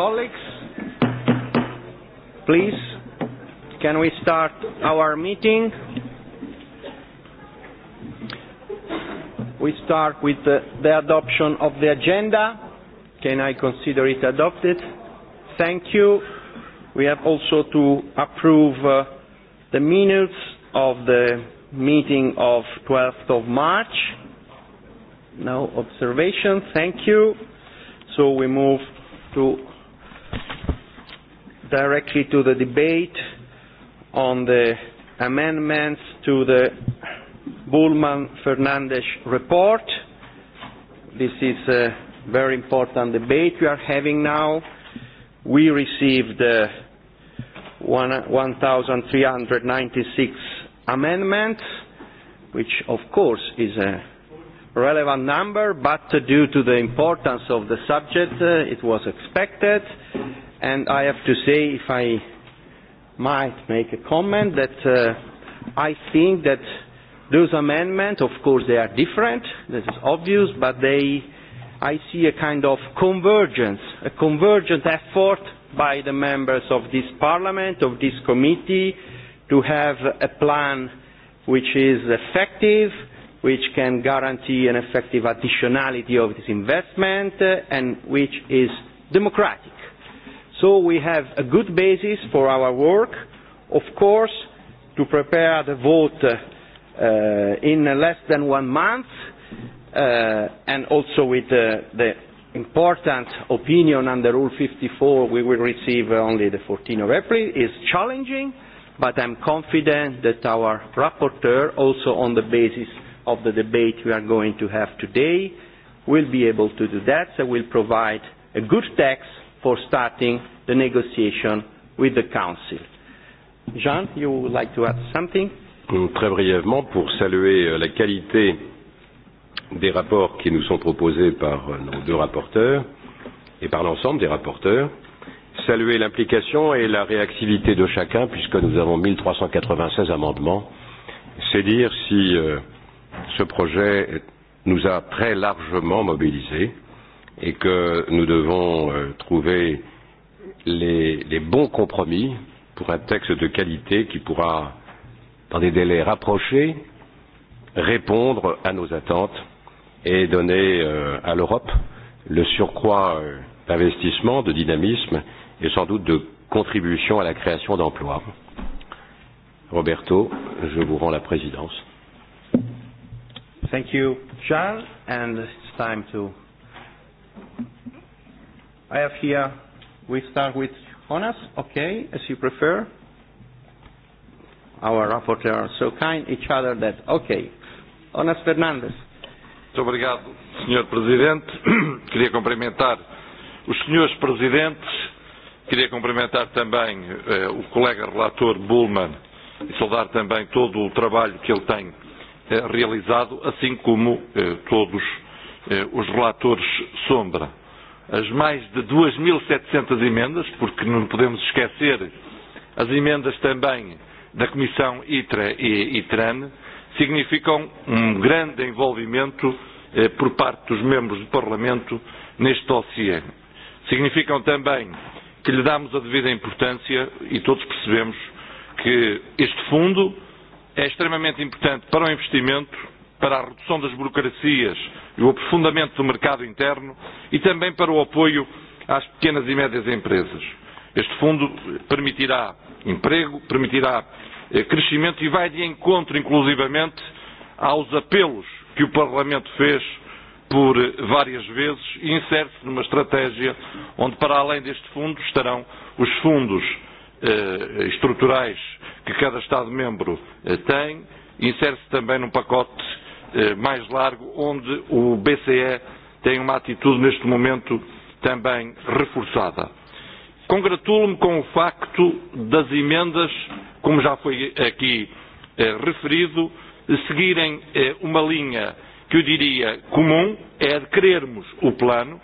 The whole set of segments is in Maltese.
colleagues, please, can we start our meeting? We start with the, the adoption of the agenda. Can I consider it adopted? Thank you. We have also to approve uh, the minutes of the meeting of 12th of March. No observation. Thank you. So we move to directly to the debate on the amendments to the bullman Fernandez report. This is a very important debate we are having now. We received uh, 1,396 amendments, which of course is a relevant number, but uh, due to the importance of the subject, uh, it was expected and I have to say, if I might make a comment, that uh, I think that those amendments, of course, they are different, this is obvious, but they, I see a kind of convergence, a convergent effort by the members of this parliament, of this committee, to have a plan which is effective, which can guarantee an effective additionality of this investment, uh, and which is democratic. So we have a good basis for our work, of course, to prepare the vote uh, in less than one month, uh, and also with uh, the important opinion under Rule 54 we will receive only the 14th of April, is challenging, but I'm confident that our rapporteur, also on the basis of the debate we are going to have today, will be able to do that, so will provide a good text for starting the negotiation with the Council. Jean, you would like to add something? Mm, très brièvement, pour saluer euh, la qualité des rapports qui nous sont proposés par euh, nos deux rapporteurs et par l'ensemble des rapporteurs, saluer l'implication et la réactivité de chacun, puisque nous avons 1396 amendements. C'est dire si euh, ce projet nous a très largement mobilisés et que nous devons euh, trouver les, les bons compromis pour un texte de qualité qui pourra, dans des délais rapprochés, répondre à nos attentes et donner euh, à l'Europe le surcroît euh, d'investissement, de dynamisme et sans doute de contribution à la création d'emplois. Roberto, je vous rends la présidence. Thank you, Charles, and it's time to I have here, we start with Jonas, okay, as you prefer. Our rapporteur are so kind each other that, okay. Jonas Fernandes. Muito obrigado, Sr. Presidente. Queria cumprimentar os senhores presidentes, queria cumprimentar também eh, o colega relator Bullman e saudar também todo o trabalho que ele tem eh, realizado, assim como eh, todos os Eh, os relatores sombra, as mais de 2.700 emendas, porque não podemos esquecer as emendas também da Comissão ITRA e ITRAN, significam um grande envolvimento eh, por parte dos membros do Parlamento neste dossiê. Significam também que lhe damos a devida importância e todos percebemos que este fundo é extremamente importante para o investimento para a redução das burocracias e o aprofundamento do mercado interno e também para o apoio às pequenas e médias empresas. Este fundo permitirá emprego, permitirá eh, crescimento e vai de encontro, inclusivamente, aos apelos que o Parlamento fez por eh, várias vezes e insere-se numa estratégia onde, para além deste fundo, estarão os fundos eh, estruturais que cada Estado-membro eh, tem, insere-se também num pacote Eh, mais largo, onde o BCE tem uma atitude neste momento também reforçada. Congratulo-me com o facto das emendas, como já foi aqui eh, referido, seguirem eh, uma linha que eu diria comum, é de querermos o plano,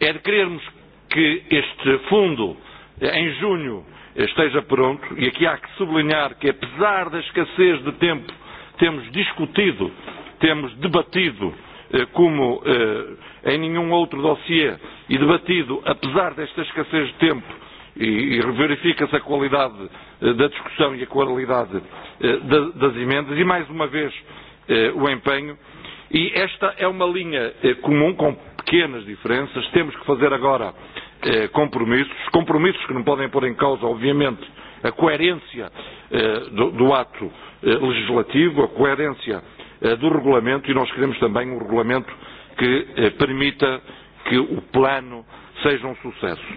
é de querermos que este fundo, eh, em junho, eh, esteja pronto, e aqui há que sublinhar que, apesar da escassez de tempo, temos discutido temos debatido eh, como eh, em nenhum outro dossiê e debatido, apesar desta escassez de tempo, e, e verifica-se a qualidade eh, da discussão e a qualidade das emendas, e mais uma vez o empenho. E esta é uma linha comum, com pequenas diferenças. Temos que fazer agora compromissos, compromissos que não podem pôr em causa, obviamente, a coerência do ato legislativo, a coerência Eh, do regulamento e nós queremos também um regulamento que eh, permita que o plano seja um sucesso.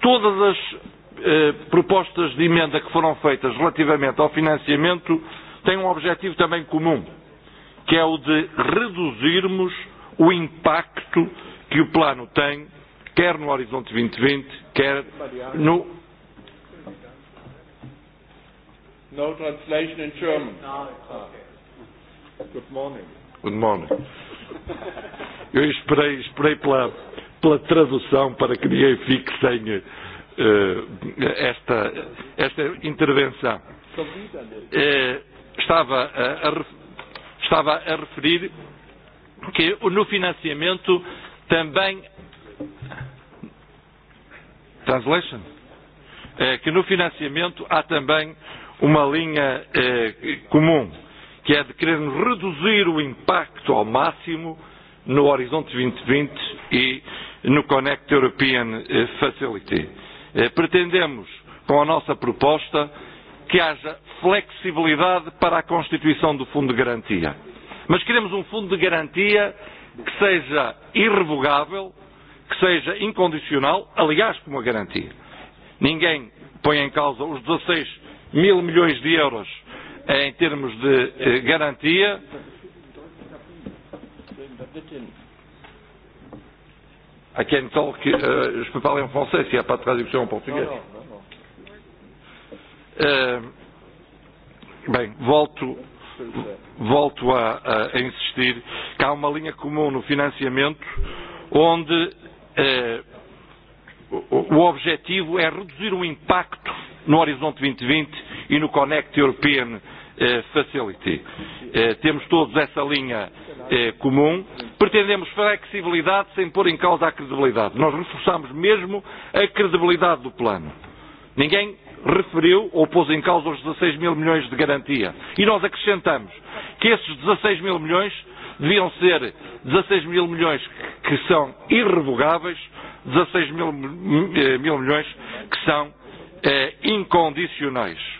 Todas as eh, propostas de emenda que foram feitas relativamente ao financiamento têm um objetivo também comum, que é o de reduzirmos o impacto que o plano tem, quer no Horizonte 2020, e quer no. No translation in German. No, okay. Good morning. Good morning. Eu esperei, esperei pela, pela tradução para que ninguém fique sem uh, esta, esta intervenção. Uh, estava, a, a, estava a referir que no financiamento também. Translation? Uh, que no financiamento há também uma linha uh, comum que é de querermos reduzir o impacto ao máximo no Horizonte 2020 e, e no Connect European eh, Facility. Eh, pretendemos, com a nossa proposta, que haja flexibilidade para a constituição do Fundo de Garantia. Mas queremos um Fundo de Garantia que seja irrevogável, que seja incondicional, aliás, como a garantia. Ninguém põe em causa os 16 mil milhões de euros em termos de eh, garantia. À quel temps que, euh, je peux parler en français s'il n'y a pas de traduction en portugais. Non, eh, bem, volto, volto a, a, a insistir que há uma linha comum no financiamento onde eh, o, o objetivo é reduzir o impacto no Horizonte 2020 e, e no Connect European Eh, facility. Eh, temos todos essa linha eh, comum. Pretendemos flexibilidade sem pôr em causa a credibilidade. Nós reforçamos mesmo a credibilidade do plano. Ninguém referiu ou pôs em causa os 16 mil milhões de garantia. E nós acrescentamos que esses 16 mil milhões deviam ser 16 mil milhões que são irrevogáveis, 16 mil, mil milhões que são eh, incondicionais.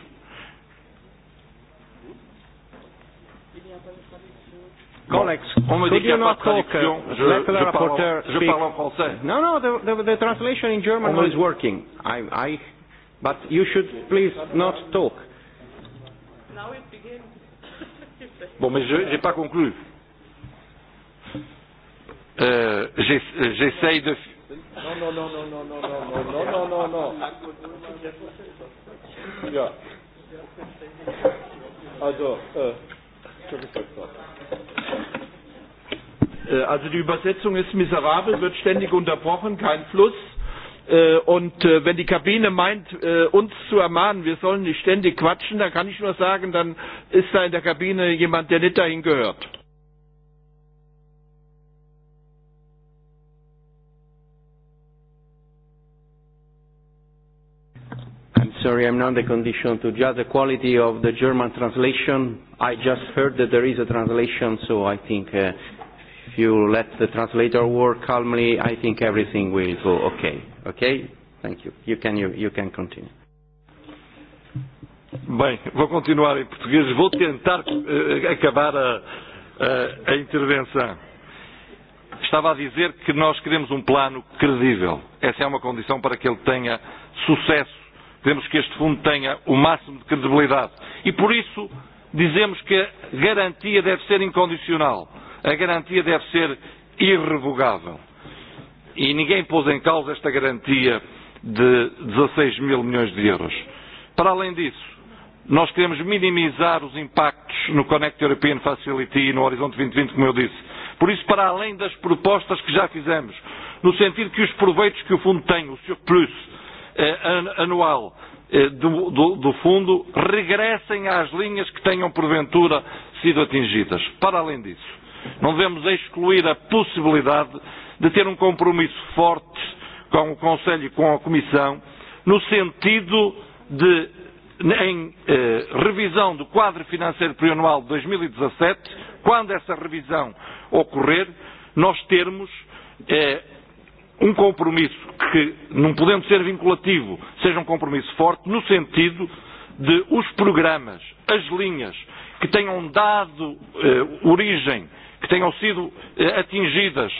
Colleagues, on me dit qu'il n'y a pas de traduction. Je, je, parle, je parle en français. No, no, the, the, the translation in German is working. I, I, but you should please not talk. Now it begins. bon, mais je n'ai pas conclu. Euh, J'essaye de... Non, non, non, non, non, non, non, non, non, non, non. Yeah. Also, euh. Äh, also die Übersetzung ist miserabel, wird ständig unterbrochen, kein Fluss. Äh, und äh, wenn die Kabine meint, uns zu ermahnen, wir sollen nicht ständig quatschen, dann kann ich nur sagen, dann ist da in der Kabine jemand, der nicht dahin gehört. Sorry, I'm not in the condition to judge the quality of the German translation. I just heard that there is a translation, so I think uh, if you let the translator work calmly, I think everything will go okay. Okay? Thank you. You can, you, you can continue. Bem, vou continuar em português. Vou tentar uh, acabar a, uh, eh, eh, a intervenção. Estava a dizer que nós queremos um plano credível. Essa é uma condição para que ele tenha sucesso Queremos que este fundo tenha o máximo de credibilidade. E por isso dizemos que a garantia deve ser incondicional. A garantia deve ser irrevogável. E ninguém pôs em causa esta garantia de 16 mil milhões de euros. Para além disso, nós queremos minimizar os impactos no Connect European Facility e no Horizonte 2020, e como eu disse. Por isso, para além das propostas que já fizemos, no sentido que os proveitos que o fundo tem, o seu plus, anual do, do, do fundo regressem às linhas que tenham porventura sido atingidas. Para além disso, não devemos excluir a possibilidade de ter um compromisso forte com o Conselho e com a Comissão no sentido de, em eh, revisão do quadro financeiro plurianual de 2017, e quando essa revisão ocorrer, nós termos eh, um compromisso que, não podendo ser vinculativo, seja um compromisso forte no sentido de os programas, as linhas que tenham dado eh, origem, que tenham sido eh, atingidas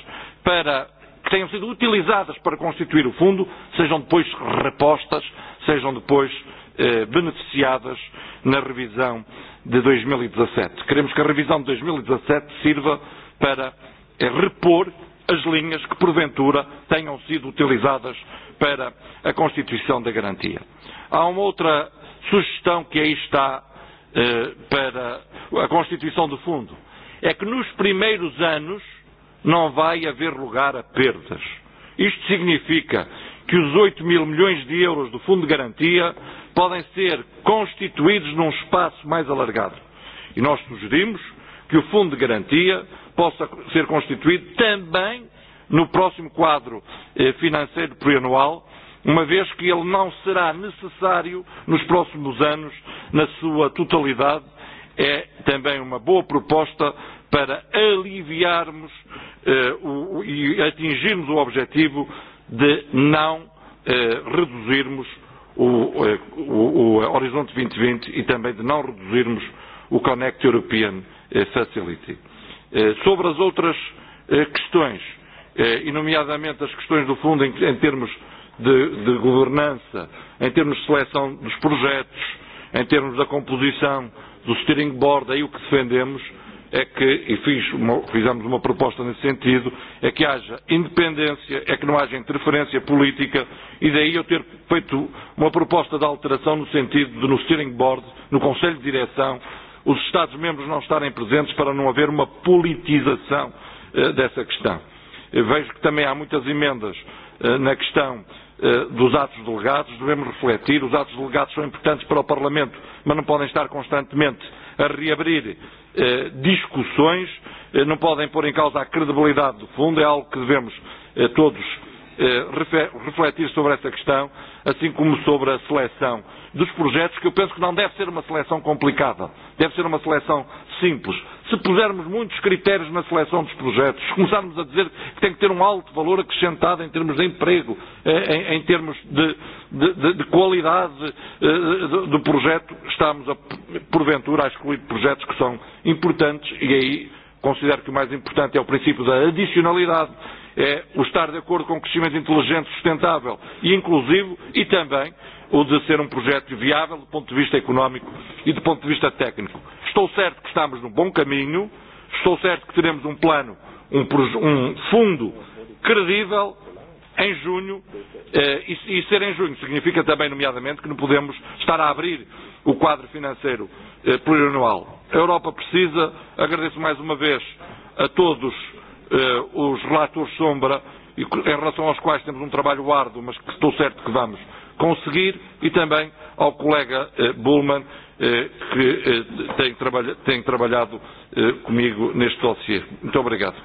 para que tenham sido utilizadas para constituir o fundo, sejam depois repostas, sejam depois eh, beneficiadas na revisão de 2017. E Queremos que a revisão de 2017 e sirva para eh, repor as linhas que, porventura, tenham sido utilizadas para a constituição da garantia. Há uma outra sugestão que aí está eh, para a constituição do fundo. É que nos primeiros anos não vai haver lugar a perdas. Isto significa que os 8 mil milhões de euros do Fundo de Garantia podem ser constituídos num espaço mais alargado. E nós sugerimos que o Fundo de Garantia possa ser constituído também no próximo quadro eh, financeiro plurianual, uma vez que ele não será necessário nos próximos anos na sua totalidade. É também uma boa proposta para aliviarmos eh, o, e atingirmos o objetivo de não eh, reduzirmos o, eh, o, o Horizonte 2020 e, e também de não reduzirmos o Connect European eh, Facility. Eh, sobre as outras eh, questões, eh, e nomeadamente as questões do fundo em termos de, de governança, em termos de seleção dos projetos, em termos da composição do steering board, aí o que defendemos é que, e fiz uma, fizemos uma proposta nesse sentido, é que haja independência, é que não haja interferência política, e daí eu ter feito uma proposta de alteração no sentido de, no steering board, no Conselho de Direção, os Estados-membros não estarem presentes para não haver uma politização eh, dessa questão. Vejo que também há muitas emendas eh, na questão eh, dos atos delegados, devemos refletir. Os atos delegados são importantes para o Parlamento, mas não podem estar constantemente a reabrir discussões, não podem pôr em causa a credibilidade do fundo, é algo que devemos todos Eh, refletir sobre essa questão, assim como sobre a seleção dos projetos, que eu penso que não deve ser uma seleção complicada, deve ser uma seleção simples. Se pusermos muitos critérios na seleção dos projetos, se começarmos a dizer que tem que ter um alto valor acrescentado em termos de emprego, eh, em, em termos de, de, de, de qualidade eh, do projeto, estamos, a, porventura, a excluir projetos que são importantes e aí considero que o mais importante é o princípio da adicionalidade é o estar de acordo com o um crescimento inteligente, sustentável e inclusivo e também o de ser um projeto viável do ponto de vista económico e do ponto de vista técnico. Estou certo que estamos no bom caminho, estou certo que teremos um plano, um, um fundo credível em junho, e, e ser em junho significa também, nomeadamente, que não podemos estar a abrir o quadro financeiro plurianual. A Europa precisa, agradeço mais uma vez a todos uh, os relatores sombra, e em relação aos quais temos um trabalho árduo, mas que estou certo que vamos conseguir, e também ao colega uh, eh, Bullman, uh, eh, que uh, tem, trabalha, tem trabalhado uh, comigo neste dossiê. Muito obrigado.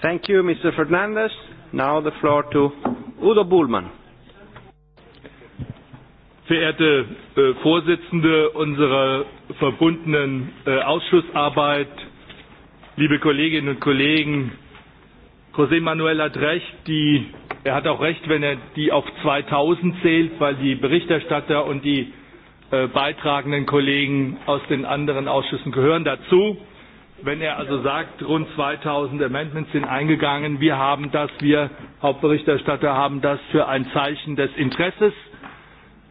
Thank you, Mr. Fernandes. Now the floor to Udo Bullman. Verehrte äh, Vorsitzende unserer verbundenen äh, Ausschussarbeit, äh, liebe Kolleginnen und Kollegen, José Manuel hat recht, die, er hat auch recht, wenn er die auf 2000 zählt, weil die Berichterstatter und die äh, beitragenden Kollegen aus den anderen Ausschüssen gehören dazu. Wenn er also sagt, rund 2000 Amendments sind eingegangen, wir haben das, wir Hauptberichterstatter haben das für ein Zeichen des Interesses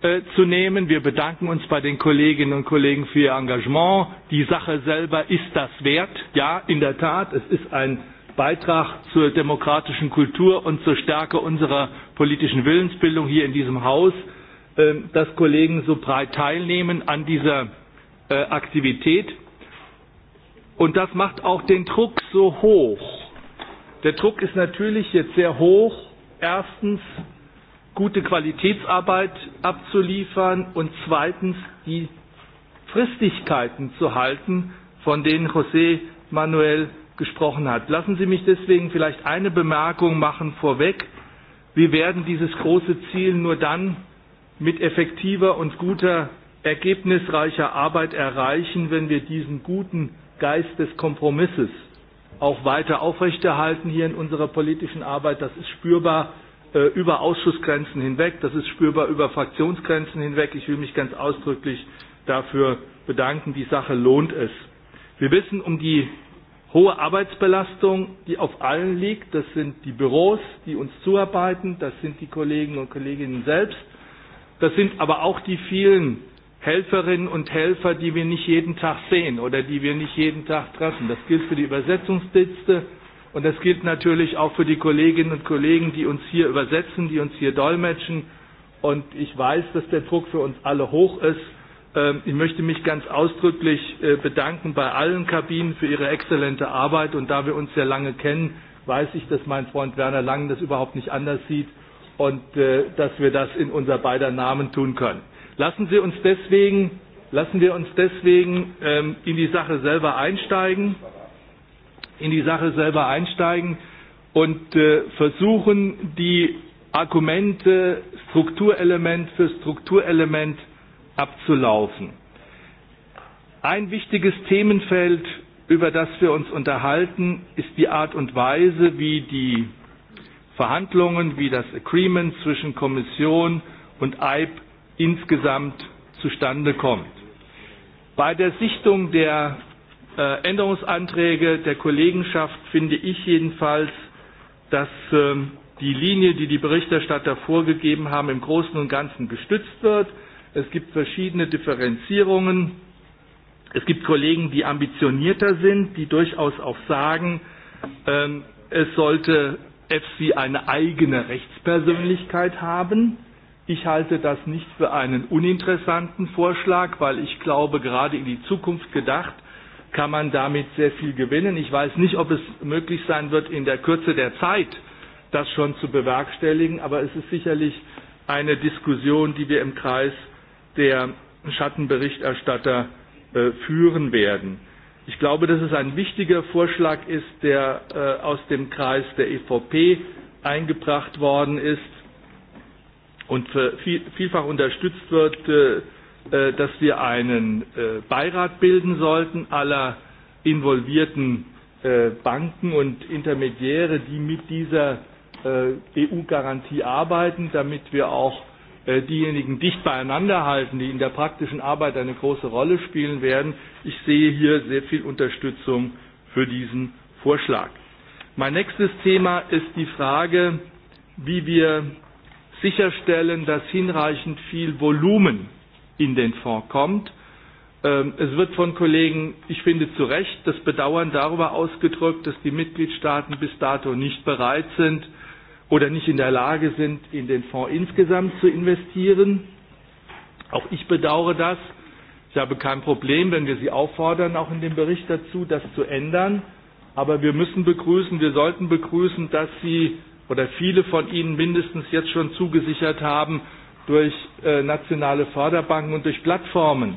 Äh, zu nehmen. Wir bedanken uns bei den Kolleginnen und Kollegen für ihr Engagement. Die Sache selber ist das wert. Ja, in der Tat, es ist ein Beitrag zur demokratischen Kultur und zur Stärke unserer politischen Willensbildung hier in diesem Haus, ähm, dass Kollegen so breit teilnehmen an dieser äh, Aktivität. Und das macht auch den Druck so hoch. Der Druck ist natürlich jetzt sehr hoch. Erstens gute Qualitätsarbeit abzuliefern und zweitens die Fristigkeiten zu halten, von denen José Manuel gesprochen hat. Lassen Sie mich deswegen vielleicht eine Bemerkung machen vorweg. Wir werden dieses große Ziel nur dann mit effektiver und guter, ergebnisreicher Arbeit erreichen, wenn wir diesen guten Geist des Kompromisses auch weiter aufrechterhalten hier in unserer politischen Arbeit. Das ist spürbar Äh, über Ausschussgrenzen hinweg, das ist spürbar über Fraktionsgrenzen hinweg. Ich will mich ganz ausdrücklich dafür bedanken. Die Sache lohnt es. Wir wissen um die hohe Arbeitsbelastung, die auf allen liegt. Das sind die Büros, die uns zuarbeiten, das sind die Kollegen und Kolleginnen selbst, das sind aber auch die vielen Helferinnen und Helfer, die wir nicht jeden Tag sehen oder die wir nicht jeden Tag treffen. Das gilt für die Übersetzungsdienste, Und das gilt natürlich auch für die Kolleginnen und Kollegen, die uns hier übersetzen, die uns hier dolmetschen. Und ich weiß, dass der Druck für uns alle hoch ist. Ähm, ich möchte mich ganz ausdrücklich äh, bedanken bei allen Kabinen für ihre exzellente Arbeit. Und da wir uns sehr lange kennen, weiß ich, dass mein Freund Werner Lang das überhaupt nicht anders sieht und äh, dass wir das in unser beider Namen tun können. Lassen Sie uns deswegen, lassen wir uns deswegen ähm, in die Sache selber einsteigen in die Sache selber einsteigen und äh, versuchen, die Argumente Strukturelement für Strukturelement abzulaufen. Ein wichtiges Themenfeld, über das wir uns unterhalten, ist die Art und Weise, wie die Verhandlungen, wie das Agreement zwischen Kommission und EIB insgesamt zustande kommt. Bei der Sichtung der Äh, Änderungsanträge der Kollegenschaft finde ich jedenfalls, dass ähm, die Linie, die die Berichterstatter vorgegeben haben, im Großen und Ganzen gestützt wird. Es gibt verschiedene Differenzierungen. Es gibt Kollegen, die ambitionierter sind, die durchaus auch sagen, ähm, es sollte EFSI eine eigene Rechtspersönlichkeit haben. Ich halte das nicht für einen uninteressanten Vorschlag, weil ich glaube, gerade in die Zukunft gedacht, kann man damit sehr viel gewinnen. Ich weiß nicht, ob es möglich sein wird, in der Kürze der Zeit das schon zu bewerkstelligen, aber es ist sicherlich eine Diskussion, die wir im Kreis der Schattenberichterstatter äh, führen werden. Ich glaube, dass es ein wichtiger Vorschlag ist, der äh, aus dem Kreis der EVP eingebracht worden ist und äh, vielfach unterstützt wird. Äh, Äh, dass wir einen äh, Beirat bilden sollten aller involvierten äh, Banken und Intermediäre, die mit dieser EU-Garantie arbeiten, damit wir auch diejenigen dicht beieinander halten, die in der praktischen Arbeit eine große Rolle spielen werden. Ich sehe hier sehr viel Unterstützung für diesen Vorschlag. Mein nächstes Thema ist die Frage, wie wir sicherstellen, dass hinreichend viel Volumen in den Fonds kommt. Ähm, es wird von Kollegen, ich finde zu Recht, das Bedauern darüber ausgedrückt, dass die Mitgliedstaaten bis dato nicht bereit sind oder nicht in der Lage sind, in den Fonds insgesamt zu investieren. Auch ich bedauere das. Ich habe kein Problem, wenn wir Sie auffordern, auch in dem Bericht dazu, das zu ändern. Aber wir müssen begrüßen, wir sollten begrüßen, dass Sie oder viele von Ihnen mindestens jetzt schon zugesichert haben, durch äh, nationale Förderbanken und durch Plattformen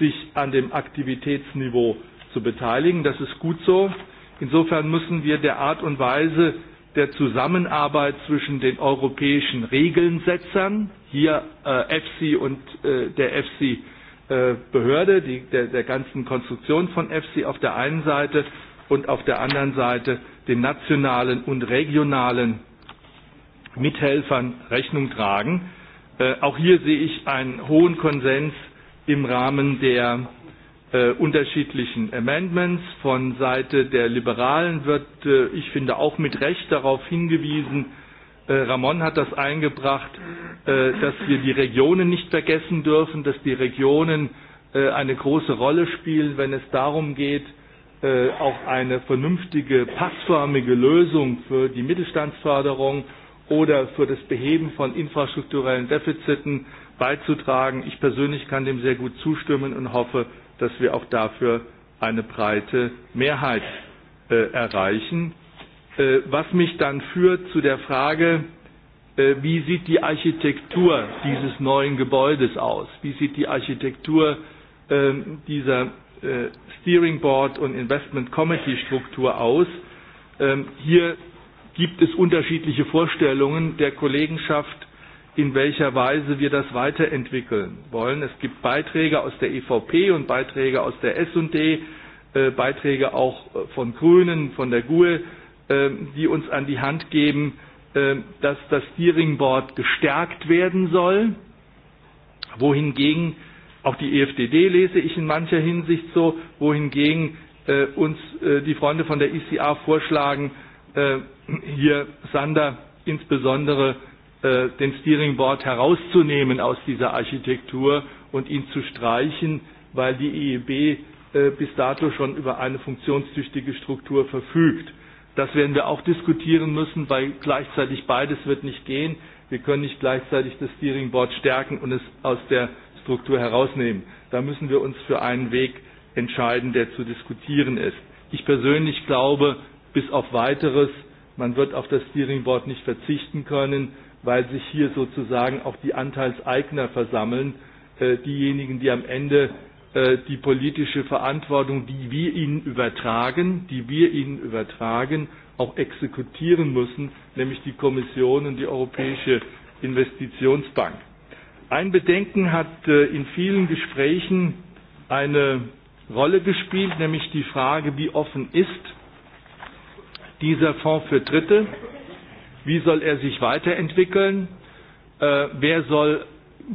sich an dem Aktivitätsniveau zu beteiligen. Das ist gut so. Insofern müssen wir der Art und Weise der Zusammenarbeit zwischen den europäischen Regelnsetzern, hier äh, EFSI und äh, der EFSI-Behörde, äh, der, der ganzen Konstruktion von EFSI auf der einen Seite und auf der anderen Seite den nationalen und regionalen Mithelfern Rechnung tragen. Äh, auch hier sehe ich einen hohen Konsens im Rahmen der äh, unterschiedlichen Amendments. Von Seite der Liberalen wird, äh, ich finde, auch mit Recht darauf hingewiesen, äh, Ramon hat das eingebracht, äh, dass wir die Regionen nicht vergessen dürfen, dass die Regionen äh, eine große Rolle spielen, wenn es darum geht, äh, auch eine vernünftige, passförmige Lösung für die Mittelstandsförderung äh, oder für das Beheben von infrastrukturellen Defiziten beizutragen. Ich persönlich kann dem sehr gut zustimmen und hoffe, dass wir auch dafür eine breite Mehrheit äh, erreichen. Äh, was mich dann führt zu der Frage, äh, wie sieht die Architektur dieses neuen Gebäudes aus? Wie sieht die Architektur äh, dieser äh, Steering Board und Investment Committee Struktur aus? Ähm, hier gibt es unterschiedliche Vorstellungen der Kollegenschaft, in welcher Weise wir das weiterentwickeln wollen. Es gibt Beiträge aus der EVP und Beiträge aus der S&D, äh, Beiträge auch äh, von Grünen, von der GUE, äh, die uns an die Hand geben, äh, dass das Steering Board gestärkt werden soll, wohingegen auch die EFDD lese ich in mancher Hinsicht so, wohingegen äh, uns äh, die Freunde von der ICA e vorschlagen, äh, hier Sander insbesondere äh, den Steering Board herauszunehmen aus dieser Architektur und ihn zu streichen, weil die EEB äh, bis dato schon über eine funktionstüchtige Struktur verfügt. Das werden wir auch diskutieren müssen, weil gleichzeitig beides wird nicht gehen. Wir können nicht gleichzeitig das Steering Board stärken und es aus der Struktur herausnehmen. Da müssen wir uns für einen Weg entscheiden, der zu diskutieren ist. Ich persönlich glaube, bis auf weiteres. Man wird auf das Steering Board nicht verzichten können, weil sich hier sozusagen auch die Anteilseigner versammeln, äh, diejenigen, die am Ende äh, die politische Verantwortung, die wir ihnen übertragen, die wir ihnen übertragen, auch exekutieren müssen, nämlich die Kommission und die Europäische Investitionsbank. Ein Bedenken hat äh, in vielen Gesprächen eine Rolle gespielt, nämlich die Frage, wie offen ist dieser Fonds für Dritte? Wie soll er sich weiterentwickeln? Äh, wer soll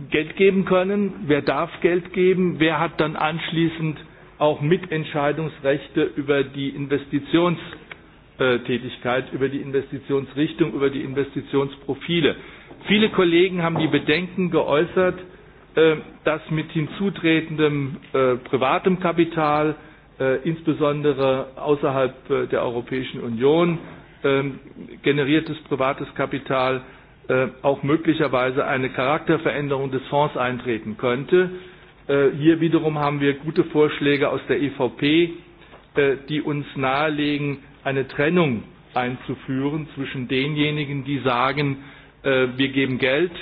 Geld geben können? Wer darf Geld geben? Wer hat dann anschließend auch Mitentscheidungsrechte über die Investitionstätigkeit, über die Investitionsrichtung, über die Investitionsprofile? Viele Kollegen haben die Bedenken geäußert, äh, dass mit hinzutretendem äh, privatem Kapital Äh, insbesondere außerhalb äh, der Europäischen Union ähm, generiertes privates Kapital äh, auch möglicherweise eine Charakterveränderung des Fonds eintreten könnte. Hier wiederum haben wir gute Vorschläge aus der EVP, die uns nahelegen, eine Trennung einzuführen zwischen denjenigen, die sagen, wir geben Geld,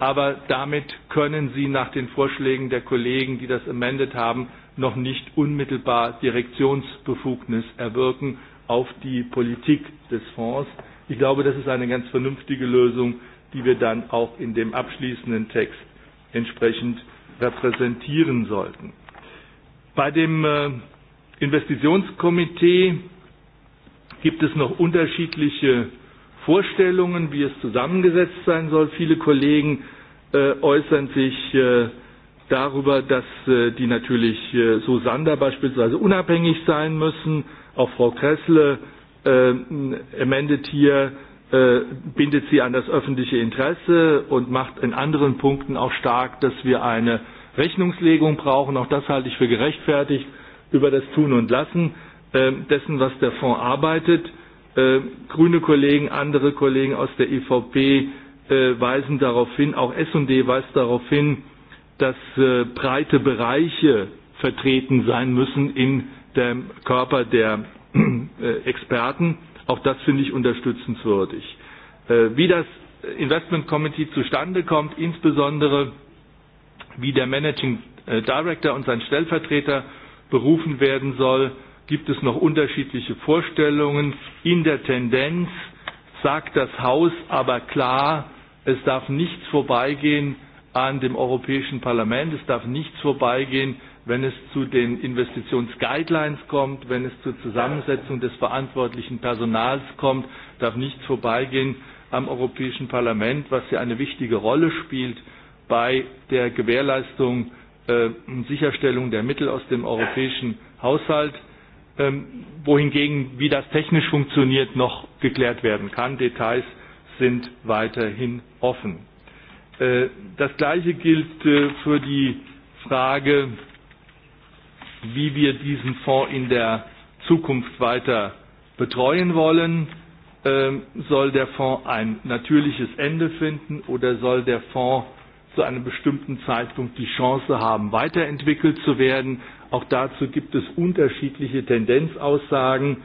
aber damit können sie nach den Vorschlägen der Kollegen, die das amended haben, noch nicht unmittelbar Direktionsbefugnis erwirken auf die Politik des Fonds. Ich glaube, das ist eine ganz vernünftige Lösung, die wir dann auch in dem abschließenden Text entsprechend repräsentieren sollten. Bei dem äh, Investitionskomitee gibt es noch unterschiedliche Vorstellungen, wie es zusammengesetzt sein soll. Viele Kollegen äh, äußern sich äh, darüber, dass äh, die natürlich äh, so Sander beispielsweise unabhängig sein müssen. Auch Frau Kressle amendet ähm, hier, äh, bindet sie an das öffentliche Interesse und macht in anderen Punkten auch stark, dass wir eine Rechnungslegung brauchen. Auch das halte ich für gerechtfertigt über das Tun und Lassen ähm, dessen, was der Fonds arbeitet. Ähm, grüne Kollegen, andere Kollegen aus der EVP weisen darauf hin, auch S&D weist darauf hin, dass äh, breite Bereiche vertreten sein müssen in dem Körper der äh, Experten. Auch das finde ich unterstützenswürdig. Äh, wie das Investment Committee zustande kommt, insbesondere wie der Managing Director und sein Stellvertreter berufen werden soll, gibt es noch unterschiedliche Vorstellungen. In der Tendenz sagt das Haus aber klar, es darf nichts vorbeigehen, an dem Europäischen Parlament. Es darf nichts vorbeigehen, wenn es zu den Investitionsguidelines kommt, wenn es zur Zusammensetzung des verantwortlichen Personals kommt, darf nichts vorbeigehen am Europäischen Parlament, was ja eine wichtige Rolle spielt bei der Gewährleistung äh, und Sicherstellung der Mittel aus dem europäischen Haushalt, ähm, wohingegen, wie das technisch funktioniert, noch geklärt werden kann. Details sind weiterhin offen. Äh, das Gleiche gilt äh, für die Frage, wie wir diesen Fonds in der Zukunft weiter betreuen wollen. Ähm, soll der Fonds ein natürliches Ende finden oder soll der Fonds zu einem bestimmten Zeitpunkt die Chance haben, weiterentwickelt zu werden? Auch dazu gibt es unterschiedliche Tendenzaussagen.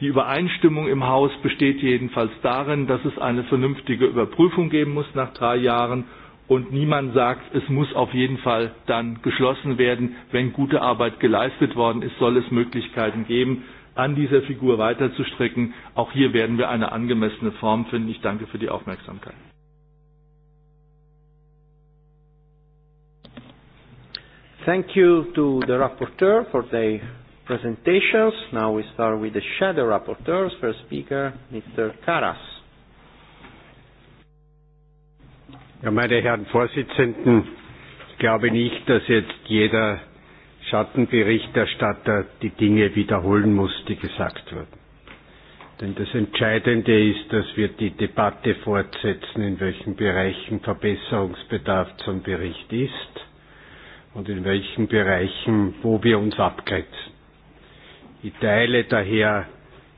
Die Übereinstimmung im Haus besteht jedenfalls darin, dass es eine vernünftige Überprüfung geben muss nach drei Jahren und niemand sagt, es muss auf jeden Fall dann geschlossen werden. Wenn gute Arbeit geleistet worden ist, soll es Möglichkeiten geben, an dieser Figur weiterzustrecken. Auch hier werden wir eine angemessene Form finden. Ich danke für die Aufmerksamkeit. Thank you to the rapporteur for the presentations. Now we start with the shadow rapporteurs. First speaker, Mr. Karas. Ja, meine Herren Vorsitzenden, ich glaube nicht, dass jetzt jeder Schattenberichterstatter die Dinge wiederholen muss, die gesagt wurden. Denn das Entscheidende ist, dass wir die Debatte fortsetzen, in welchen Bereichen Verbesserungsbedarf zum Bericht ist und in welchen Bereichen, wo wir uns abgrenzen. Ich teile daher,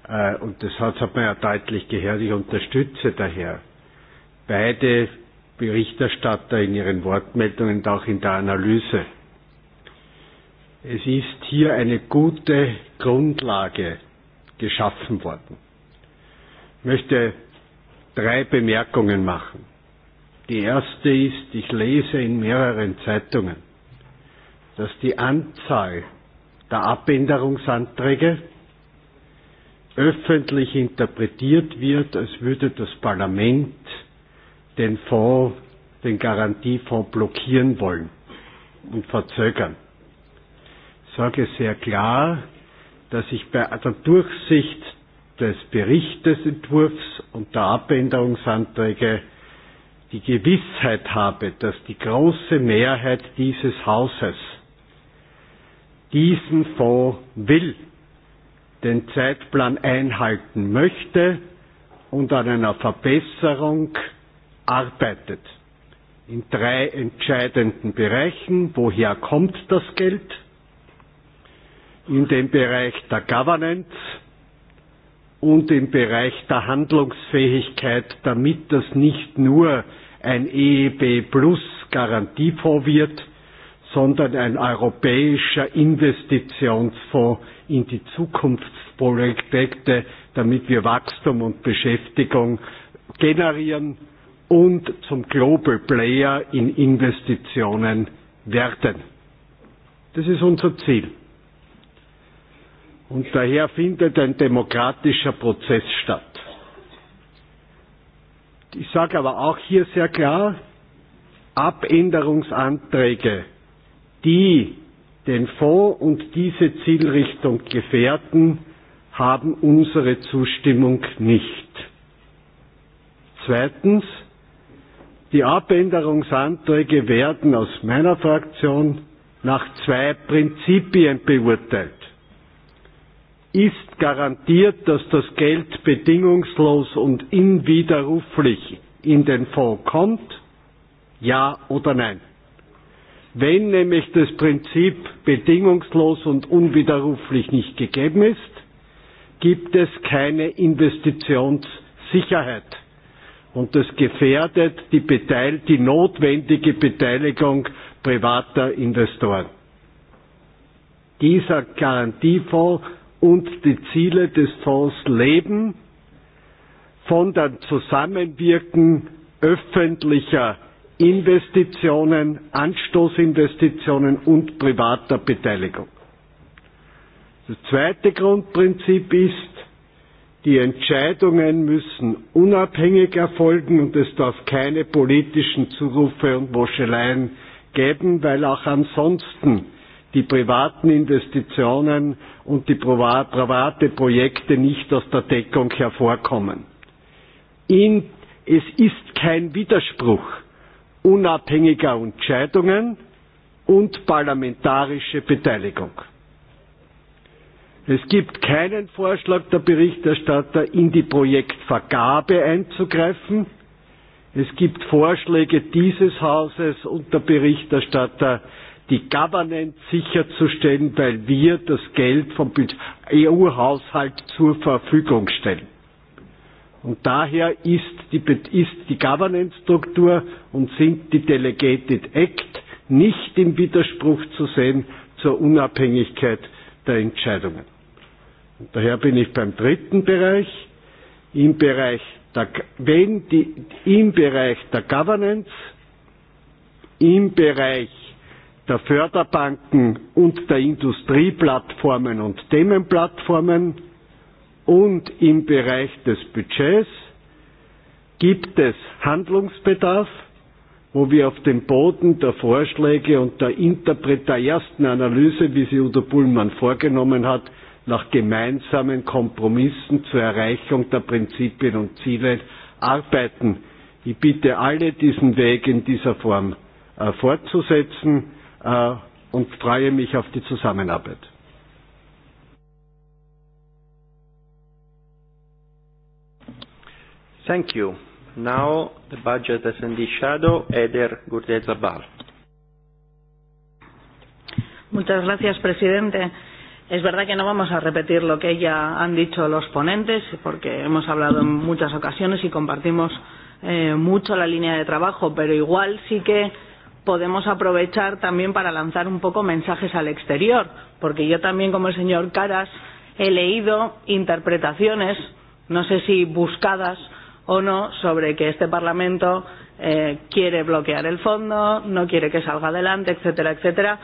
äh, und das hat, hat man ja deutlich gehört, ich unterstütze daher beide Berichterstatter in ihren Wortmeldungen und auch in der Analyse. Es ist hier eine gute Grundlage geschaffen worden. Ich möchte drei Bemerkungen machen. Die erste ist, ich lese in mehreren Zeitungen, dass die Anzahl der Abänderungsanträge öffentlich interpretiert wird, als würde das Parlament den Fonds, den Garantiefonds blockieren wollen und verzögern. Ich sage sehr klar, dass ich bei der Durchsicht des Berichtesentwurfs und der Abänderungsanträge die Gewissheit habe, dass die große Mehrheit dieses Hauses diesen Fonds will, den Zeitplan einhalten möchte und an einer Verbesserung arbeitet. In drei entscheidenden Bereichen. Woher kommt das Geld? In dem Bereich der Governance und im Bereich der Handlungsfähigkeit, damit das nicht nur ein EEB Plus Garantiefonds wird, sondern ein europäischer Investitionsfonds in die Zukunftsprojekte, damit wir Wachstum und Beschäftigung generieren und zum Global Player in Investitionen werden. Das ist unser Ziel. Und daher findet ein demokratischer Prozess statt. Ich sage aber auch hier sehr klar, Abänderungsanträge die den Fonds und diese Zielrichtung gefährden, haben unsere Zustimmung nicht. Zweitens, die Abänderungsanträge werden aus meiner Fraktion nach zwei Prinzipien beurteilt. Ist garantiert, dass das Geld bedingungslos und inwiderruflich in den Fonds kommt? Ja oder nein? Wenn nämlich das Prinzip bedingungslos und unwiderruflich nicht gegeben ist, gibt es keine Investitionssicherheit. Und das gefährdet die, Beteil die notwendige Beteiligung privater Investoren. Dieser Garantiefonds und die Ziele des Fonds leben von dem Zusammenwirken öffentlicher Investitionen, Anstoßinvestitionen und privater Beteiligung. Das zweite Grundprinzip ist, die Entscheidungen müssen unabhängig erfolgen und es darf keine politischen Zurufe und Moscheleien geben, weil auch ansonsten die privaten Investitionen und die private Projekte nicht aus der Deckung hervorkommen. In, es ist kein Widerspruch unabhängiger Entscheidungen und parlamentarische Beteiligung. Es gibt keinen Vorschlag der Berichterstatter, in die Projektvergabe einzugreifen. Es gibt Vorschläge dieses Hauses und der Berichterstatter, die Governance sicherzustellen, weil wir das Geld vom EU-Haushalt e zur Verfügung stellen. Und daher ist die, ist die Governance-Struktur und sind die Delegated Act nicht im Widerspruch zu sehen zur Unabhängigkeit der Entscheidungen. Und daher bin ich beim dritten Bereich, im Bereich der, wenn die, im Bereich der Governance, im Bereich der Förderbanken und der Industrieplattformen und Themenplattformen, und im Bereich des Budgets gibt es Handlungsbedarf, wo wir auf dem Boden der Vorschläge und der ersten Analyse, wie sie Udo Bullmann vorgenommen hat, nach gemeinsamen Kompromissen zur Erreichung der Prinzipien und Ziele arbeiten. Ich bitte alle, diesen Weg in dieser Form äh, fortzusetzen äh, und freue mich auf die Zusammenarbeit. Thank you. Now the budget the Shadow, Eder Gurdezabal. Muchas gracias, presidente. Es verdad que no vamos a repetir lo que ya han dicho los ponentes, porque hemos hablado en muchas ocasiones y compartimos eh, mucho la línea de trabajo, pero igual sí que podemos aprovechar también para lanzar un poco mensajes al exterior, porque yo también, como el señor Caras, he leído interpretaciones, no sé si buscadas, o no sobre que este Parlamento eh, quiere bloquear el fondo, no quiere que salga adelante, etcétera, etcétera,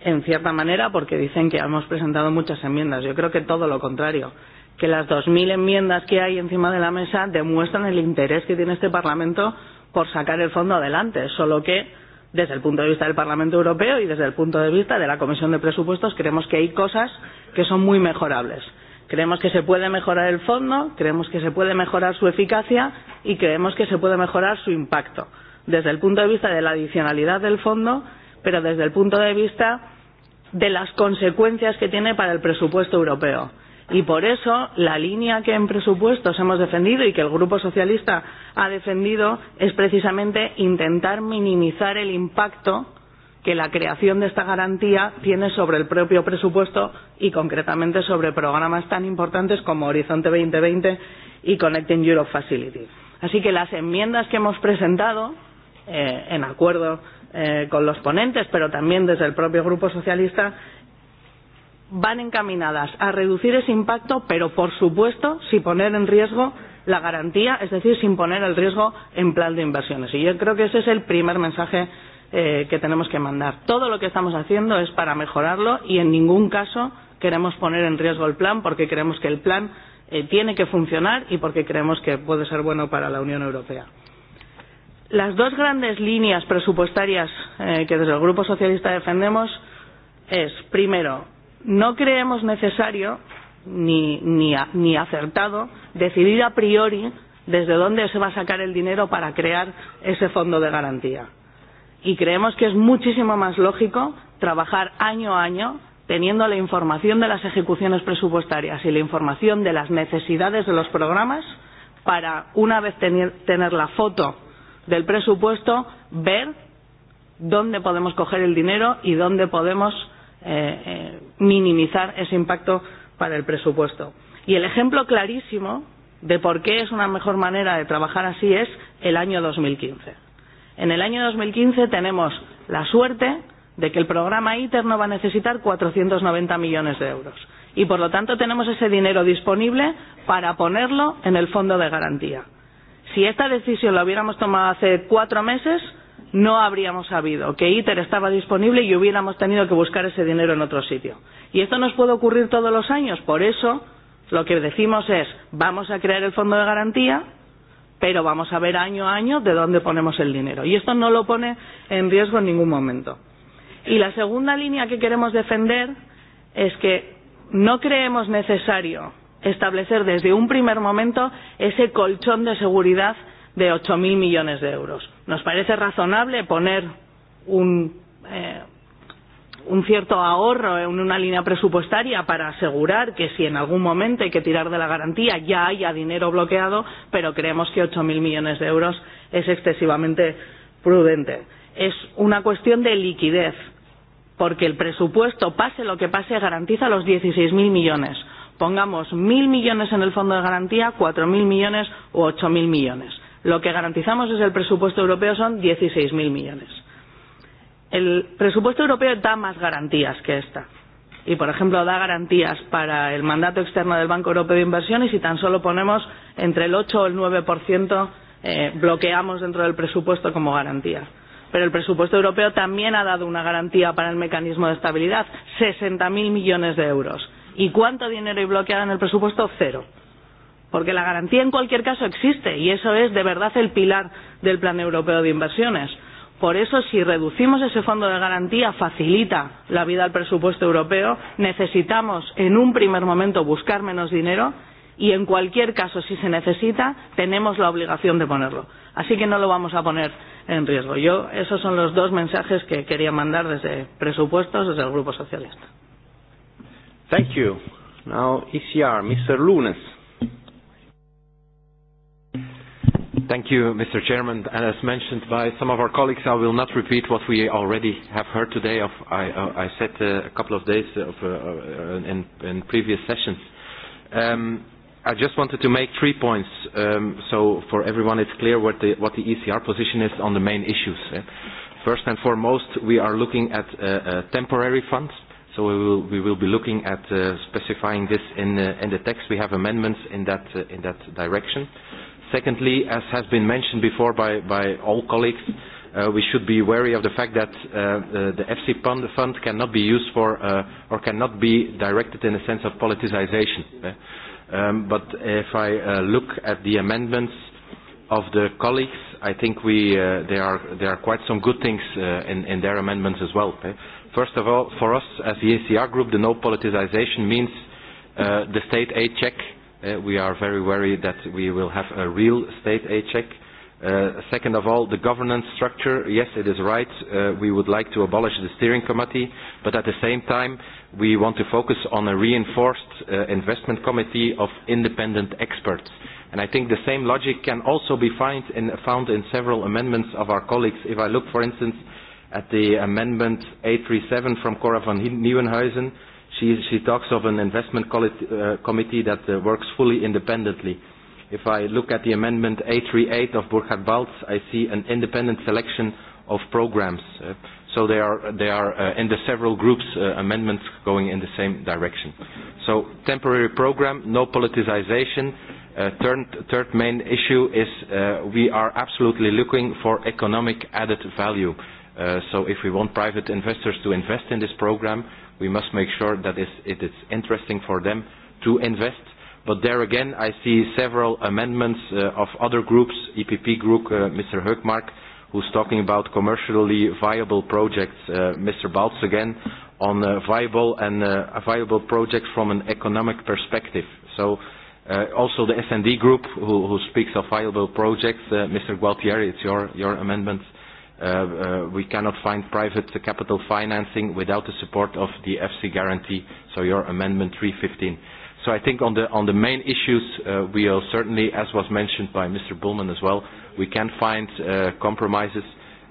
en cierta manera porque dicen que hemos presentado muchas enmiendas. Yo creo que todo lo contrario, que las 2.000 enmiendas que hay encima de la mesa demuestran el interés que tiene este Parlamento por sacar el fondo adelante, solo que desde el punto de vista del Parlamento Europeo y desde el punto de vista de la Comisión de Presupuestos creemos que hay cosas que son muy mejorables Creemos que se puede mejorar el fondo, creemos que se puede mejorar su eficacia y creemos que se puede mejorar su impacto, desde el punto de vista de la adicionalidad del fondo, pero desde el punto de vista de las consecuencias que tiene para el presupuesto europeo. Y por eso la línea que en presupuestos hemos defendido y que el Grupo Socialista ha defendido es precisamente intentar minimizar el impacto que la creación de esta garantía tiene sobre el propio presupuesto y concretamente sobre programas tan importantes como Horizonte 2020 y Connecting Europe Facility. Así que las enmiendas que hemos presentado, eh, en acuerdo eh, con los ponentes, pero también desde el propio Grupo Socialista, van encaminadas a reducir ese impacto, pero por supuesto sin poner en riesgo la garantía, es decir, sin poner el riesgo en plan de inversiones. Y yo creo que ese es el primer mensaje eh, que tenemos que mandar. Todo lo que estamos haciendo es para mejorarlo y en ningún caso queremos poner en riesgo el plan porque creemos que el plan eh, tiene que funcionar y porque creemos que puede ser bueno para la Unión Europea. Las dos grandes líneas presupuestarias eh, que desde el Grupo Socialista defendemos es, primero, no creemos necesario ni, ni, ni acertado decidir a priori desde dónde se va a sacar el dinero para crear ese fondo de garantía y creemos que es muchísimo más lógico trabajar año a año teniendo la información de las ejecuciones presupuestarias y la información de las necesidades de los programas para, una vez tener, tener la foto del presupuesto, ver dónde podemos coger el dinero y dónde podemos eh, eh, minimizar ese impacto para el presupuesto. Y el ejemplo clarísimo de por qué es una mejor manera de trabajar así es el año 2015 En el año 2015 tenemos la suerte de que el programa ITER no va a necesitar 490 millones de euros y por lo tanto tenemos ese dinero disponible para ponerlo en el fondo de garantía. Si esta decisión la hubiéramos tomado hace cuatro meses, no habríamos sabido que ITER estaba disponible y hubiéramos tenido que buscar ese dinero en otro sitio. Y esto nos puede ocurrir todos los años, por eso lo que decimos es vamos a crear el fondo de garantía pero vamos a ver año a año de dónde ponemos el dinero. Y esto no lo pone en riesgo en ningún momento. Y la segunda línea que queremos defender es que no creemos necesario establecer desde un primer momento ese colchón de seguridad de 8.000 millones de euros. Nos parece razonable poner un, eh, un cierto ahorro en una línea presupuestaria para asegurar que si en algún momento hay que tirar de la garantía ya haya dinero bloqueado, pero creemos que 8.000 millones de euros es excesivamente prudente. Es una cuestión de liquidez, porque el presupuesto, pase lo que pase, garantiza los 16.000 millones. Pongamos 1.000 millones en el fondo de garantía, 4.000 millones o 8.000 millones. Lo que garantizamos es el presupuesto europeo son 16.000 millones El presupuesto europeo da más garantías que esta. Y, por ejemplo, da garantías para el mandato externo del Banco Europeo de Inversiones y tan solo ponemos entre el 8 o el 9% eh, bloqueamos dentro del presupuesto como garantía. Pero el presupuesto europeo también ha dado una garantía para el mecanismo de estabilidad, 60.000 millones de euros. ¿Y cuánto dinero hay bloqueado en el presupuesto? Cero. Porque la garantía en cualquier caso existe y eso es de verdad el pilar del Plan Europeo de Inversiones Por eso, si reducimos ese fondo de garantía, facilita la vida al presupuesto europeo, necesitamos en un primer momento buscar menos dinero y en cualquier caso, si se necesita, tenemos la obligación de ponerlo. Así que no lo vamos a poner en riesgo. Yo, esos son los dos mensajes que quería mandar desde presupuestos, desde el Grupo Socialista. Thank you. Now, ECR, Mr. Lunes. Thank you, Mr. Chairman. And as mentioned by some of our colleagues, I will not repeat what we already have heard today. Of, I, uh I said uh, a couple of days of, uh, uh in, in previous sessions. Um, I just wanted to make three points um, so for everyone it's clear what the, what the ECR position is on the main issues. Eh? First and foremost, we are looking at uh, uh, temporary funds. So we will, we will be looking at uh, specifying this in, uh, in the text. We have amendments in that, uh, in that direction. Secondly, as has been mentioned before by, by all colleagues, uh, we should be wary of the fact that uh, uh the, the FC fund, fund cannot be used for uh, or cannot be directed in a sense of politicization. Uh, um, but if I uh, look at the amendments of the colleagues, I think we, uh, there, are, there are quite some good things uh, in, in their amendments as well. Uh. First of all, for us as the ACR group, the no politicization means uh, the state aid check Uh, we are very worried that we will have a real state aid check. Uh, second of all, the governance structure, yes, it is right. Uh, we would like to abolish the steering committee, but at the same time, we want to focus on a reinforced uh, investment committee of independent experts. And I think the same logic can also be find in, found in several amendments of our colleagues. If I look, for instance, at the amendment 837 from Cora van Nieuwenhuizen, She, she talks of an investment quality, uh, committee that uh, works fully independently. If I look at the amendment A38 of Burkhard Baltz, I see an independent selection of programs. Uh, so they are, they are uh, in the several groups uh, amendments going in the same direction. So temporary program, no politicization. Uh, third, third main issue is uh, we are absolutely looking for economic added value. Uh, so if we want private investors to invest in this program, we must make sure that it is interesting for them to invest. But there again, I see several amendments uh, of other groups, EPP group, uh, Mr. Hoekmark who's talking about commercially viable projects, uh, Mr. Baltz again, on uh, viable and uh, viable projects from an economic perspective. So uh, also the S&D group who, who speaks of viable projects, uh, Mr. Gualtieri, it's your, your amendments. Uh, uh, we cannot find private capital financing without the support of the FC guarantee, so your amendment 315. So I think on the, on the main issues, uh, we will certainly, as was mentioned by Mr. Bullman as well, we can find uh, compromises.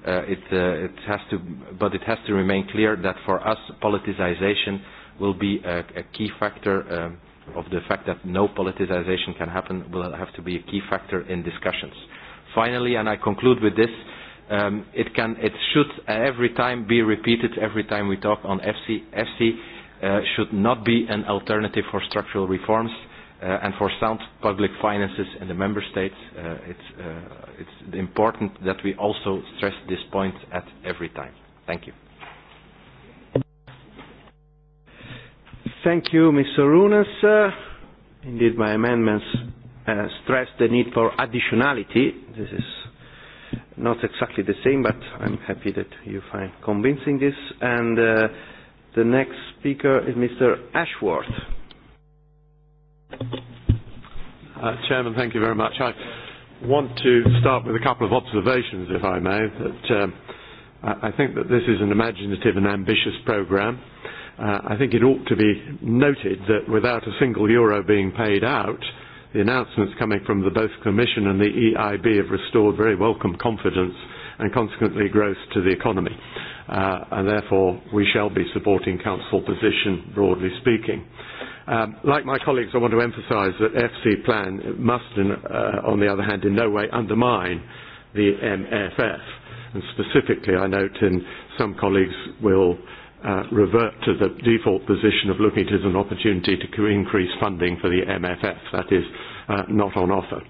Uh, it, uh, it has to, but it has to remain clear that for us, politicization will be a, a key factor um, of the fact that no politicization can happen will have to be a key factor in discussions. Finally, and I conclude with this, um, it, can, it should every time be repeated every time we talk on FC. FC uh, should not be an alternative for structural reforms uh, and for sound public finances in the member states. Uh, it's, uh, it's important that we also stress this point at every time. Thank you. Thank you, Mr. Runas. indeed, my amendments uh, stress the need for additionality. This is not exactly the same, but I'm happy that you find convincing this. And uh, the next speaker is Mr. Ashworth. Uh, Chairman, thank you very much. I want to start with a couple of observations, if I may. That, um, I think that this is an imaginative and ambitious program. Uh, I think it ought to be noted that without a single euro being paid out, uh, the announcements coming from the both Commission and the EIB have restored very welcome confidence and consequently growth to the economy. Uh, and therefore, we shall be supporting Council position, broadly speaking. Um, like my colleagues, I want to emphasise that FC plan must, in, uh, on the other hand, in no way undermine the MFF. And specifically, I note in some colleagues will uh, revert to the default position of looking at it as an opportunity to increase funding for the MFF. That is uh, not on offer.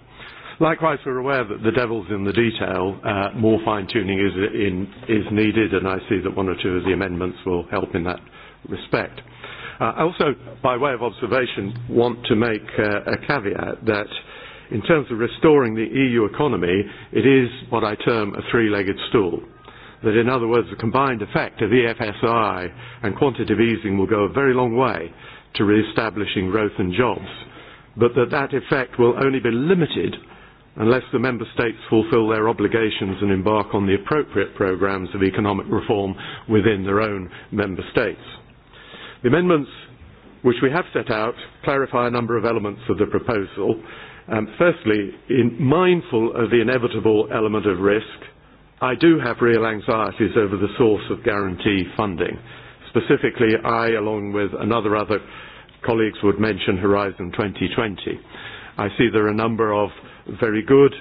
Likewise, we're aware that the devil's in the detail. Uh, more fine-tuning is, in, is needed, and I see that one or two of the amendments will help in that respect. Uh, I also, by way of observation, want to make uh, a caveat that in terms of restoring the EU economy, it is what I term a three-legged stool that in other words the combined effect of EFSI and quantitative easing will go a very long way to re-establishing growth and jobs, but that that effect will only be limited unless the member states fulfil their obligations and embark on the appropriate programs of economic reform within their own member states. The amendments which we have set out clarify a number of elements of the proposal. Um, firstly, in mindful of the inevitable element of risk, I do have real anxieties over the source of guarantee funding. Specifically, I, along with another other colleagues, would mention Horizon 2020. I see there are a number of very good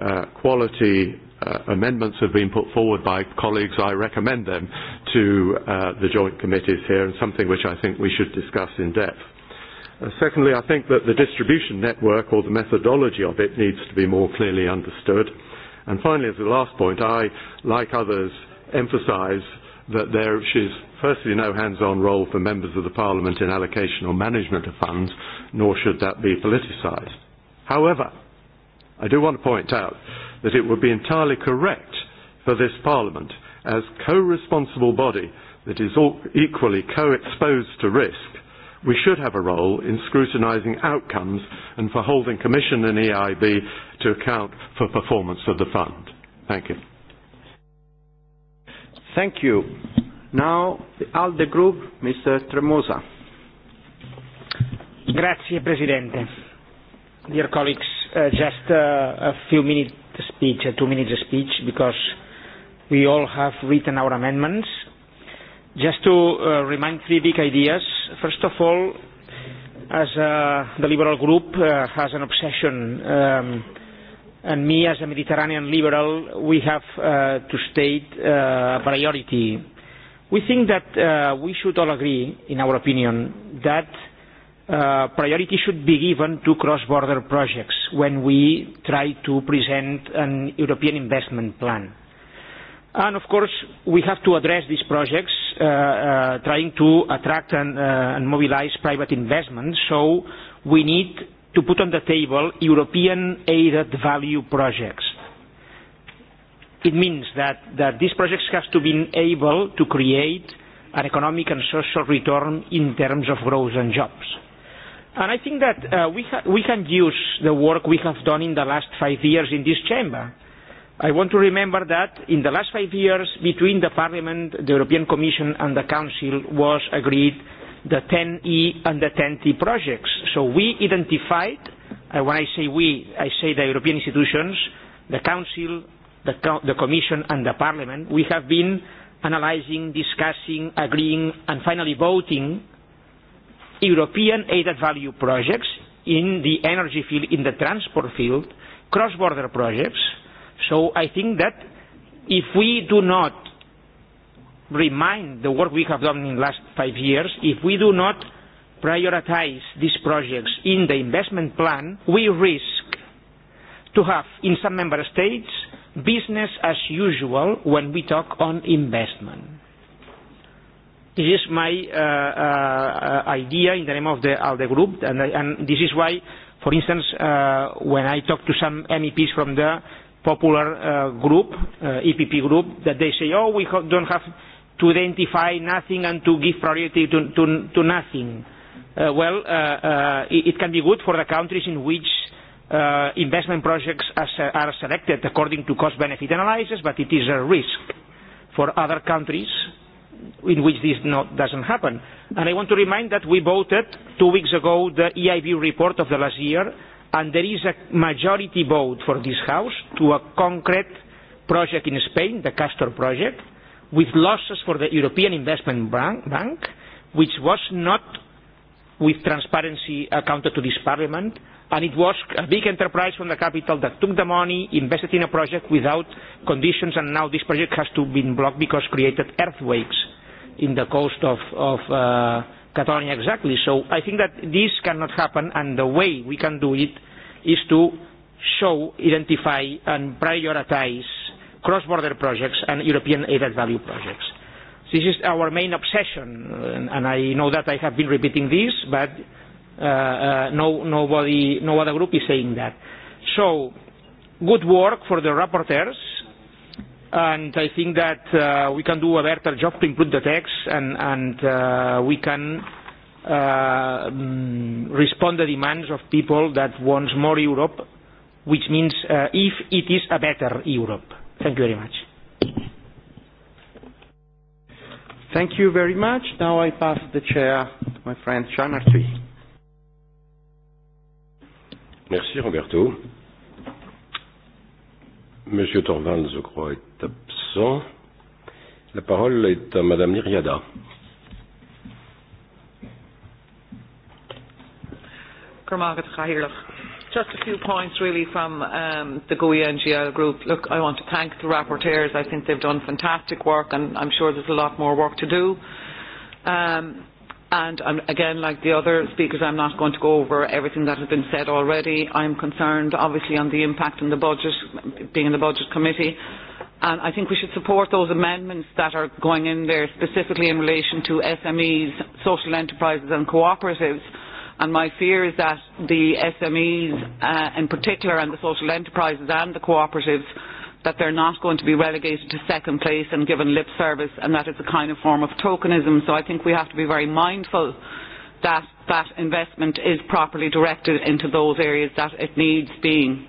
uh, quality uh, amendments have been put forward by colleagues. I recommend them to uh, the joint committees here and something which I think we should discuss in depth. Uh, secondly, I think that the distribution network or the methodology of it needs to be more clearly understood. And finally, as the last point, I, like others, emphasise that there is firstly no hands-on role for members of the Parliament in allocation or management of funds, nor should that be politicised. However, I do want to point out that it would be entirely correct for this Parliament, as co-responsible body that is all equally co-exposed to risk, We should have a role in scrutinising outcomes and for holding Commission and EIB to account for performance of the fund. Thank you. Thank you. Now, the ALDE Group, Mr. Tremosa. Grazie, Presidente. Dear colleagues, uh, just uh, a few minutes speech, a uh, two minutes speech, because we all have written our amendments Just to uh, remind three big ideas. First of all, as uh, the Liberal Group uh, has an obsession, um, and me as a Mediterranean Liberal, we have uh, to state uh, priority. We think that uh, we should all agree, in our opinion, that uh, priority should be given to cross-border projects when we try to present an European investment plan. And of course, we have to address these projects, uh, uh, trying to attract and, uh, and mobilize private investment. So we need to put on the table European aided value projects. It means that, that these projects have to be able to create an economic and social return in terms of growth and jobs. And I think that uh, we, ha we can use the work we have done in the last five years in this chamber I want to remember that in the last five years between the Parliament, the European Commission and the Council was agreed the 10E and the 10T projects. So we identified, and when I say we, I say the European institutions, the Council, the, co the Commission and the Parliament, we have been analyzing, discussing, agreeing and finally voting European added value projects in the energy field, in the transport field, cross-border projects, So I think that if we do not remind the work we have done in the last five years, if we do not prioritize these projects in the investment plan, we risk to have in some member states business as usual when we talk on investment. This is my uh, uh, idea in the name of the ALDE group, and, and this is why, for instance, uh, when I talk to some MEPs from the popular uh, group, uh, EPP group, that they say, oh, we ha don't have to identify nothing and to give priority to, to, to nothing. Uh, well, uh, uh, it, it can be good for the countries in which uh, investment projects are, are selected according to cost-benefit analysis, but it is a risk for other countries in which this not, doesn't happen. And I want to remind that we voted two weeks ago the EIB report of the last year and there is a majority vote for this House to a concrete project in Spain, the Castor project, with losses for the European Investment Bank, which was not with transparency accounted to this Parliament, and it was a big enterprise from the capital that took the money, invested in a project without conditions, and now this project has to be blocked because created earthquakes in the coast of, of uh, Catalonia exactly. So I think that this cannot happen, and the way we can do it is to show, identify, and prioritize cross-border projects and European added value projects. This is our main obsession, and I know that I have been repeating this, but uh, uh, no, nobody, no other group is saying that. So, good work for the rapporteurs and I think that uh, we can do a better job to improve the text and, and uh, we can uh, mm, respond the demands of people that want more Europe, which means uh, if it is a better Europe. Thank you very much. Thank you very much. Now I pass the chair to my friend Jean Arthuis. Merci Roberto. Monsieur Torvan, je crois, est absent. La parole est à Madame Niriada. Just a few points really from um, the GUI NGL group. Look, I want to thank the rapporteurs. I think they've done fantastic work and I'm sure there's a lot more work to do. Um, And um, again, like the other speakers, I'm not going to go over everything that has been said already. I'm concerned, obviously, on the impact on the budget, being in the Budget Committee. And I think we should support those amendments that are going in there specifically in relation to SMEs, social enterprises and cooperatives. And my fear is that the SMEs uh, in particular and the social enterprises and the cooperatives that they're not going to be relegated to second place and given lip service and that it's a kind of form of tokenism. So I think we have to be very mindful that that investment is properly directed into those areas that it needs being.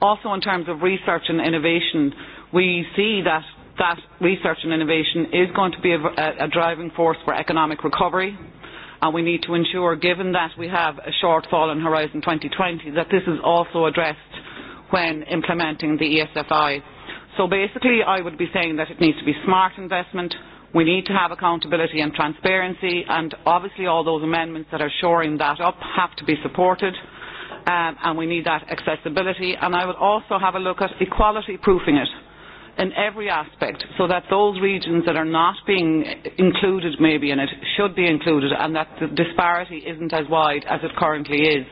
Also in terms of research and innovation, we see that that research and innovation is going to be a, a driving force for economic recovery and we need to ensure, given that we have a shortfall in Horizon 2020, that this is also addressed when implementing the ESFI So basically, I would be saying that it needs to be smart investment. We need to have accountability and transparency, and obviously all those amendments that are shoring that up have to be supported, um, and we need that accessibility. And I would also have a look at equality proofing it in every aspect so that those regions that are not being included maybe in it should be included and that the disparity isn't as wide as it currently is.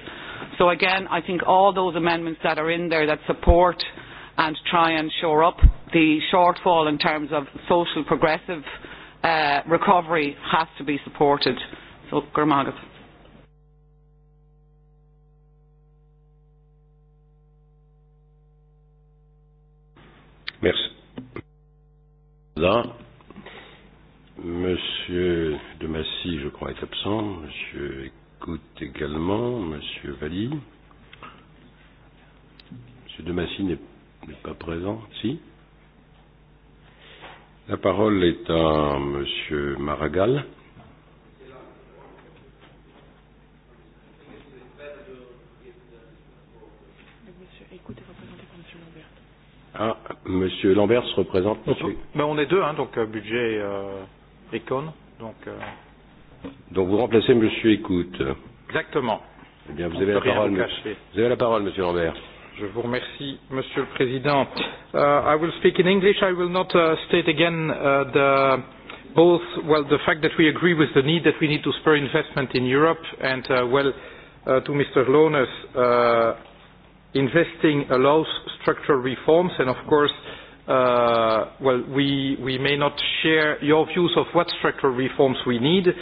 So again, I think all those amendments that are in there that support uh, and try and shore up the shortfall in terms of social progressive uh, recovery has to be supported. So, Gurmagat. Merci. Là, Monsieur de Massy, je crois, est absent. Monsieur écoute également. Monsieur Valli. Monsieur de Massy n'est n'est pas présent. Si La parole est à Monsieur Maragall. Ah, Monsieur Lambert se représente. Monsieur. Mais on est deux, hein, donc euh, budget euh, Econ. Donc, euh... donc vous remplacez Monsieur Écoute. Exactement. Eh bien, vous avez la parole. Vous, vous avez la parole, Monsieur Lambert. Je vous remercie, Monsieur le Président. Uh, I will speak in English. I will not uh, state again uh, the, both, well, the fact that we agree with the need that we need to spur investment in Europe and, uh, well, uh, to Mr. Lohners uh, investing allows structural reforms and, of course, uh, well, we, we may not share your views of what structural reforms we need. Uh,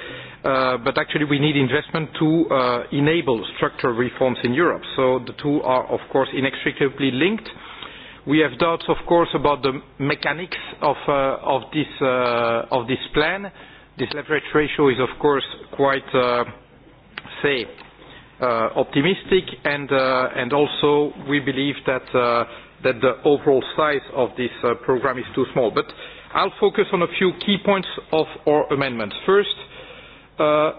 uh, but actually we need investment to uh, enable structural reforms in Europe. So the two are, of course, inextricably linked. We have doubts, of course, about the mechanics of, uh, of, this, uh, of this plan. This leverage ratio is, of course, quite, uh, say, uh, optimistic, and, uh, and also we believe that, uh, that the overall size of this uh, program is too small. But I'll focus on a few key points of our amendments. First, uh, Uh,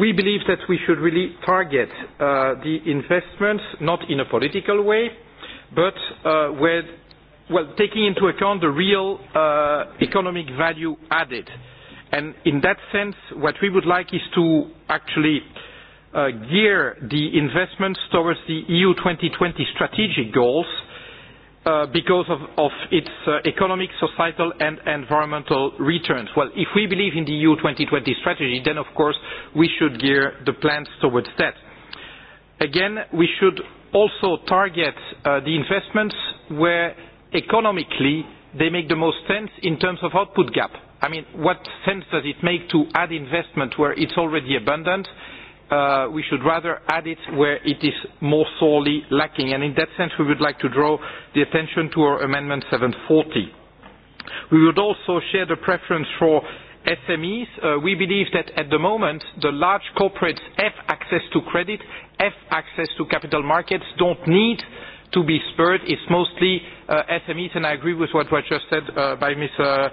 we believe that we should really target uh, the investments, not in a political way, but uh, with, well, taking into account the real uh, economic value added. And in that sense, what we would like is to actually uh, gear the investments towards the EU 2020 strategic goals – Uh, because of, of its uh, economic, societal and environmental returns. Well, if we believe in the EU 2020 strategy, then of course we should gear the plans towards that. Again, we should also target uh, the investments where economically they make the most sense in terms of output gap. I mean, what sense does it make to add investment where it's already abundant uh, we should rather add it where it is more sorely lacking. And in that sense, we would like to draw the attention to our Amendment 740. We would also share the preference for SMEs. Uh, we believe that at the moment, the large corporates have access to credit, have access to capital markets, don't need to be spurred. It's mostly uh, SMEs, and I agree with what was just said uh, by Ms. Uh, uh,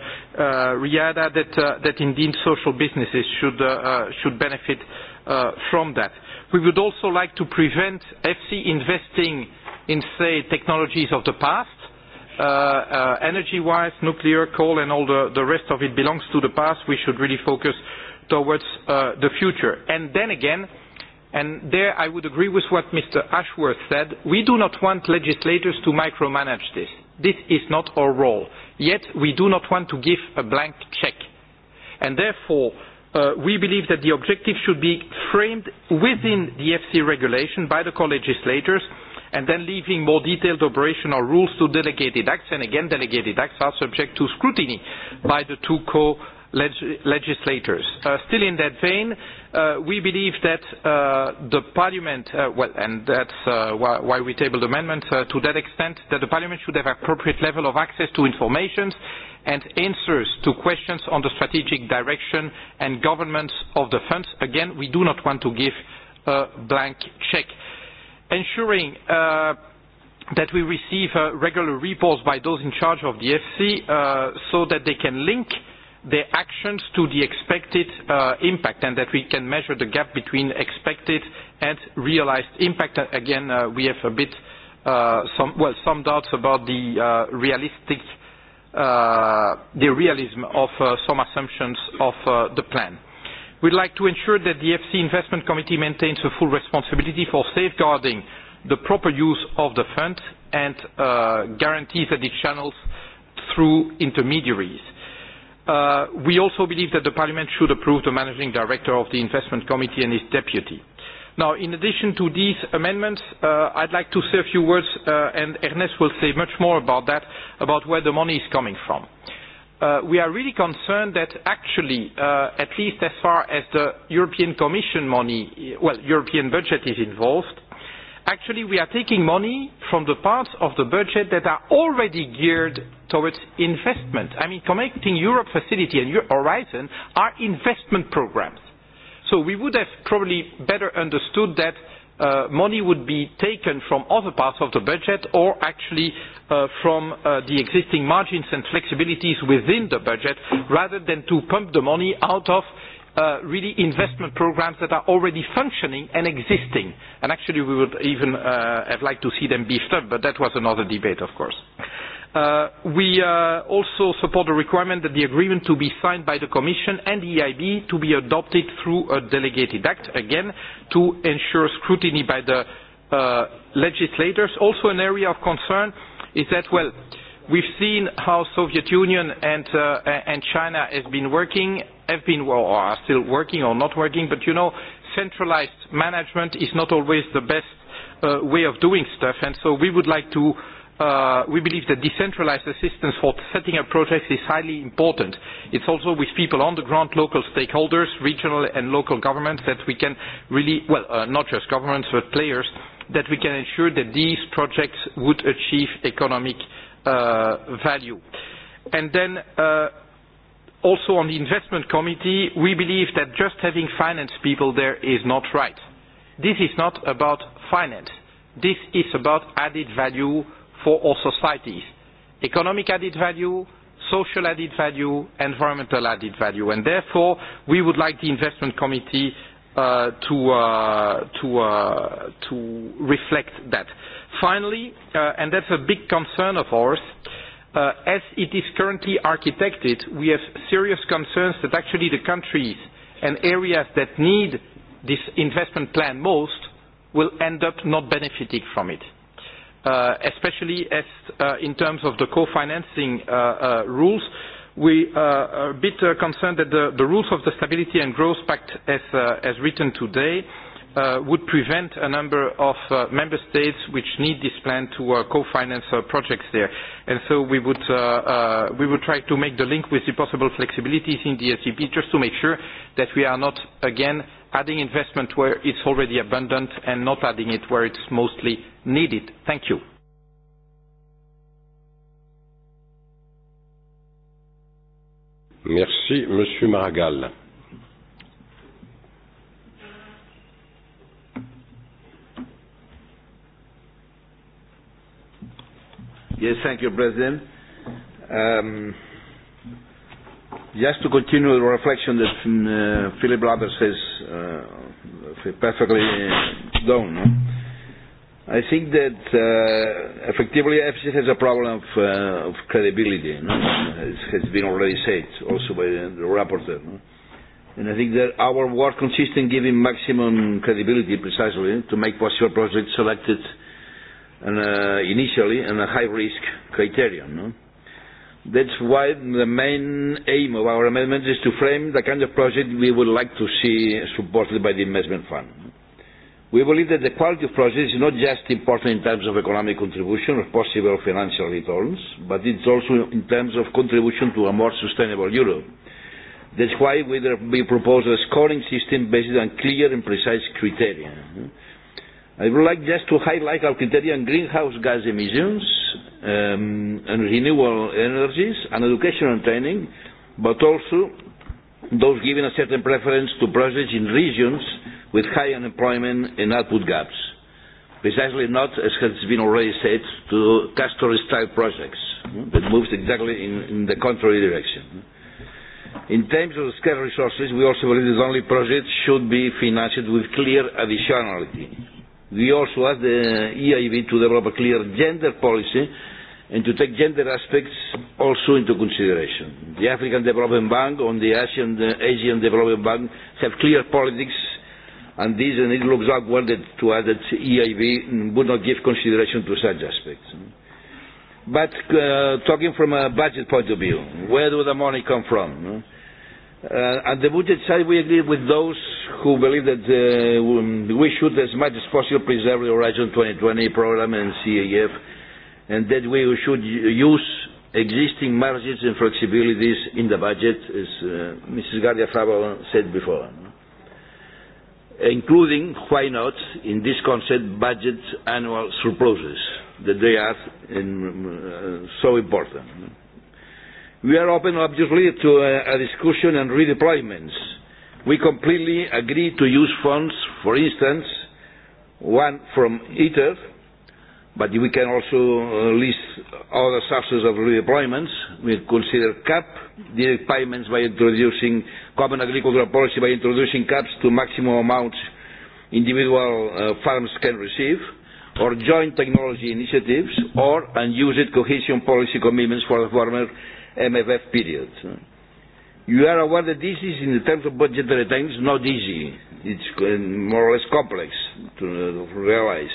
Riada, that, uh, that indeed social businesses should, uh, uh, should benefit uh, uh, from that. We would also like to prevent FC investing in, say, technologies of the past. Uh, uh, energy-wise, nuclear, coal, and all the, the rest of it belongs to the past. We should really focus towards uh, the future. And then again, and there I would agree with what Mr. Ashworth said, we do not want legislators to micromanage this. This is not our role. Yet we do not want to give a blank check. And therefore, uh, we believe that the objective should be framed within the FC regulation by the co-legislators and then leaving more detailed operational rules to delegated acts. And again, delegated acts are subject to scrutiny by the two co-legislators. -leg Uh, still in that vein, uh, we believe that uh, the Parliament, uh, well, and that's uh, why, why we tabled amendments uh, to that extent, that the Parliament should have appropriate level of access to information and answers to questions on the strategic direction and governance of the funds. Again, we do not want to give a blank check. Ensuring uh, that we receive uh, regular reports by those in charge of the FC uh, so that they can link their actions to the expected uh, impact and that we can measure the gap between expected and realized impact. Again, uh, we have a bit, uh, some, well, some doubts about the uh, realistic Uh, the realism of uh, some assumptions of uh, the plan. We'd like to ensure that the FC Investment Committee maintains a full responsibility for safeguarding the proper use of the fund and uh, guarantees that it channels through intermediaries. Uh, we also believe that the Parliament should approve the Managing Director of the Investment Committee and his deputy. Now, in addition to these amendments, uh, I'd like to say a few words, uh, and Ernest will say much more about that, about where the money is coming from. Uh, we are really concerned that actually, uh, at least as far as the European Commission money, well, European budget is involved, actually we are taking money from the parts of the budget that are already geared towards investment. I mean, Connecting Europe Facility and Horizon are investment programs. So we would have probably better understood that uh, money would be taken from other parts of the budget or actually uh, from uh, the existing margins and flexibilities within the budget rather than to pump the money out of uh, really investment programs that are already functioning and existing. And actually we would even uh, have liked to see them beefed up, but that was another debate, of course. Uh, we uh, also support the requirement that the agreement to be signed by the Commission and the EIB to be adopted through a delegated act, again, to ensure scrutiny by the uh, legislators. Also an area of concern is that, well, we've seen how Soviet Union and, uh, and China have been working, have been, well, or are still working or not working, but you know, centralized management is not always the best uh, way of doing stuff, and so we would like to uh, uh, we believe that decentralized assistance for setting up projects is highly important. It's also with people on the ground, local stakeholders, regional and local governments that we can really, well, uh, not just governments, but players, that we can ensure that these projects would achieve economic uh, value. And then, uh, also on the investment committee, we believe that just having finance people there is not right. This is not about finance. This is about added value for all societies. Economic added value, social added value, environmental added value. And therefore, we would like the investment committee uh, to, uh, to, uh, to reflect that. Finally, uh, and that's a big concern of ours, uh, as it is currently architected, we have serious concerns that actually the countries and areas that need this investment plan most will end up not benefiting from it uh, especially as uh, in terms of the co-financing uh, uh, rules. We uh, are a bit uh, concerned that the, the rules of the Stability and Growth Pact as, uh, as written today uh, would prevent a number of uh, member states which need this plan to uh, co-finance uh, projects there. And so we would, uh, uh, we would try to make the link with the possible flexibilities in the SCP e just to make sure that we are not again adding investment where it's already abundant and not adding it where it's mostly needed. Thank you. Merci, Monsieur Maragall. Yes, thank you, President. Um, Just to continue the reflection that uh, Philip Brothers has uh, perfectly uh, done, no? I think that uh, effectively FC has a problem of, uh, of credibility, no? as has been already said also by the, the rapporteur. No? And I think that our work consists in giving maximum credibility precisely to make possible projects selected and, uh, initially and a high risk criterion. No? That's why the main aim of our amendment is to frame the kind of project we would like to see supported by the investment fund. We believe that the quality of projects is not just important in terms of economic contribution or possible financial returns, but it's also in terms of contribution to a more sustainable Europe. That's why we propose a scoring system based on clear and precise criteria. I would like just to highlight our criteria on greenhouse gas emissions um, and renewable energies and education and training, but also those giving a certain preference to projects in regions with high unemployment and output gaps, precisely not, as has been already said, to Castor-style projects hmm, that moves exactly in, in the contrary direction. In terms of scarce resources, we also believe that only projects should be financed with clear additionality We also had the EIB to develop a clear gender policy and to take gender aspects also into consideration. The African Development Bank and the Asian, the Asian Development Bank have clear politics and this and it looks like that to add that EIB would not give consideration to such aspects. But uh, talking from a budget point of view, where do the money come from? Uh, and the budget side, we agree with those who believe that uh, we should, as much as possible, preserve the Horizon 2020 program and CAF, and that we should use existing margins and flexibilities in the budget, as uh, Mrs. Gardia Fabo said before. Including, why not, in this concept, budget annual surpluses, that they are in, um, uh, so important. We are open, obviously, to a, uh, a discussion on redeployments. We completely agree to use funds, for instance, one from ITER, but we can also uh, list other sources of redeployments. We consider CAP, direct payments by introducing common agricultural policy by introducing CAPs to maximum amounts individual uh, farms can receive, or joint technology initiatives, or unused cohesion policy commitments for the former MFF period. You are aware that this is, in terms of budgetary things not easy. It's uh, more or less complex to uh, realize.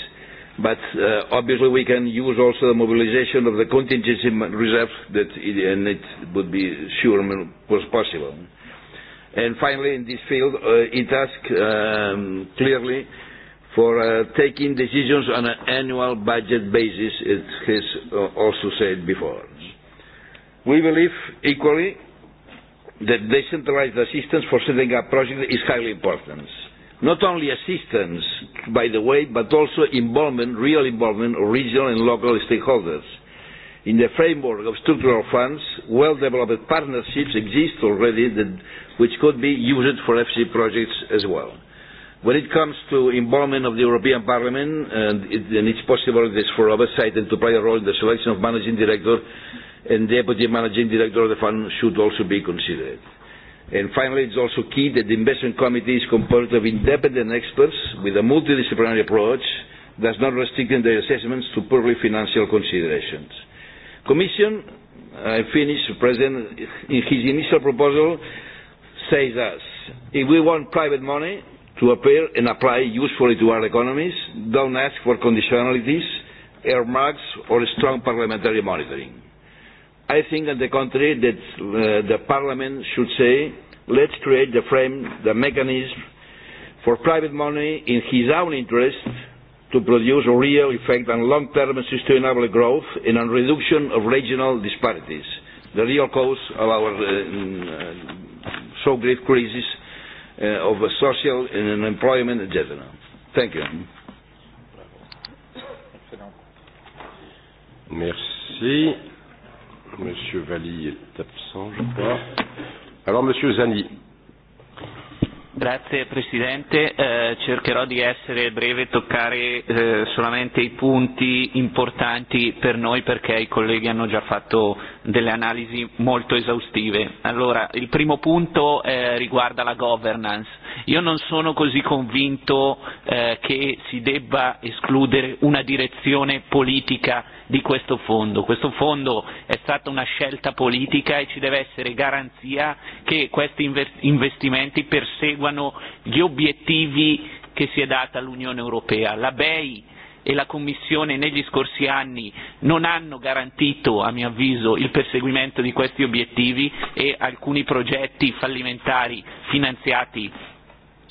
But uh, obviously we can use also the mobilization of the contingency reserve that it, and it would be sure was possible. And finally, in this field, uh, it asks um, clearly for uh, taking decisions on an annual budget basis, it has uh, also said before. We believe equally that decentralized assistance for setting up projects is highly important. Not only assistance, by the way, but also involvement, real involvement of regional and local stakeholders. In the framework of structural funds, well-developed partnerships exist already that, which could be used for FC projects as well. When it comes to involvement of the European Parliament, and, it, and it's possible this for oversight and to play a role in the selection of managing director, and deputy managing director of the fund should also be considered. And finally, it's also key that the investment committee is composed of independent experts with a multidisciplinary approach, thus not restricting their assessments to purely financial considerations. Commission, I finish, President, in his initial proposal, says us, if we want private money to appear and apply usefully to our economies, don't ask for conditionalities, earmarks, or strong parliamentary monitoring. I think that the country that uh, the parliament should say, let's create the frame, the mechanism for private money in his own interest to produce a real effect on long-term sustainable growth and on reduction of regional disparities, the real cause of our uh, mm, uh so great crisis uh, of social and employment in general. Thank you. Merci. Monsieur Valli est absent, je crois. Alors, Monsieur Zani. Grazie Presidente, eh, cercherò di essere breve e toccare eh, solamente i punti importanti per noi perché i colleghi hanno già fatto delle analisi molto esaustive. Allora, il primo punto eh, riguarda la governance. Io non sono così convinto eh, che si debba escludere una direzione politica di questo fondo. Questo fondo è stata una scelta politica e ci deve essere garanzia che questi investimenti perseguano gli obiettivi che si è data l'Unione Europea. La BEI e la Commissione negli scorsi anni non hanno garantito, a mio avviso, il perseguimento di questi obiettivi e alcuni progetti fallimentari finanziati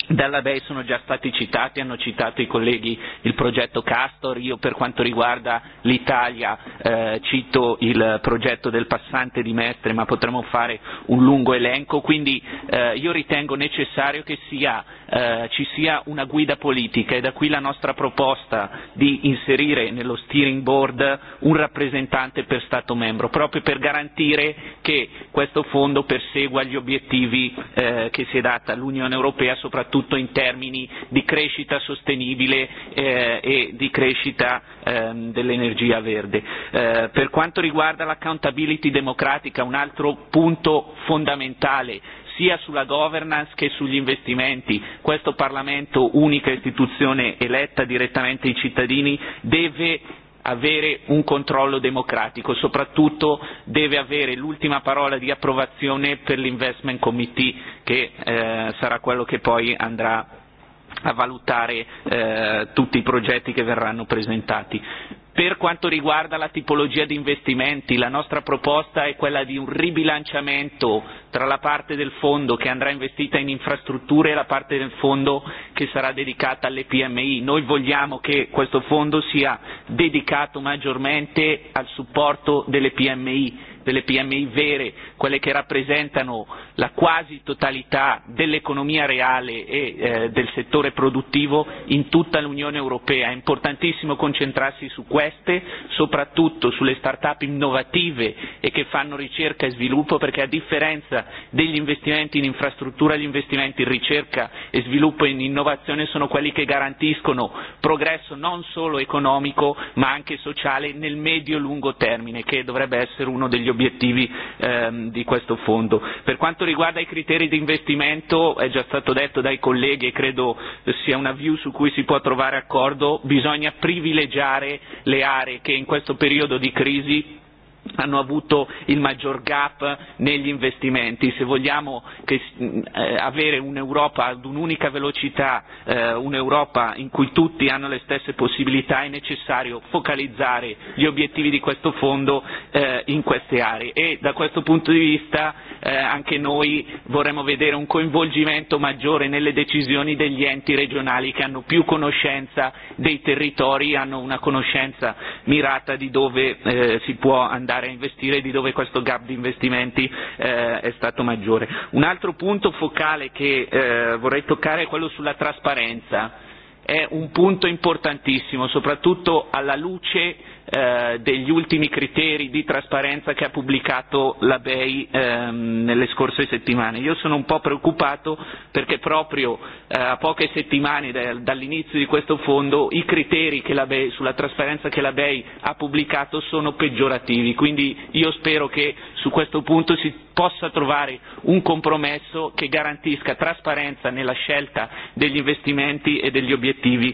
Dalla BEI sono già stati citati, hanno citato i colleghi il progetto Castor, io per quanto riguarda l'Italia eh, cito il progetto del passante di Mestre, ma potremmo fare un lungo elenco, quindi eh, io ritengo necessario che sia, eh, ci sia una guida politica e da qui la nostra proposta di inserire nello steering board un rappresentante per Stato membro, proprio per garantire che questo fondo persegua gli obiettivi eh, che si è data l'Unione Europea, soprattutto soprattutto in termini di crescita sostenibile eh, e di crescita ehm, dell'energia verde. Eh, per quanto riguarda l'accountability democratica, un altro punto fondamentale sia sulla governance che sugli investimenti. Questo Parlamento, unica istituzione eletta direttamente ai cittadini, deve avere un controllo democratico, soprattutto deve avere l'ultima parola di approvazione per l'investment committee che eh, sarà quello che poi andrà a valutare eh, tutti i progetti che verranno presentati. Per quanto riguarda la tipologia di investimenti, la nostra proposta è quella di un ribilanciamento tra la parte del fondo che andrà investita in infrastrutture e la parte del fondo che sarà dedicata alle PMI. Noi vogliamo che questo fondo sia dedicato maggiormente al supporto delle PMI delle PMI vere, quelle che rappresentano la quasi totalità dell'economia reale e eh, del settore produttivo in tutta l'Unione Europea. È importantissimo concentrarsi su queste, soprattutto sulle start-up innovative e che fanno ricerca e sviluppo, perché a differenza degli investimenti in infrastruttura, gli investimenti in ricerca e sviluppo e in innovazione sono quelli che garantiscono progresso non solo economico ma anche sociale nel medio e lungo termine, che dovrebbe essere uno degli obiettivi ehm, di questo fondo. Per quanto riguarda i criteri di investimento, è già stato detto dai colleghi e credo sia una view su cui si può trovare accordo, bisogna privilegiare le aree che in questo periodo di crisi hanno avuto il maggior gap negli investimenti. Se vogliamo che, eh, avere un'Europa ad un'unica velocità, eh, un'Europa in cui tutti hanno le stesse possibilità, è necessario focalizzare gli obiettivi di questo fondo eh, in queste aree e da questo punto di vista eh, anche noi vorremmo vedere un coinvolgimento maggiore nelle decisioni degli enti regionali che hanno più conoscenza dei territori, hanno una conoscenza mirata di dove eh, si può andare andare a investire di dove questo gap di investimenti eh, è stato maggiore. Un altro punto focale che eh, vorrei toccare è quello sulla trasparenza. È un punto importantissimo, soprattutto alla luce Eh, degli ultimi criteri di trasparenza che ha pubblicato la BEI ehm, nelle scorse settimane. Io sono un po' preoccupato perché proprio eh, a poche settimane da, dall'inizio di questo fondo i criteri che la BEI, sulla trasparenza che la BEI ha pubblicato sono peggiorativi, quindi io spero che su questo punto si possa trovare un compromesso che garantisca trasparenza nella scelta degli investimenti e degli obiettivi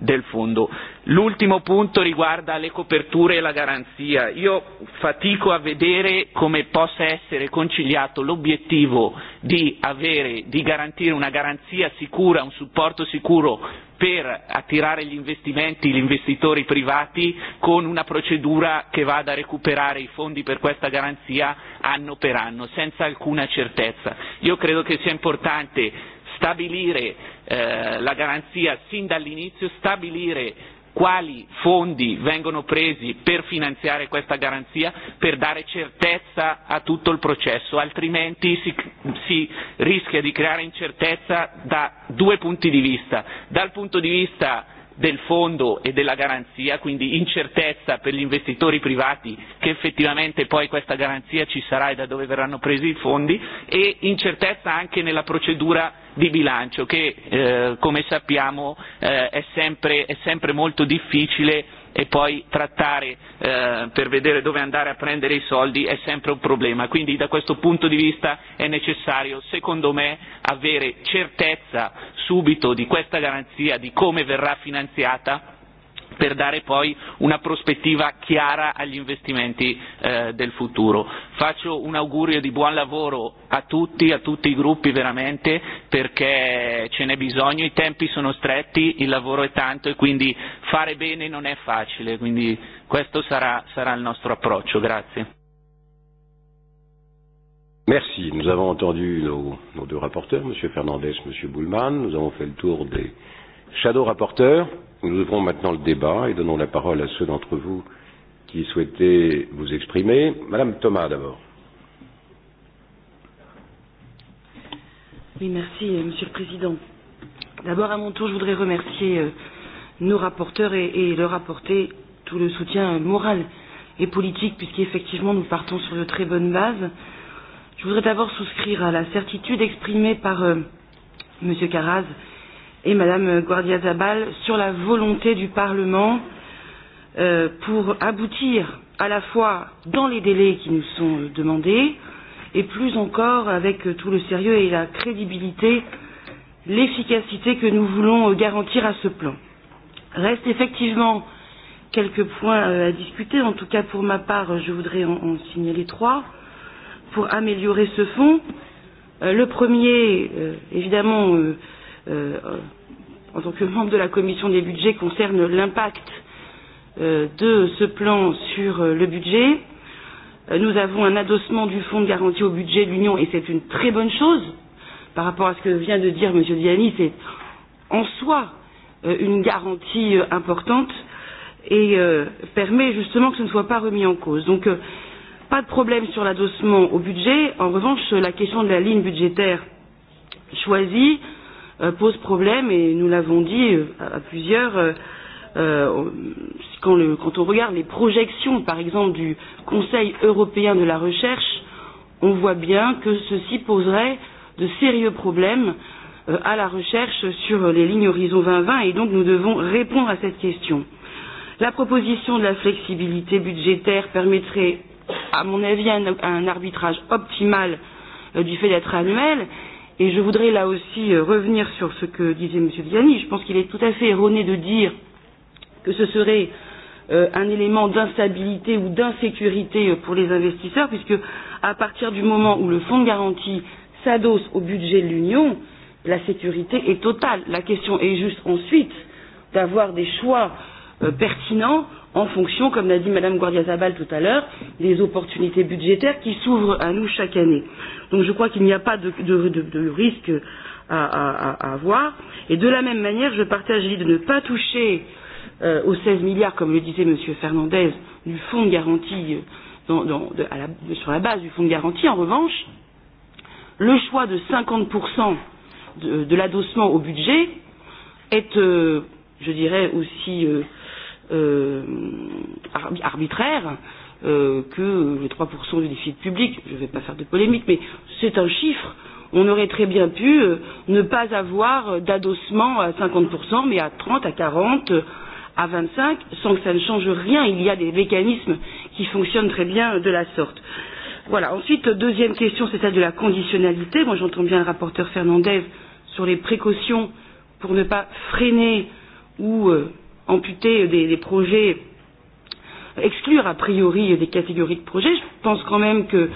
del fondo. L'ultimo punto riguarda le coperture e la garanzia. Io fatico a vedere come possa essere conciliato l'obiettivo di, avere, di garantire una garanzia sicura, un supporto sicuro per attirare gli investimenti, gli investitori privati con una procedura che vada a recuperare i fondi per questa garanzia anno per anno, senza alcuna certezza. Io credo che sia importante stabilire Eh, la garanzia sin dall'inizio, stabilire quali fondi vengono presi per finanziare questa garanzia per dare certezza a tutto il processo, altrimenti si, si rischia di creare incertezza da due punti di vista, dal punto di vista del fondo e della garanzia, quindi incertezza per gli investitori privati che effettivamente poi questa garanzia ci sarà e da dove verranno presi i fondi e incertezza anche nella procedura di bilancio che eh, come sappiamo eh, è, sempre, è sempre molto difficile e poi trattare eh, per vedere dove andare a prendere i soldi è sempre un problema. Quindi da questo punto di vista è necessario, secondo me, avere certezza subito di questa garanzia, di come verrà finanziata per dare poi una prospettiva chiara agli investimenti eh, del futuro. Faccio un augurio di buon lavoro a tutti, a tutti i gruppi veramente, perché ce n'è bisogno, i tempi sono stretti, il lavoro è tanto e quindi fare bene non è facile, quindi questo sarà, sarà il nostro approccio. Grazie. Merci. Nous avons entendu nos, nos deux rapporteurs, M. Fernandez et M. Boulman. Nous avons fait le tour des Shadow rapporteur, nous ouvrons maintenant le débat et donnons la parole à ceux d'entre vous qui souhaitaient vous exprimer. Madame Thomas d'abord. Oui, merci, Monsieur le Président. D'abord, à mon tour, je voudrais remercier euh, nos rapporteurs et, et leur apporter tout le soutien moral et politique, puisqu'effectivement, nous partons sur de très bonnes bases. Je voudrais d'abord souscrire à la certitude exprimée par euh, M. Caraz et Madame Guardia Zabal sur la volonté du Parlement euh, pour aboutir à la fois dans les délais qui nous sont euh, demandés et plus encore avec euh, tout le sérieux et la crédibilité, l'efficacité que nous voulons euh, garantir à ce plan. Reste effectivement quelques points à discuter, en tout cas pour ma part je voudrais en, en signaler trois pour améliorer ce fonds. Le premier, évidemment, euh, en tant que membre de la commission des budgets concerne l'impact euh, de ce plan sur euh, le budget. Euh, nous avons un adossement du fonds de garantie au budget de l'Union et c'est une très bonne chose par rapport à ce que vient de dire M. Diani, c'est en soi euh, une garantie euh, importante et euh, permet justement que ce ne soit pas remis en cause. Donc euh, pas de problème sur l'adossement au budget. En revanche, la question de la ligne budgétaire choisie euh, Euh, pose problème et nous l'avons dit euh, à, plusieurs. Euh, euh, quand, le, quand on regarde les projections, par exemple, du Conseil européen de la recherche, on voit bien que ceci poserait de sérieux problèmes euh, à la recherche sur les lignes Horizon 2020 et donc nous devons répondre à cette question. La proposition de la flexibilité budgétaire permettrait, à mon avis, un, un arbitrage optimal euh, du fait d'être annuel Et je voudrais là aussi euh, revenir sur ce que disait M. Viani. Je pense qu'il est tout à fait erroné de dire que ce serait euh, un élément d'instabilité ou d'insécurité euh, pour les investisseurs, puisque à partir du moment où le fonds de garantie s'adosse au budget de l'Union, la sécurité est totale. La question est juste ensuite d'avoir des choix euh, pertinents en fonction, comme l'a dit Madame Guardia-Zabal tout à l'heure, des opportunités budgétaires qui s'ouvrent à nous chaque année. Donc je crois qu'il n'y a pas de, de, de, de risque à, à, à avoir. Et de la même manière, je partage l'idée de ne pas toucher euh, aux 16 milliards, comme le disait Monsieur Fernandez, du fonds de garantie euh, dans, dans, de, à la, sur la base du fonds de garantie. En revanche, le choix de 50% de, de l'adossement au budget est, euh, je dirais, aussi euh, euh, arbitraire euh, que les 3% du déficit public. Je ne vais pas faire de polémique, mais c'est un chiffre. On aurait très bien pu euh, ne pas avoir d'adossement à 50%, mais à 30, à 40, à 25, sans que ça ne change rien. Il y a des mécanismes qui fonctionnent très bien de la sorte. Voilà. Ensuite, deuxième question, c'est celle de la conditionnalité. Moi, j'entends bien le rapporteur Fernandez sur les précautions pour ne pas freiner ou euh, amputer des, des projets, exclure a priori des catégories de projets. Je pense quand même que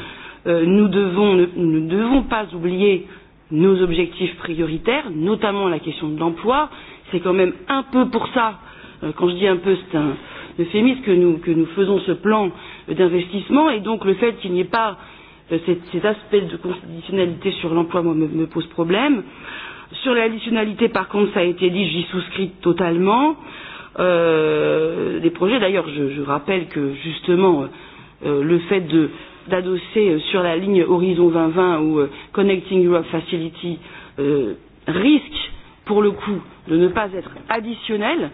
euh, nous, devons, nous ne devons pas oublier nos objectifs prioritaires, notamment la question de l'emploi. C'est quand même un peu pour ça, euh, quand je dis un peu, c'est un euphémisme, que nous, que nous faisons ce plan d'investissement. Et donc le fait qu'il n'y ait pas euh, cet, cet aspect de conditionnalité sur l'emploi, moi, me, me pose problème. Sur l'additionnalité, par contre, ça a été dit, j'y souscris totalement. Euh, euh, des projets. D'ailleurs, je, je rappelle que justement euh, le fait de d'adosser euh, sur la ligne Horizon 2020 ou euh, Connecting Europe Facility euh, risque pour le coup de ne pas être additionnel.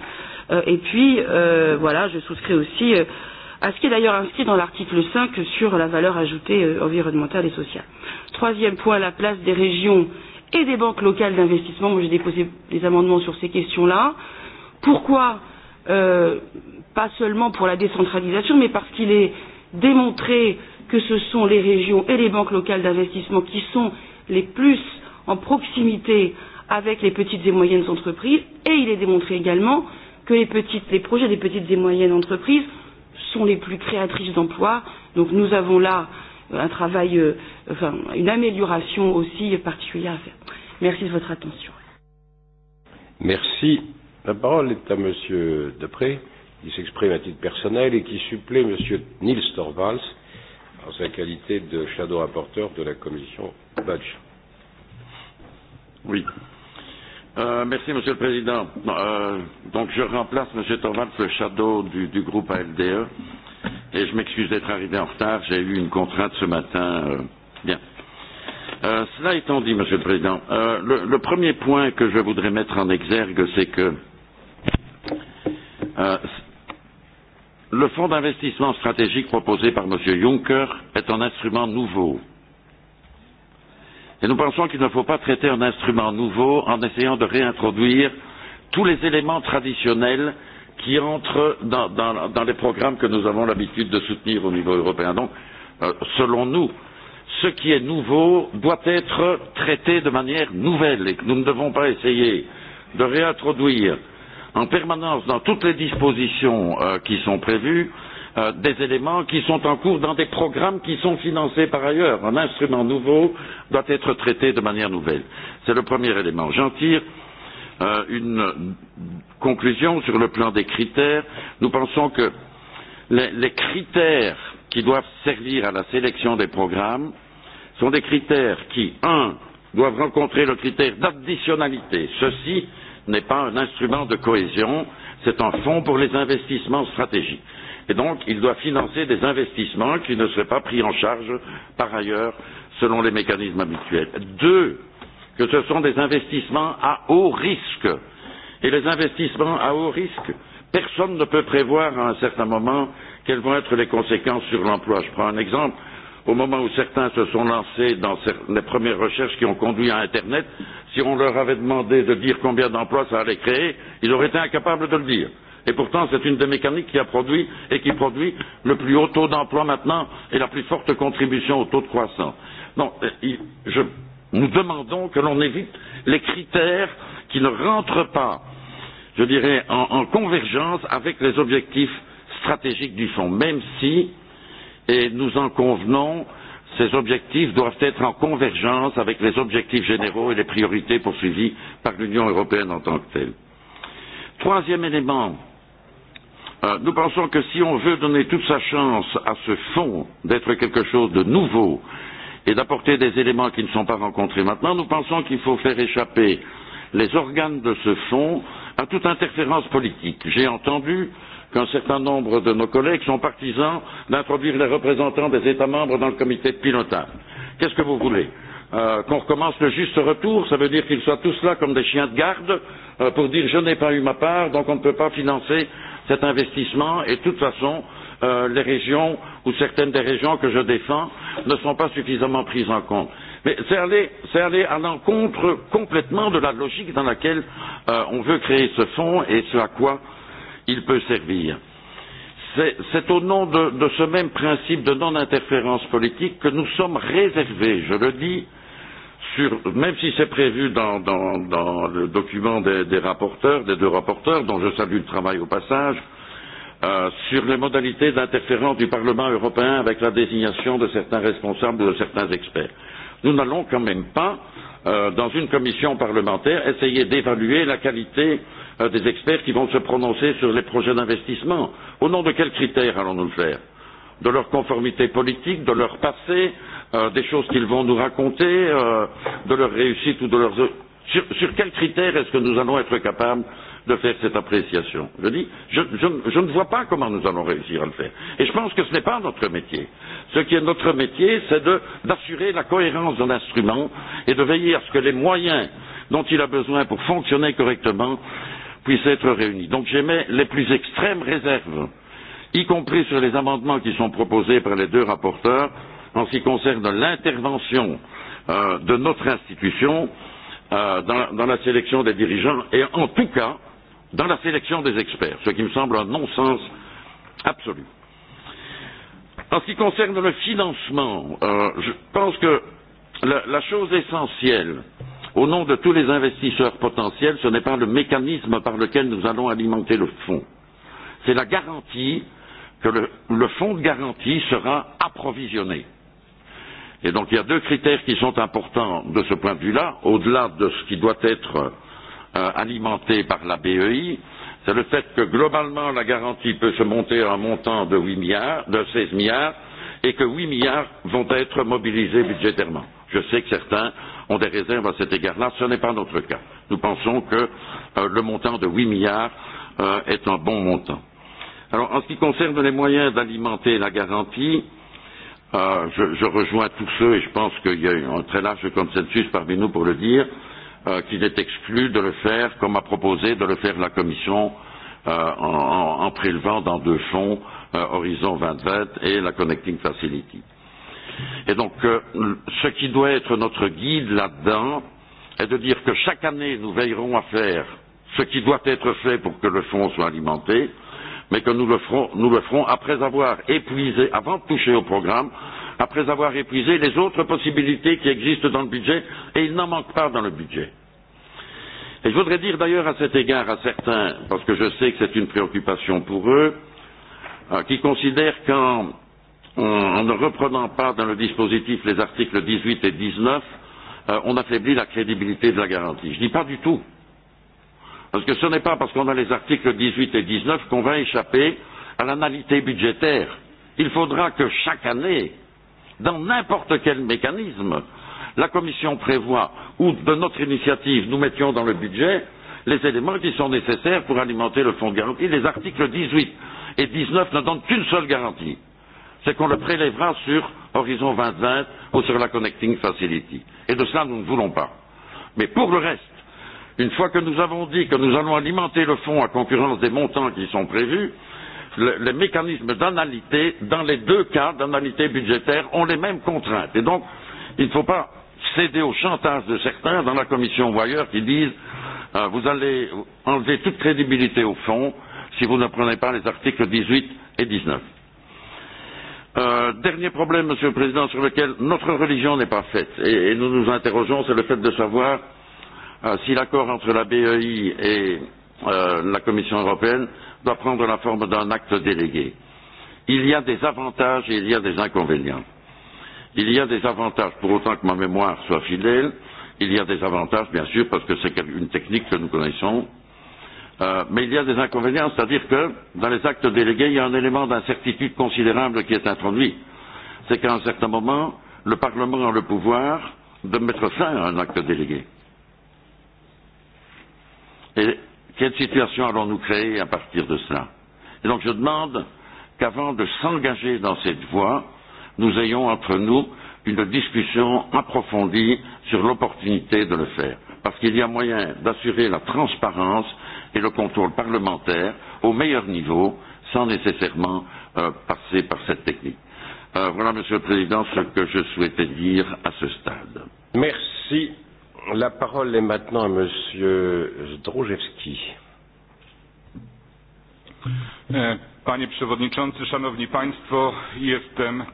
Euh, et puis euh, voilà, je souscris aussi euh, à ce qui est d'ailleurs inscrit dans l'article 5 sur la valeur ajoutée euh, environnementale et sociale. Troisième point, la place des régions et des banques locales d'investissement. Moi, j'ai déposé des amendements sur ces questions-là. Pourquoi Euh, pas seulement pour la décentralisation, mais parce qu'il est démontré que ce sont les régions et les banques locales d'investissement qui sont les plus en proximité avec les petites et moyennes entreprises, et il est démontré également que les, petites, les projets des petites et moyennes entreprises sont les plus créatrices d'emplois. Donc nous avons là euh, un travail, euh, enfin, une amélioration aussi particulière à faire. Merci de votre attention. Merci La parole est à Monsieur Depré, qui s'exprime à titre personnel et qui supplée M. Nils Torvalds en sa qualité de shadow rapporteur de la commission Badge. Oui. Euh, merci, Monsieur le Président. Euh, donc, je remplace Monsieur Torvalds, le shadow du, du groupe ALDE, et je m'excuse d'être arrivé en retard. J'ai eu une contrainte ce matin. Euh, bien. Euh, cela étant dit, Monsieur le Président, euh, le, le premier point que je voudrais mettre en exergue, c'est que Euh, le fonds d'investissement stratégique proposé par M. Juncker est un instrument nouveau. Et nous pensons qu'il ne faut pas traiter un instrument nouveau en essayant de réintroduire tous les éléments traditionnels qui entrent dans, dans, dans les programmes que nous avons l'habitude de soutenir au niveau européen. Donc, euh, selon nous, ce qui est nouveau doit être traité de manière nouvelle et que nous ne devons pas essayer de réintroduire en permanence dans toutes les dispositions euh, qui sont prévues euh, des éléments qui sont en cours dans des programmes qui sont financés par ailleurs. Un instrument nouveau doit être traité de manière nouvelle. C'est le premier élément. J'en tire euh, une conclusion sur le plan des critères. Nous pensons que les, les critères qui doivent servir à la sélection des programmes sont des critères qui, un, doivent rencontrer le critère d'additionnalité. Ceci n'est pas un instrument de cohésion, c'est un fonds pour les investissements stratégiques. Et donc, il doit financer des investissements qui ne seraient pas pris en charge par ailleurs selon les mécanismes habituels. Deux, que ce sont des investissements à haut risque. Et les investissements à haut risque, personne ne peut prévoir à un certain moment quelles vont être les conséquences sur l'emploi. Je prends un exemple au moment où certains se sont lancés dans les premières recherches qui ont conduit à Internet, si on leur avait demandé de dire combien d'emplois ça allait créer, ils auraient été incapables de le dire. Et pourtant, c'est une des mécaniques qui a produit et qui produit le plus haut taux d'emploi maintenant et la plus forte contribution au taux de croissance. Non, euh, je, nous demandons que l'on évite les critères qui ne rentrent pas, je dirais, en, en convergence avec les objectifs stratégiques du fonds, même si et nous en convenons, ces objectifs doivent être en convergence avec les objectifs généraux et les priorités poursuivies par l'Union européenne en tant que telle. Troisième élément, euh, nous pensons que si on veut donner toute sa chance à ce fonds d'être quelque chose de nouveau et d'apporter des éléments qui ne sont pas rencontrés maintenant, nous pensons qu'il faut faire échapper les organes de ce fonds à toute interférence politique. J'ai entendu euh, qu'un certain nombre de nos collègues sont partisans d'introduire les représentants des États membres dans le comité de pilotage. Qu'est-ce que vous voulez euh, Qu'on recommence le juste retour, ça veut dire qu'ils soient tous là comme des chiens de garde euh, pour dire je n'ai pas eu ma part, donc on ne peut pas financer cet investissement et de toute façon, euh, les régions ou certaines des régions que je défends ne sont pas suffisamment prises en compte. Mais c'est aller, aller à l'encontre complètement de la logique dans laquelle euh, on veut créer ce fonds et ce à quoi euh, il peut servir. C'est au nom de, de ce même principe de non-interférence politique que nous sommes réservés, je le dis, sur, même si c'est prévu dans, dans, dans le document des, des rapporteurs, des deux rapporteurs, dont je salue le travail au passage, euh, sur les modalités d'interférence du Parlement européen avec la désignation de certains responsables ou de certains experts. Nous n'allons quand même pas, euh, dans une commission parlementaire, essayer d'évaluer la qualité euh, euh, des experts qui vont se prononcer sur les projets d'investissement. Au nom de quels critères allons-nous le faire De leur conformité politique, de leur passé, euh, des choses qu'ils vont nous raconter, euh, de leur réussite ou de leurs... Sur, sur quels critères est-ce que nous allons être capables de faire cette appréciation Je dis, je, je, je ne vois pas comment nous allons réussir à le faire. Et je pense que ce n'est pas notre métier. Ce qui est notre métier, c'est d'assurer la cohérence de l'instrument et de veiller à ce que les moyens dont il a besoin pour fonctionner correctement puissent être réunis. Donc j'émets les plus extrêmes réserves, y compris sur les amendements qui sont proposés par les deux rapporteurs en ce qui concerne l'intervention euh, de notre institution euh, dans, dans la sélection des dirigeants et en tout cas dans la sélection des experts, ce qui me semble un non-sens absolu. En ce qui concerne le financement, euh, je pense que la, la chose essentielle euh, au nom de tous les investisseurs potentiels, ce n'est pas le mécanisme par lequel nous allons alimenter le fonds. C'est la garantie que le, le fonds de garantie sera approvisionné. Et donc il y a deux critères qui sont importants de ce point de vue-là, au-delà de ce qui doit être euh, alimenté par la BEI, c'est le fait que globalement la garantie peut se monter à un montant de, 8 milliards, de 16 milliards et que 8 milliards vont être mobilisés budgétairement. Je sais que certains ont des réserves à cet égard-là. Ce n'est pas notre cas. Nous pensons que euh, le montant de 8 milliards euh, est un bon montant. Alors, en ce qui concerne les moyens d'alimenter la garantie, euh, je, je rejoins tous ceux, et je pense qu'il y a un très large consensus parmi nous pour le dire, euh, qu'il est exclu de le faire, comme a proposé de le faire la Commission euh, en, en prélevant dans deux fonds euh, Horizon 2020 et la Connecting Facility. Euh, Et donc, euh, ce qui doit être notre guide là-dedans est de dire que chaque année, nous veillerons à faire ce qui doit être fait pour que le fonds soit alimenté, mais que nous le ferons, nous le ferons après avoir épuisé, avant de toucher au programme, après avoir épuisé les autres possibilités qui existent dans le budget, et il n'en manque pas dans le budget. Et je voudrais dire d'ailleurs à cet égard à certains, parce que je sais que c'est une préoccupation pour eux, euh, qui considèrent qu'en Euh, en, ne reprenant pas dans le dispositif les articles 18 et 19, euh, on affaiblit la crédibilité de la garantie. Je ne dis pas du tout. Parce que ce n'est pas parce qu'on a les articles 18 et 19 qu'on va échapper à l'analité budgétaire. Il faudra que chaque année, dans n'importe quel mécanisme, la Commission prévoit, ou de notre initiative, nous mettions dans le budget les éléments qui sont nécessaires pour alimenter le fonds de garantie. Les articles 18 et 19 ne donnent qu'une seule garantie c'est qu'on le prélèvera sur Horizon 2020 ou sur la Connecting Facility. Et de cela, nous ne voulons pas. Mais pour le reste, une fois que nous avons dit que nous allons alimenter le fonds à concurrence des montants qui sont prévus, le, les mécanismes d'analité, dans les deux cas d'analité budgétaire, ont les mêmes contraintes. Et donc, il ne faut pas céder au chantage de certains dans la commission ou ailleurs qui disent euh, vous allez enlever toute crédibilité au fond si vous ne prenez pas les articles 18 et 19. Euh, dernier problème, Monsieur le Président, sur lequel notre religion n'est pas faite, et, et nous nous interrogeons, c'est le fait de savoir euh, si l'accord entre la BEI et euh, la Commission européenne doit prendre la forme d'un acte délégué. Il y a des avantages et il y a des inconvénients. Il y a des avantages, pour autant que ma mémoire soit fidèle, il y a des avantages, bien sûr, parce que c'est une technique que nous connaissons Euh, mais il y a des inconvénients, c'est-à-dire que dans les actes délégués, il y a un élément d'incertitude considérable qui est introduit. C'est qu'à un certain moment, le Parlement a le pouvoir de mettre fin à un acte délégué. Et quelle situation allons-nous créer à partir de cela Et donc je demande qu'avant de s'engager dans cette voie, nous ayons entre nous une discussion approfondie sur l'opportunité de le faire. Parce qu'il y a moyen d'assurer la transparence et le contrôle parlementaire au meilleur niveau sans nécessairement euh, passer par cette technique. Euh, voilà, Monsieur le Président, ce que je souhaitais dire à ce stade. Merci. La parole est maintenant à Monsieur Zdrojewski. E, panie Przewodniczący, Szanowni Państwo, jestem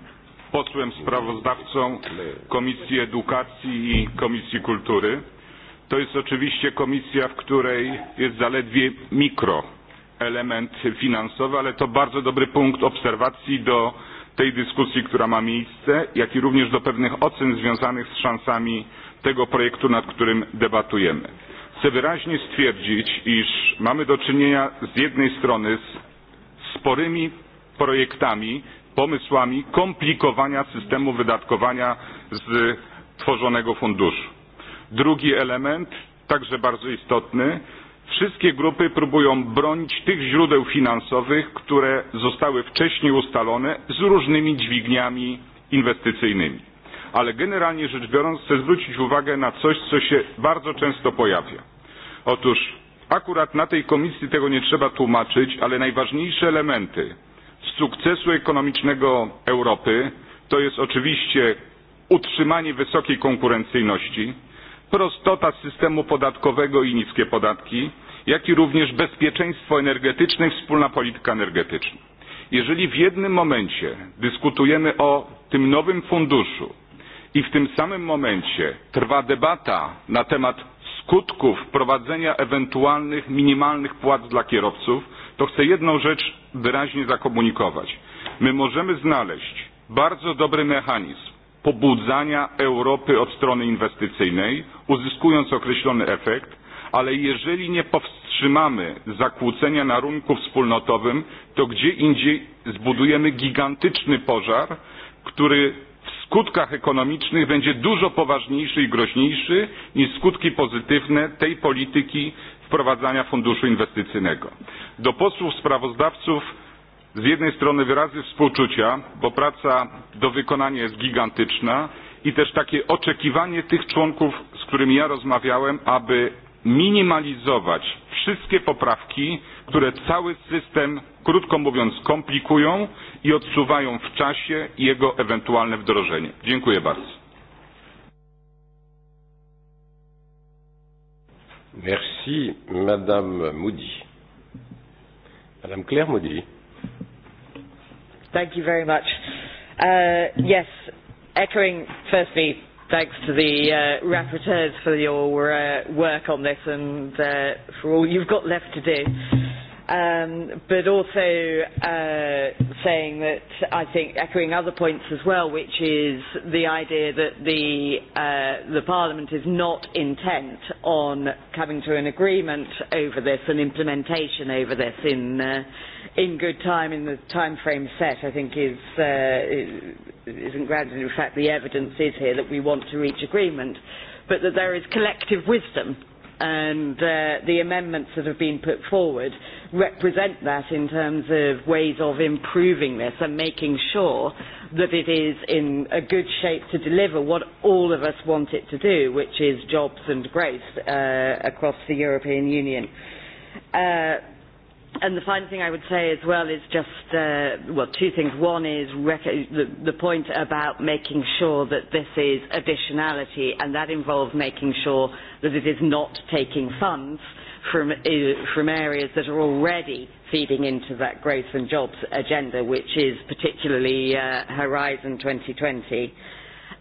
posłem sprawozdawcą Komisji Edukacji i Komisji Kultury. To jest oczywiście komisja, w której jest zaledwie mikro element finansowy, ale to bardzo dobry punkt obserwacji do tej dyskusji, która ma miejsce, jak i również do pewnych ocen związanych z szansami tego projektu, nad którym debatujemy. Chcę wyraźnie stwierdzić, iż mamy do czynienia z jednej strony z sporymi projektami, pomysłami komplikowania systemu wydatkowania z tworzonego funduszu. Drugi element, także bardzo istotny, Wszystkie grupy próbują bronić tych źródeł finansowych, które zostały wcześniej ustalone z różnymi dźwigniami inwestycyjnymi. Ale generalnie rzecz biorąc chcę zwrócić uwagę na coś, co się bardzo często pojawia. Otóż akurat na tej komisji tego nie trzeba tłumaczyć, ale najważniejsze elementy sukcesu ekonomicznego Europy to jest oczywiście utrzymanie wysokiej konkurencyjności, prostota systemu podatkowego i niskie podatki, jak i również bezpieczeństwo energetyczne i wspólna polityka energetyczna. Jeżeli w jednym momencie dyskutujemy o tym nowym funduszu i w tym samym momencie trwa debata na temat skutków wprowadzenia ewentualnych minimalnych płac dla kierowców, to chcę jedną rzecz wyraźnie zakomunikować. My możemy znaleźć bardzo dobry mechanizm pobudzania Europy od strony inwestycyjnej, uzyskując określony efekt, ale jeżeli nie powstrzymamy zakłócenia na rynku wspólnotowym, to gdzie indziej zbudujemy gigantyczny pożar, który w skutkach ekonomicznych będzie dużo poważniejszy i groźniejszy niż skutki pozytywne tej polityki wprowadzania funduszu inwestycyjnego. Do posłów sprawozdawców z jednej strony wyrazy współczucia, bo praca do wykonania jest gigantyczna i też takie oczekiwanie tych członków, z którymi ja rozmawiałem, aby minimalizować wszystkie poprawki, które cały system, krótko mówiąc, komplikują i odsuwają w czasie jego ewentualne wdrożenie. Dziękuję bardzo. Merci, Madame Moody. Madame Claire Moody. Thank you very much. Uh, yes, echoing firstly, thanks to the uh, rapporteurs for your uh, work on this and uh, for all you've got left to do um, but also uh, saying that I think echoing other points as well, which is the idea that the uh, the Parliament is not intent on coming to an agreement over this and implementation over this in uh, in good time in the time frame set. I think is uh, isn't granted. In fact, the evidence is here that we want to reach agreement, but that there is collective wisdom and uh, the amendments that have been put forward represent that in terms of ways of improving this and making sure that it is in a good shape to deliver what all of us want it to do, which is jobs and growth uh, across the European Union. Uh, And the final thing I would say as well is just, uh, well, two things. One is rec the, the point about making sure that this is additionality, and that involves making sure that it is not taking funds from, uh, from areas that are already feeding into that growth and jobs agenda, which is particularly uh, Horizon 2020,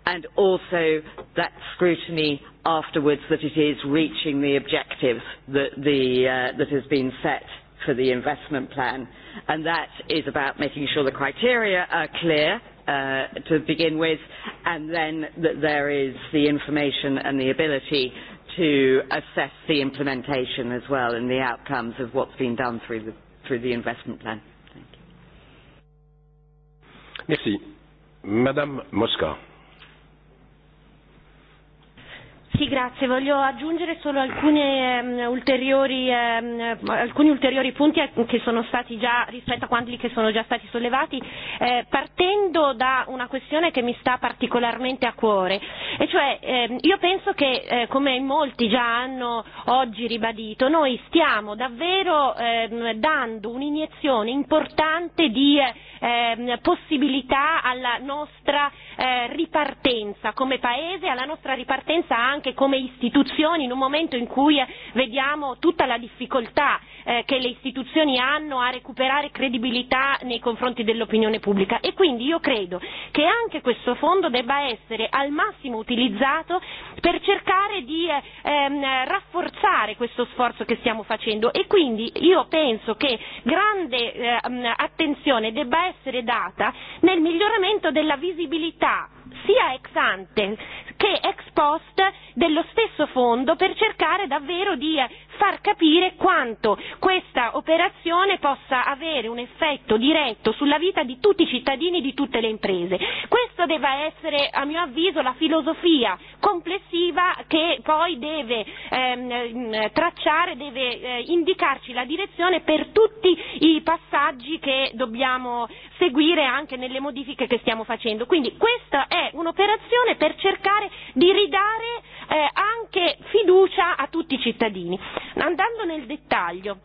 and also that scrutiny afterwards that it is reaching the objectives that, the, uh, that has been set for the investment plan. And that is about making sure the criteria are clear uh, to begin with, and then that there is the information and the ability to assess the implementation as well and the outcomes of what's been done through the, through the investment plan. Thank you. Merci. Madame Mosca. Sì, grazie. Voglio aggiungere solo alcuni, um, ehm, ulteriori, um, alcuni ulteriori punti che sono stati già, rispetto a quanti che sono già stati sollevati, eh, partendo da una questione che mi sta particolarmente a cuore. E cioè, eh, io penso che, eh, come in molti già hanno oggi ribadito, noi stiamo davvero eh, dando un'iniezione importante di eh, eh, possibilità alla nostra eh, ripartenza come Paese, alla nostra ripartenza anche come istituzioni in un momento in cui vediamo tutta la difficoltà eh, che le istituzioni hanno a recuperare credibilità nei confronti dell'opinione pubblica e quindi io credo che anche questo fondo debba essere al massimo utilizzato per cercare di eh, ehm, rafforzare questo sforzo che stiamo facendo e quindi io penso che grande ehm, attenzione debba essere essere data nel miglioramento della visibilità sia ex ante che ex post dello stesso fondo per cercare davvero di far capire quanto questa operazione possa avere un effetto diretto sulla vita di tutti i cittadini e di tutte le imprese. Questa deve essere, a mio avviso, la filosofia complessiva che poi deve ehm, tracciare, deve eh, indicarci la direzione per tutti i passaggi che dobbiamo seguire anche nelle modifiche che stiamo facendo. Quindi questa è un'operazione per cercare di ridare eh, anche fiducia a tutti i cittadini. Andando nel dettaglio,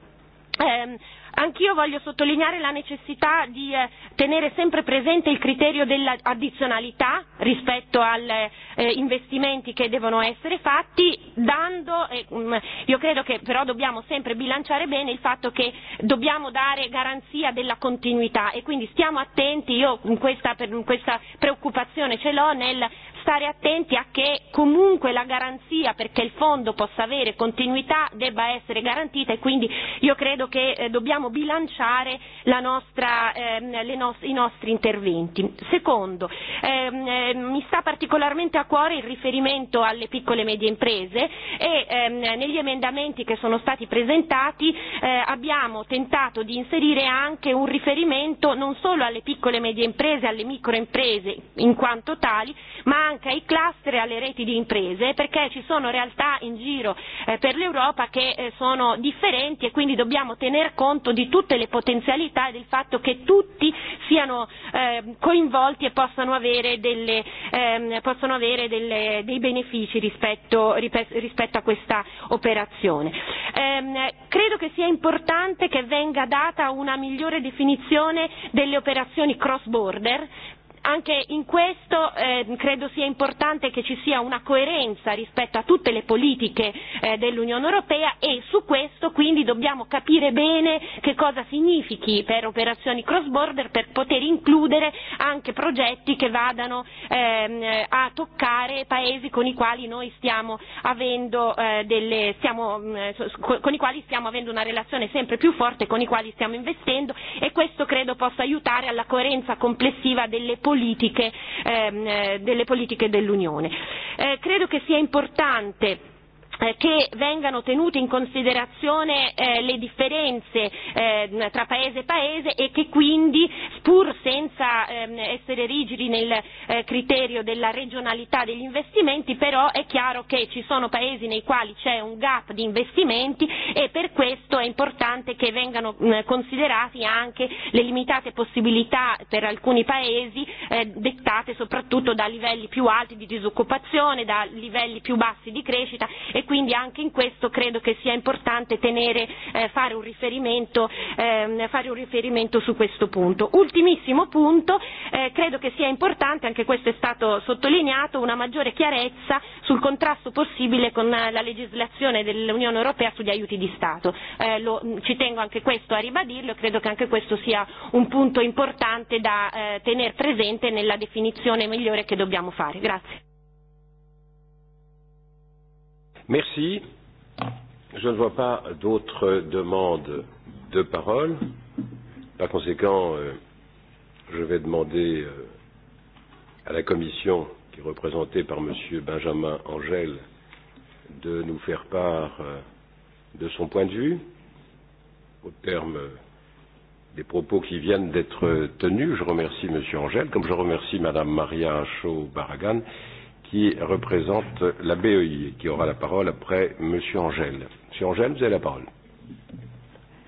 ehm, Anch'io voglio sottolineare la necessità di eh, tenere sempre presente il criterio dell'addizionalità rispetto agli eh, investimenti che devono essere fatti, dando, eh, io credo che però dobbiamo sempre bilanciare bene il fatto che dobbiamo dare garanzia della continuità e quindi stiamo attenti, io in questa, in questa preoccupazione ce l'ho nel stare attenti a che comunque la garanzia perché il fondo possa avere continuità debba essere garantita e quindi io credo che eh, dobbiamo bilanciare la nostra, eh, le nos- i nostri interventi. Secondo, eh, eh, mi sta particolarmente a cuore il riferimento alle piccole e medie imprese e ehm, negli emendamenti che sono stati presentati eh, abbiamo tentato di inserire anche un riferimento non solo alle piccole e medie imprese, alle microimprese in quanto tali, ma anche ai cluster e alle reti di imprese perché ci sono realtà in giro eh, per l'Europa che eh, sono differenti e quindi dobbiamo tener conto di tutte le potenzialità e del fatto che tutti siano eh, coinvolti e possano avere, delle, ehm, possano avere delle, dei benefici rispetto, rispetto a questa operazione. Ehm, credo che sia importante che venga data una migliore definizione delle operazioni cross border anche in questo eh, credo sia importante che ci sia una coerenza rispetto a tutte le politiche eh, dell'Unione Europea e su questo quindi dobbiamo capire bene che cosa significhi per operazioni cross border per poter includere anche progetti che vadano ehm, a toccare paesi con i quali noi stiamo avendo eh, delle stiamo, eh, con i quali stiamo avendo una relazione sempre più forte con i quali stiamo investendo e questo credo possa aiutare alla coerenza complessiva delle politiche politiche, ehm, eh, delle politiche dell'Unione. Eh, credo che sia importante che vengano tenute in considerazione eh, le differenze eh, tra paese e paese e che quindi, pur senza eh, essere rigidi nel eh, criterio della regionalità degli investimenti, però è chiaro che ci sono paesi nei quali c'è un gap di investimenti e per questo è importante che vengano eh, considerati anche le limitate possibilità per alcuni paesi eh, dettate soprattutto da livelli più alti di disoccupazione, da livelli più bassi di crescita e quindi anche in questo credo che sia importante tenere, eh, fare, un riferimento, ehm, fare un riferimento su questo punto. Ultimissimo punto, eh, credo che sia importante, anche questo è stato sottolineato, una maggiore chiarezza sul contrasto possibile con la legislazione dell'Unione Europea sugli aiuti di Stato. Eh, lo, ci tengo anche questo a ribadirlo e credo che anche questo sia un punto importante da eh, tenere presente nella definizione migliore che dobbiamo fare. Grazie. Merci. Je ne vois pas d'autres demandes de parole. Par conséquent, euh, je vais demander euh, à la Commission, qui est représentée par M. Benjamin Angel, de nous faire part euh, de son point de vue au terme des propos qui viennent d'être tenus. Je remercie M. Angel, comme je remercie Mme Maria Chaud-Baragan qui représente la BEI, qui aura la parole après M. Angèle. M. Angèle, vous avez la parole.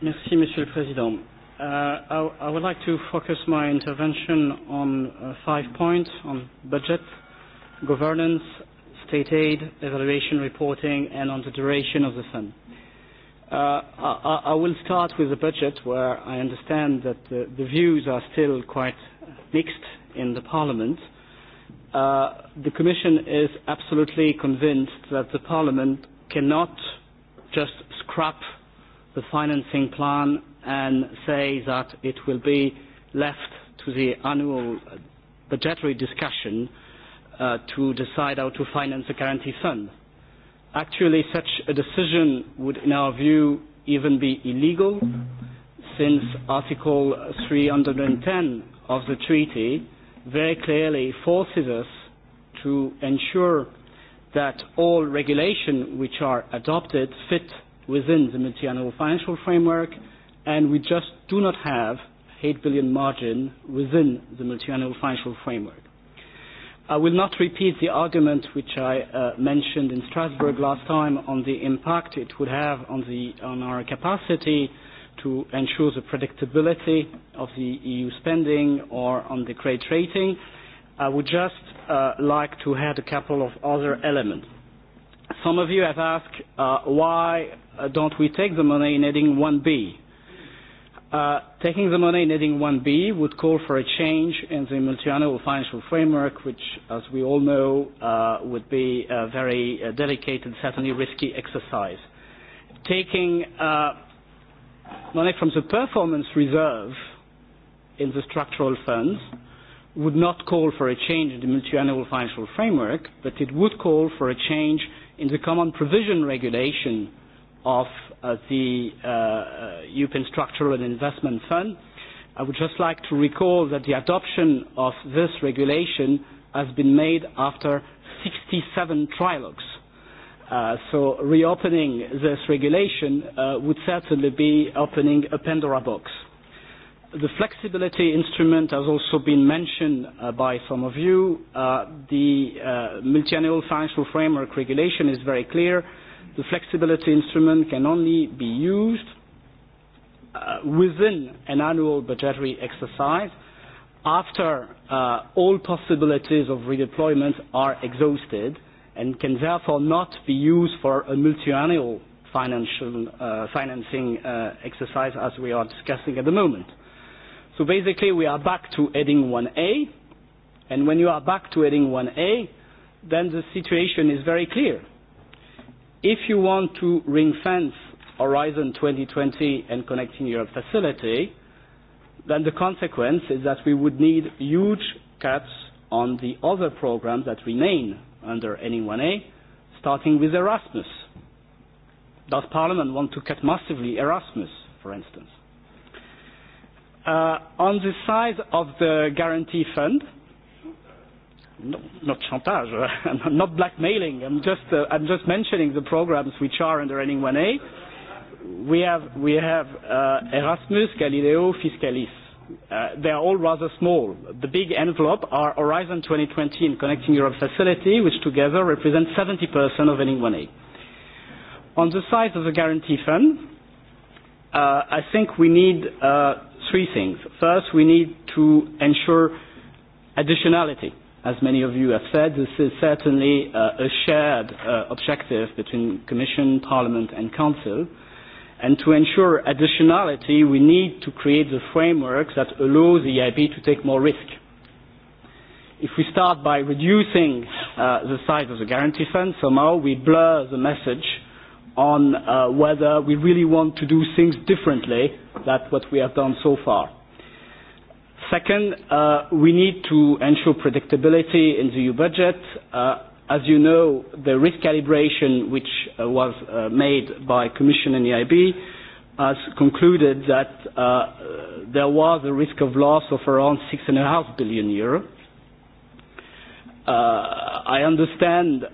Merci, M. le Président. Uh, I, I would like to focus my intervention on uh, five points on budget, governance, state aid, evaluation reporting, and on the duration of the fund. Uh, I, I will start with the budget, where I understand that the, the views are still quite mixed in the Parliament. Uh, Uh, the Commission is absolutely convinced that the Parliament cannot just scrap the financing plan and say that it will be left to the annual budgetary discussion uh, to decide how to finance the guarantee fund. Actually, such a decision would, in our view, even be illegal, since Article 310 of the treaty very clearly forces us to ensure that all regulation which are adopted fit within the multi-annual financial framework and we just do not have 8 billion margin within the multi-annual financial framework. I will not repeat the argument which I uh, mentioned in Strasbourg last time on the impact it would have on, the, on our capacity to ensure the predictability of the EU spending or on the credit rating. I would just uh, like to add a couple of other elements. Some of you have asked uh, why uh, don't we take the money in heading 1B? Uh, taking the money in heading 1B would call for a change in the multiannual financial framework, which, as we all know, uh, would be a very uh, delicate and certainly risky exercise. Taking uh, money from the performance reserve in the structural funds would not call for a change in the multiannual financial framework, but it would call for a change in the common provision regulation of uh, the uh, European uh, Structural and Investment Fund. I would just like to recall that the adoption of this regulation has been made after 67 trilogues Uh, so reopening this regulation uh, would certainly be opening a Pandora box. The flexibility instrument has also been mentioned uh, by some of you. Uh, the uh, multi-annual financial framework regulation is very clear. The flexibility instrument can only be used uh, within an annual budgetary exercise after uh, all possibilities of redeployment are exhausted. Uh, and can therefore not be used for a multi-annual financial uh, financing uh, exercise as we are discussing at the moment. So basically we are back to heading 1A and when you are back to heading 1A then the situation is very clear. If you want to ring fence Horizon 2020 and Connecting Europe facility then the consequence is that we would need huge cuts on the other programs that remain under any 1 a starting with Erasmus. Does Parliament want to cut massively Erasmus, for instance? Uh, on the size of the guarantee fund, no, not chantage, I'm not blackmailing, I'm just, uh, I'm just mentioning the programs which are under any 1 a We have, we have uh, Erasmus, Galileo, Fiscalis uh, they are all rather small. The big envelope are Horizon 2020 and Connecting Europe Facility, which together represent 70% of any money. On the size of the guarantee fund, uh, I think we need uh, three things. First, we need to ensure additionality. As many of you have said, this is certainly uh, a shared uh, objective between Commission, Parliament and Council. Uh, And to ensure additionality, we need to create the framework that allows the EIB to take more risk. If we start by reducing uh, the size of the guarantee fund, somehow we blur the message on uh, whether we really want to do things differently than what we have done so far. Second, uh, we need to ensure predictability in the EU budget. Uh, As you know, the risk calibration which uh, was uh, made by Commission and EIB has concluded that uh, there was a risk of loss of around 6.5 billion euro. Uh, I understand uh,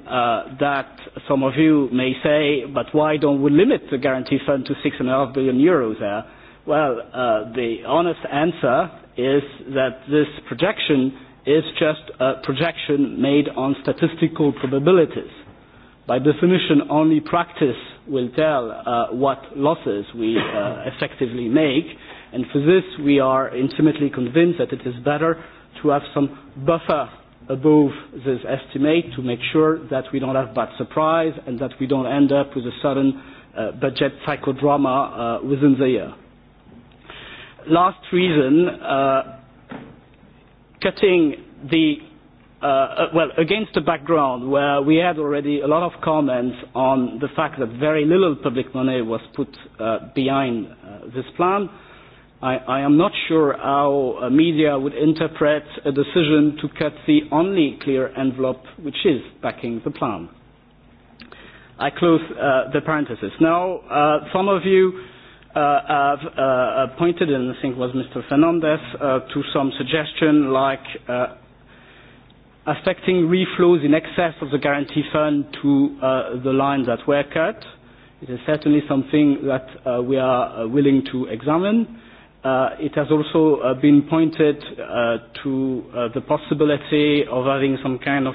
that some of you may say, but why don't we limit the guarantee fund to 6.5 billion euros there? Well, uh, the honest answer is that this projection is just a projection made on statistical probabilities. By definition, only practice will tell uh, what losses we uh, effectively make, and for this we are intimately convinced that it is better to have some buffer above this estimate to make sure that we don't have bad surprise and that we don't end up with a sudden uh, budget psychodrama uh, within the year. Last reason, uh, cutting the uh, uh well, against a background where we had already a lot of comments on the fact that very little public money was put uh, behind uh, this plan, I, I am not sure how uh, media would interpret a decision to cut the only clear envelope which is backing the plan. I close uh, the parenthesis. Now, uh, some of you uh, have uh, pointed, and I think was Mr. Fernandez, uh, to some suggestion like uh, affecting reflows in excess of the guarantee fund to uh, the lines that were cut. It is certainly something that uh, we are uh, willing to examine. Uh, it has also uh, been pointed uh, to uh, the possibility of having some kind of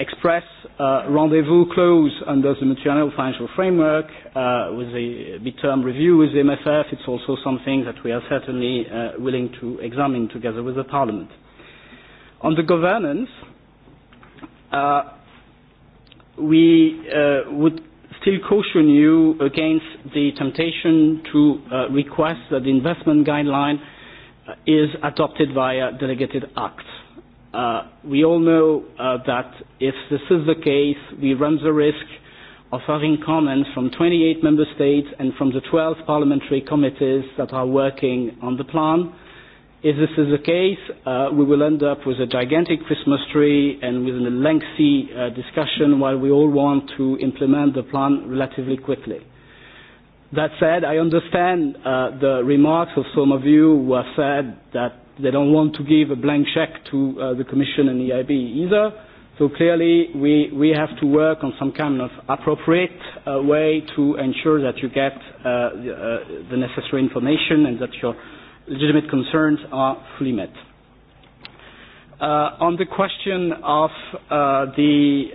express uh, rendezvous clause under the multi-annual financial framework uh, with the midterm review with the MFF. It's also something that we are certainly uh, willing to examine together with the Parliament. On the governance, uh, we uh, would still caution you against the temptation to uh, request that the investment guideline uh, is adopted via delegated acts uh, we all know uh, that if this is the case, we run the risk of having comments from 28 member states and from the 12 parliamentary committees that are working on the plan. If this is the case, uh, we will end up with a gigantic Christmas tree and with a lengthy uh, discussion while we all want to implement the plan relatively quickly. That said, I understand uh, the remarks of some of you who have said that They don't want to give a blank check to uh, the Commission and EIB either. So clearly we, we have to work on some kind of appropriate uh, way to ensure that you get uh, the, uh, the necessary information and that your legitimate concerns are fully met. Uh, on the question of uh, the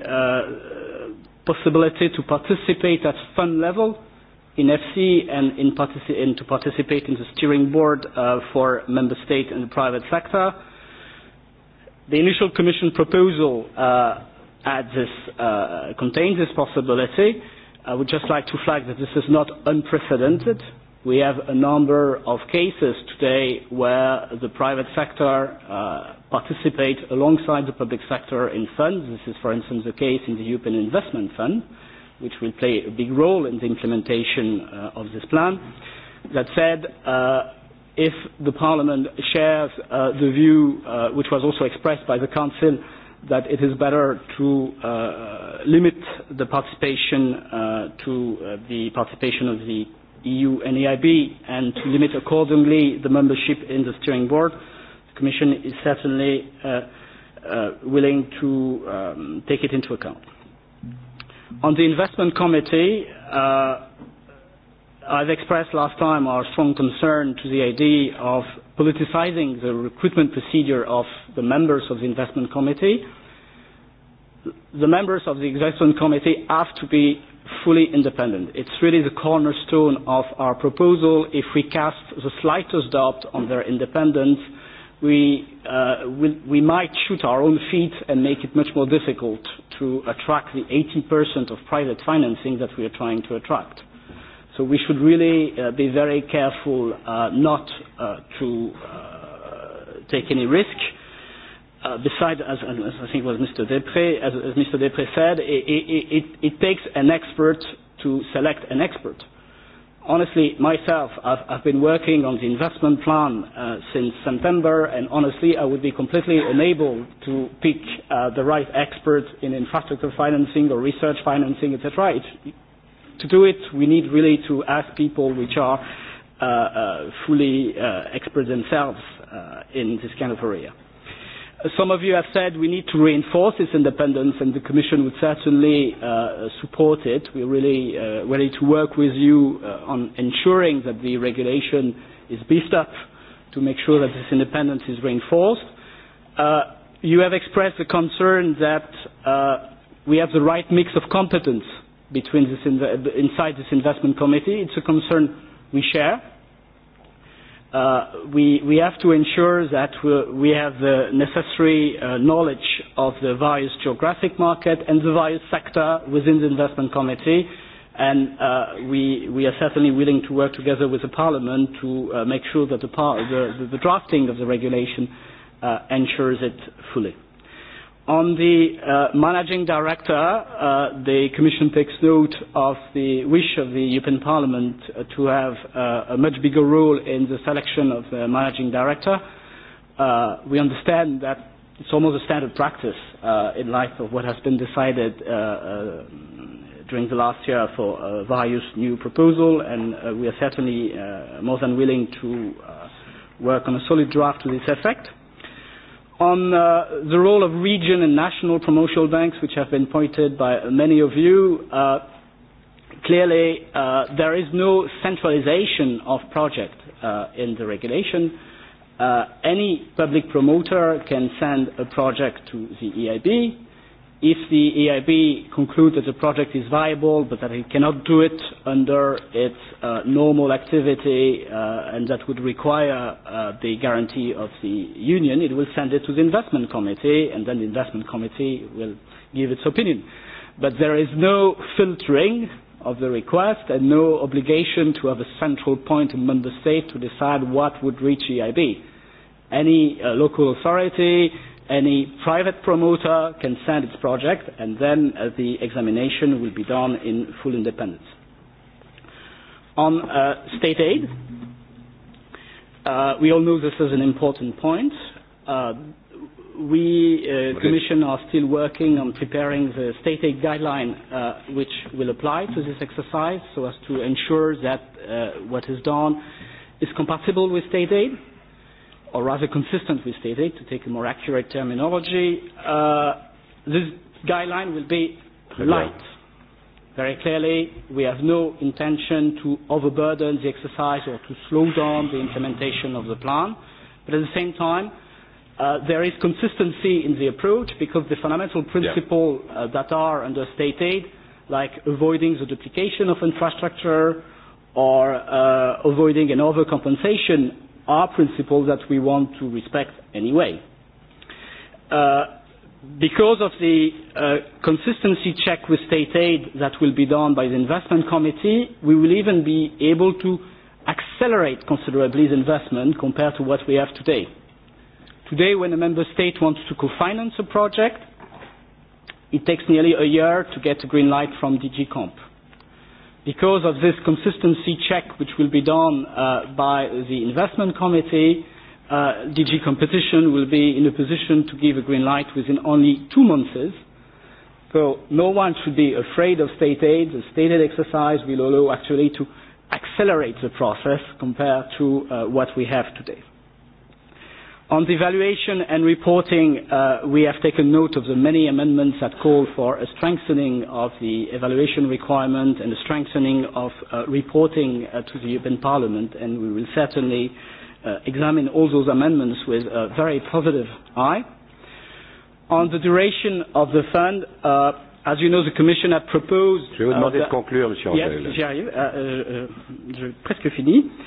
uh, possibility to participate at fund level, in FC and in, partici in to participate in the steering board uh, for member state and the private sector. The initial commission proposal uh, at this, uh, contains this possibility. I would just like to flag that this is not unprecedented. We have a number of cases today where the private sector uh, participates alongside the public sector in funds. This is, for instance, the case in the European Investment Fund. Uh, which will play a big role in the implementation uh, of this plan. That said, uh, if the Parliament shares uh, the view, uh, which was also expressed by the Council, that it is better to uh, limit the participation uh, to uh, the participation of the EU and EIB and to limit accordingly the membership in the steering board. The Commission is certainly uh, uh, willing to um, take it into account. On the investment committee, uh, I've expressed last time our strong concern to the idea of politicizing the recruitment procedure of the members of the investment committee. The members of the investment committee have to be fully independent. It's really the cornerstone of our proposal. If we cast the slightest doubt on their independence, we, uh, we, we might shoot our own feet and make it much more difficult to attract the 80% of private financing that we are trying to attract. So we should really uh, be very careful uh, not uh, to uh, take any risk. Uh, besides, as, as I think was Mr. Depre, as, as Mr. Depre said, it, it, it, it takes an expert to select an expert. Uh, honestly, myself, I've, I've been working on the investment plan uh, since September, and honestly, I would be completely unable to pick uh, the right expert in infrastructure financing or research financing, etc. It's, to do it, we need really to ask people which are uh, uh, fully uh, experts themselves uh, in this kind of area. Some of you have said we need to reinforce this independence, and the Commission would certainly uh, support it. We're really uh, ready to work with you uh, on ensuring that the regulation is beefed up to make sure that this independence is reinforced. Uh, you have expressed the concern that uh, we have the right mix of competence between this in the, uh, inside this investment committee. It's a concern we share uh, we, we have to ensure that we have the necessary uh, knowledge of the various geographic market and the various sector within the investment committee. And uh, we, we are certainly willing to work together with the Parliament to uh, make sure that the, par the, the drafting of the regulation uh, ensures it fully. On the uh, managing director, uh, the Commission takes note of the wish of the European Parliament uh, to have uh, a much bigger role in the selection of the managing director. Uh, we understand that it's almost a standard practice uh, in light of what has been decided uh, uh, during the last year for uh, various new proposal, and uh, we are certainly uh, more than willing to uh, work on a solid draft to this effect on uh, the role of region and national promotional banks, which have been pointed by many of you, uh, clearly uh, there is no centralization of project uh, in the regulation. Uh, any public promoter can send a project to the EIB if the EIB concludes that the project is viable but that it cannot do it under its uh, normal activity uh, and that would require uh, the guarantee of the union, it will send it to the investment committee and then the investment committee will give its opinion. But there is no filtering of the request and no obligation to have a central point in member state to decide what would reach EIB. Any uh, local authority Any private promoter can send its project and then uh, the examination will be done in full independence. On uh, state aid, uh, we all know this is an important point. Uh, we, uh, Commission, are still working on preparing the state aid guideline uh, which will apply to this exercise so as to ensure that uh, what is done is compatible with state aid or rather consistent with state aid, to take a more accurate terminology, uh, this guideline will be light. Very clearly, we have no intention to overburden the exercise or to slow down the implementation of the plan. But at the same time, uh, there is consistency in the approach because the fundamental principles yeah. uh, that are under state aid, like avoiding the duplication of infrastructure or uh, avoiding an overcompensation are principles that we want to respect anyway. Uh, because of the uh, consistency check with state aid that will be done by the investment committee, we will even be able to accelerate considerably the investment compared to what we have today. Today, when a member state wants to co-finance a project, it takes nearly a year to get a green light from DG Comp because of this consistency check which will be done uh, by the investment committee, uh, DG competition will be in a position to give a green light within only two months. So no one should be afraid of state aid. The state aid exercise will allow actually to accelerate the process compared to uh, what we have today. On the evaluation and reporting, uh, we have taken note of the many amendments that call for a strengthening of the evaluation requirement and a strengthening of uh, reporting uh, to the European Parliament, and we will certainly uh, examine all those amendments with a very positive eye. On the duration of the fund, uh, as you know, the Commission had proposed... Je vais vous demander uh, de conclure, Monsieur Angel. Yes, j'arrive. Uh, uh, uh, presque fini. Uh,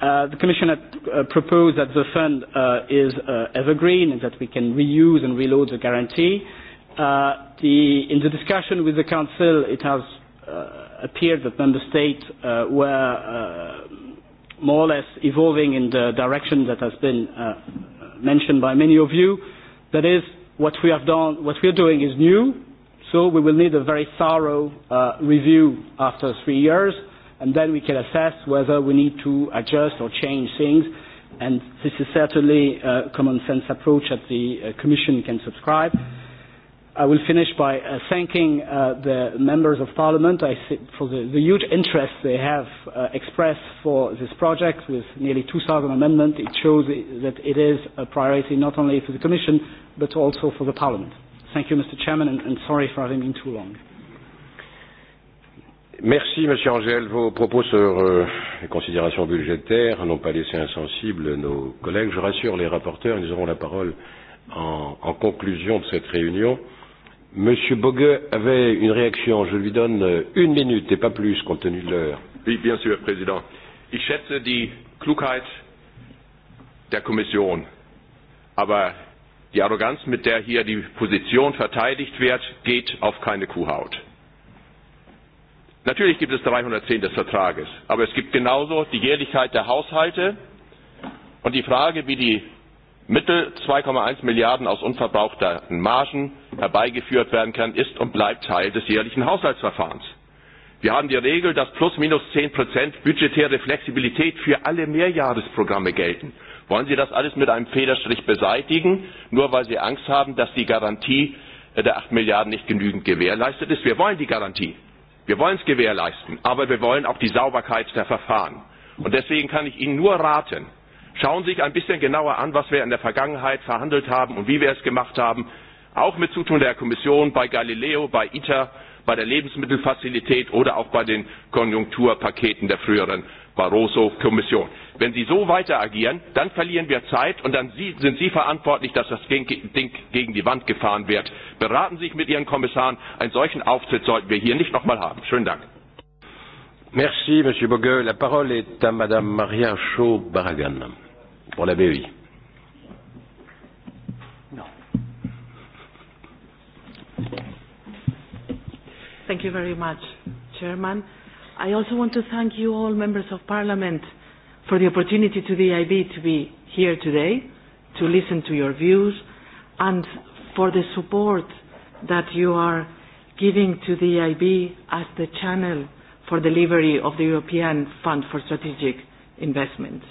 Uh, the Commission had uh, proposed that the fund uh, is uh, evergreen and that we can reuse and reload the guarantee. Uh, the, in the discussion with the Council, it has uh, appeared that Member States uh, were uh, more or less evolving in the direction that has been uh, mentioned by many of you. That is, what we have done, what we are doing is new, so we will need a very thorough uh, review after three years and then we can assess whether we need to adjust or change things. And this is certainly a common sense approach that the uh, Commission can subscribe. I will finish by uh, thanking uh, the members of Parliament I for the, the huge interest they have uh, expressed for this project with nearly 2,000 amendments. It shows that it is a priority not only for the Commission but also for the Parliament. Thank you, Mr. Chairman, and, and sorry for having been too long. Merci, Monsieur Angel. Vos propos sur euh, les considérations budgétaires n'ont pas laissé insensibles nos collègues. Je rassure les rapporteurs, nous aurons la parole en, en conclusion de cette réunion. Monsieur Bogue avait une réaction. Je lui donne une minute et pas plus, compte tenu de l'heure. Oui, bien sûr, Président. Ich schätze die Klugheit der Kommission, aber die Arroganz, mit der hier die Position verteidigt wird, geht auf keine Kuhhaut. Natürlich gibt es 310 des Vertrages, aber es gibt genauso die Jährlichkeit der Haushalte und die Frage, wie die Mittel 2,1 Milliarden aus unverbrauchten Margen herbeigeführt werden kann, ist und bleibt Teil des jährlichen Haushaltsverfahrens. Wir haben die Regel, dass plus minus 10 Prozent budgetäre Flexibilität für alle Mehrjahresprogramme gelten. Wollen Sie das alles mit einem Federstrich beseitigen, nur weil Sie Angst haben, dass die Garantie der 8 Milliarden nicht genügend gewährleistet ist? Wir wollen die Garantie. Wir wollen es gewährleisten, aber wir wollen auch die Sauberkeit der Verfahren. Und deswegen kann ich Ihnen nur raten, schauen Sie sich ein bisschen genauer an, was wir in der Vergangenheit verhandelt haben und wie wir es gemacht haben, auch mit Zutun der Kommission bei Galileo, bei ITER, bei der Lebensmittelfazilität oder auch bei den Konjunkturpaketen der früheren Barroso-Kommission. Wenn Sie so weiter agieren, dann verlieren wir Zeit und dann sind Sie verantwortlich, dass das Ding gegen die Wand gefahren wird. Beraten Sie sich mit Ihren Kommissaren. Einen solchen Auftritt sollten wir hier nicht nochmal haben. Schönen Dank. Merci, Monsieur Bogueux. La parole est à Madame Maria chaud baragan pour la BEI. Thank you very much, Chairman. I also want to thank you all members of parliament for the opportunity to the IB to be here today, to listen to your views, and for the support that you are giving to the EIB as the channel for delivery of the European Fund for Strategic Investments.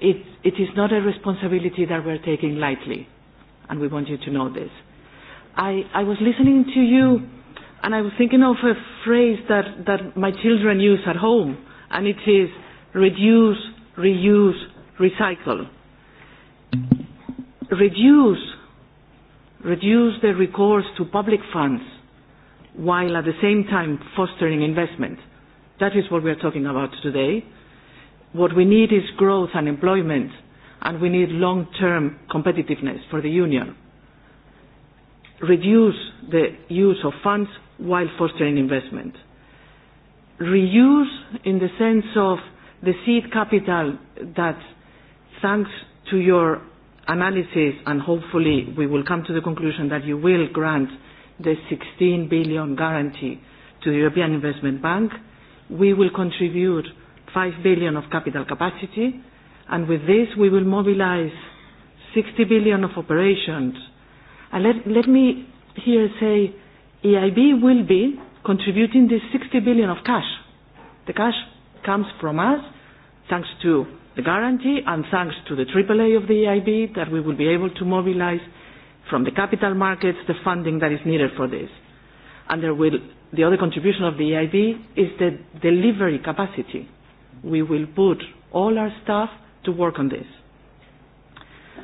It, it is not a responsibility that we're taking lightly, and we want you to know this. I, I was listening to you And I was thinking of a phrase that, that my children use at home, and it is reduce, reuse, recycle. Reduce, reduce the recourse to public funds while at the same time fostering investment. That is what we are talking about today. What we need is growth and employment, and we need long-term competitiveness for the Union. Reduce the use of funds while fostering investment. Reuse in the sense of the seed capital that thanks to your analysis and hopefully we will come to the conclusion that you will grant the 16 billion guarantee to the European Investment Bank, we will contribute 5 billion of capital capacity and with this we will mobilize 60 billion of operations. And let, let me here say EIB will be contributing this 60 billion of cash. The cash comes from us thanks to the guarantee and thanks to the AAA of the EIB that we will be able to mobilize from the capital markets the funding that is needed for this. And there will, the other contribution of the EIB is the delivery capacity. We will put all our staff to work on this.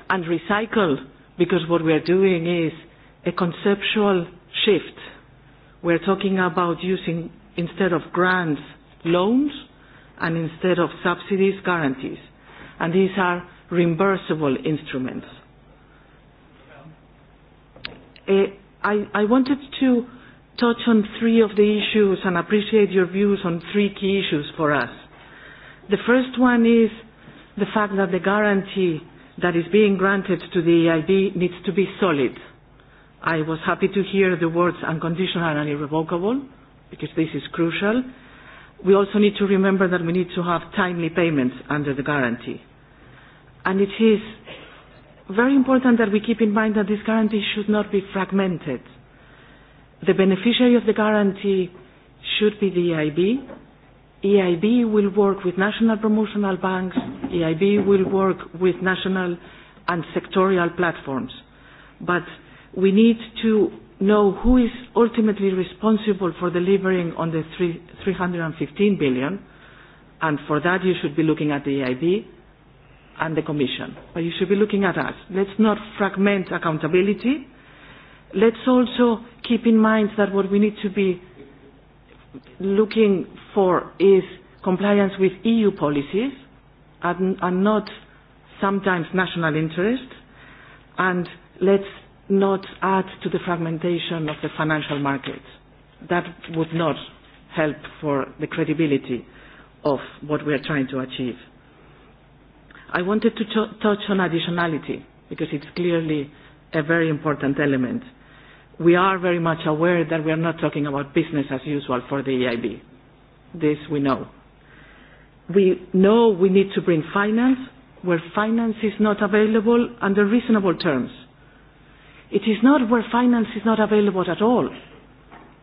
And recycle, because what we are doing is a conceptual shift. We're talking about using, instead of grants, loans, and instead of subsidies, guarantees. And these are reimbursable instruments. Uh, I, I wanted to touch on three of the issues and appreciate your views on three key issues for us. The first one is the fact that the guarantee that is being granted to the EIB needs to be solid I was happy to hear the words unconditional and irrevocable, because this is crucial. We also need to remember that we need to have timely payments under the guarantee. And it is very important that we keep in mind that this guarantee should not be fragmented. The beneficiary of the guarantee should be the EIB. EIB will work with national promotional banks, EIB will work with national and sectorial platforms. But we need to know who is ultimately responsible for delivering on the three, 315 billion, and for that you should be looking at the EIB and the Commission. But you should be looking at us. Let's not fragment accountability. Let's also keep in mind that what we need to be looking for is compliance with EU policies and, and not sometimes national interest. And let's not add to the fragmentation of the financial markets. That would not help for the credibility of what we are trying to achieve. I wanted to touch on additionality because it's clearly a very important element. We are very much aware that we are not talking about business as usual for the EIB. This we know. We know we need to bring finance where finance is not available under reasonable terms It is not where finance is not available at all.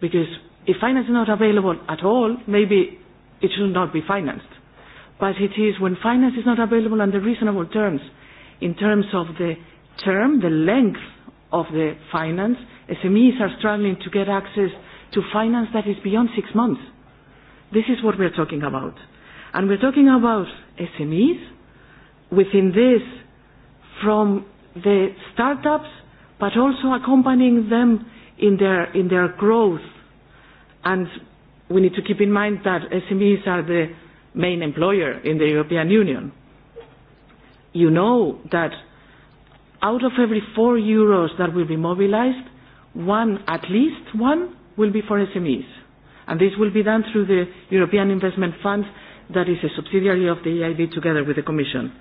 Because if finance is not available at all, maybe it should not be financed. But it is when finance is not available under reasonable terms, in terms of the term, the length of the finance, SMEs are struggling to get access to finance that is beyond six months. This is what we're talking about. And we're talking about SMEs. Within this, from the startups but also accompanying them in their, in their growth. And we need to keep in mind that SMEs are the main employer in the European Union. You know that out of every four euros that will be mobilized, one, at least one, will be for SMEs. And this will be done through the European Investment Fund that is a subsidiary of the EIB together with the Commission.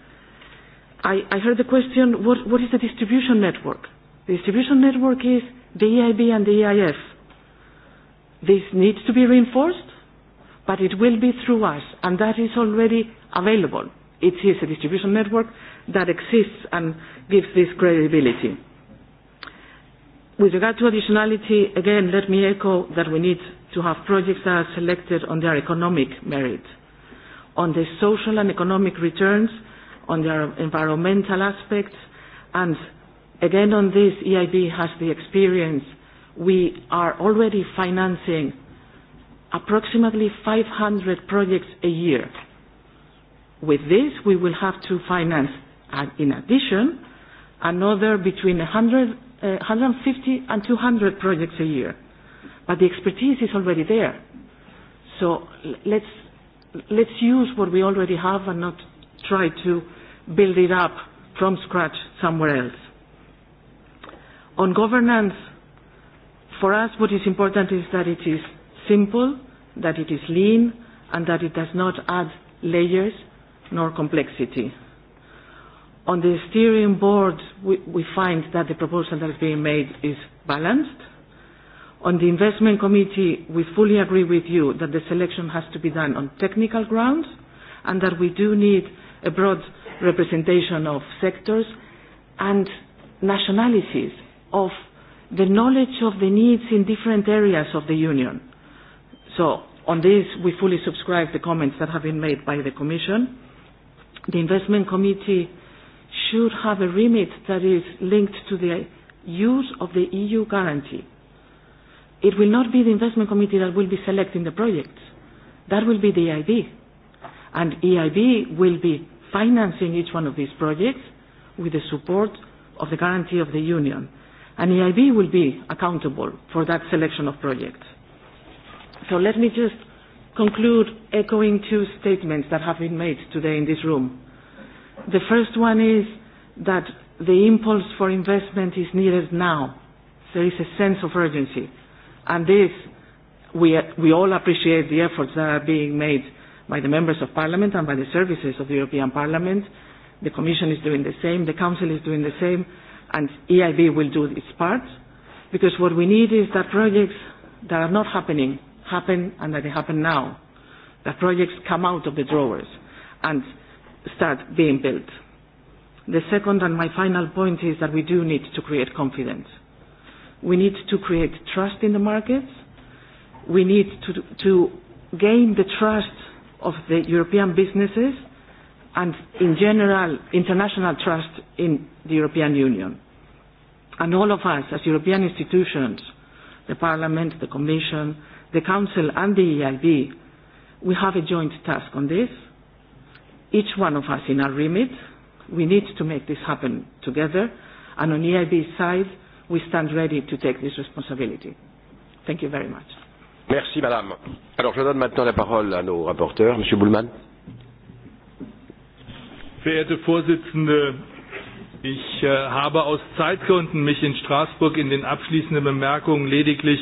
I, I heard the question, what, what is the distribution network? The distribution network is the EIB and the EIF. This needs to be reinforced, but it will be through us, and that is already available. It is a distribution network that exists and gives this credibility. With regard to additionality, again, let me echo that we need to have projects that are selected on their economic merit, on the social and economic returns, on their environmental aspects, and Again, on this, EIB has the experience. We are already financing approximately 500 projects a year. With this, we will have to finance, and in addition, another between 100, uh, 150 and 200 projects a year. But the expertise is already there. So let's, let's use what we already have and not try to build it up from scratch somewhere else. On governance, for us what is important is that it is simple, that it is lean, and that it does not add layers nor complexity. On the steering board, we, we find that the proposal that is being made is balanced. On the investment committee, we fully agree with you that the selection has to be done on technical grounds and that we do need a broad representation of sectors and nationalities of the knowledge of the needs in different areas of the Union. So on this, we fully subscribe the comments that have been made by the Commission. The Investment Committee should have a remit that is linked to the use of the EU guarantee. It will not be the Investment Committee that will be selecting the projects. That will be the EIB. And EIB will be financing each one of these projects with the support of the guarantee of the Union and EIB will be accountable for that selection of projects. So let me just conclude echoing two statements that have been made today in this room. The first one is that the impulse for investment is needed now. There is a sense of urgency. And this, we, we all appreciate the efforts that are being made by the members of parliament and by the services of the European Parliament. The Commission is doing the same, the Council is doing the same, and EIB will do its part, because what we need is that projects that are not happening happen and that they happen now, that projects come out of the drawers and start being built. The second and my final point is that we do need to create confidence. We need to create trust in the markets. We need to, to gain the trust of the European businesses and in general international trust in the European Union. And all of us, as European institutions, the Parliament, the Commission, the Council and the EIB, we have a joint task on this. Each one of us in our remit, we need to make this happen together, and on EIB's side, we stand ready to take this responsibility. Thank you very much. Merci, Madame. Alors, je donne maintenant la parole à nos rapporteurs. Monsieur Boulman. Verehrte Vorsitzende, Ich äh, habe aus Zeitgründen mich in Straßburg in den abschließenden Bemerkungen lediglich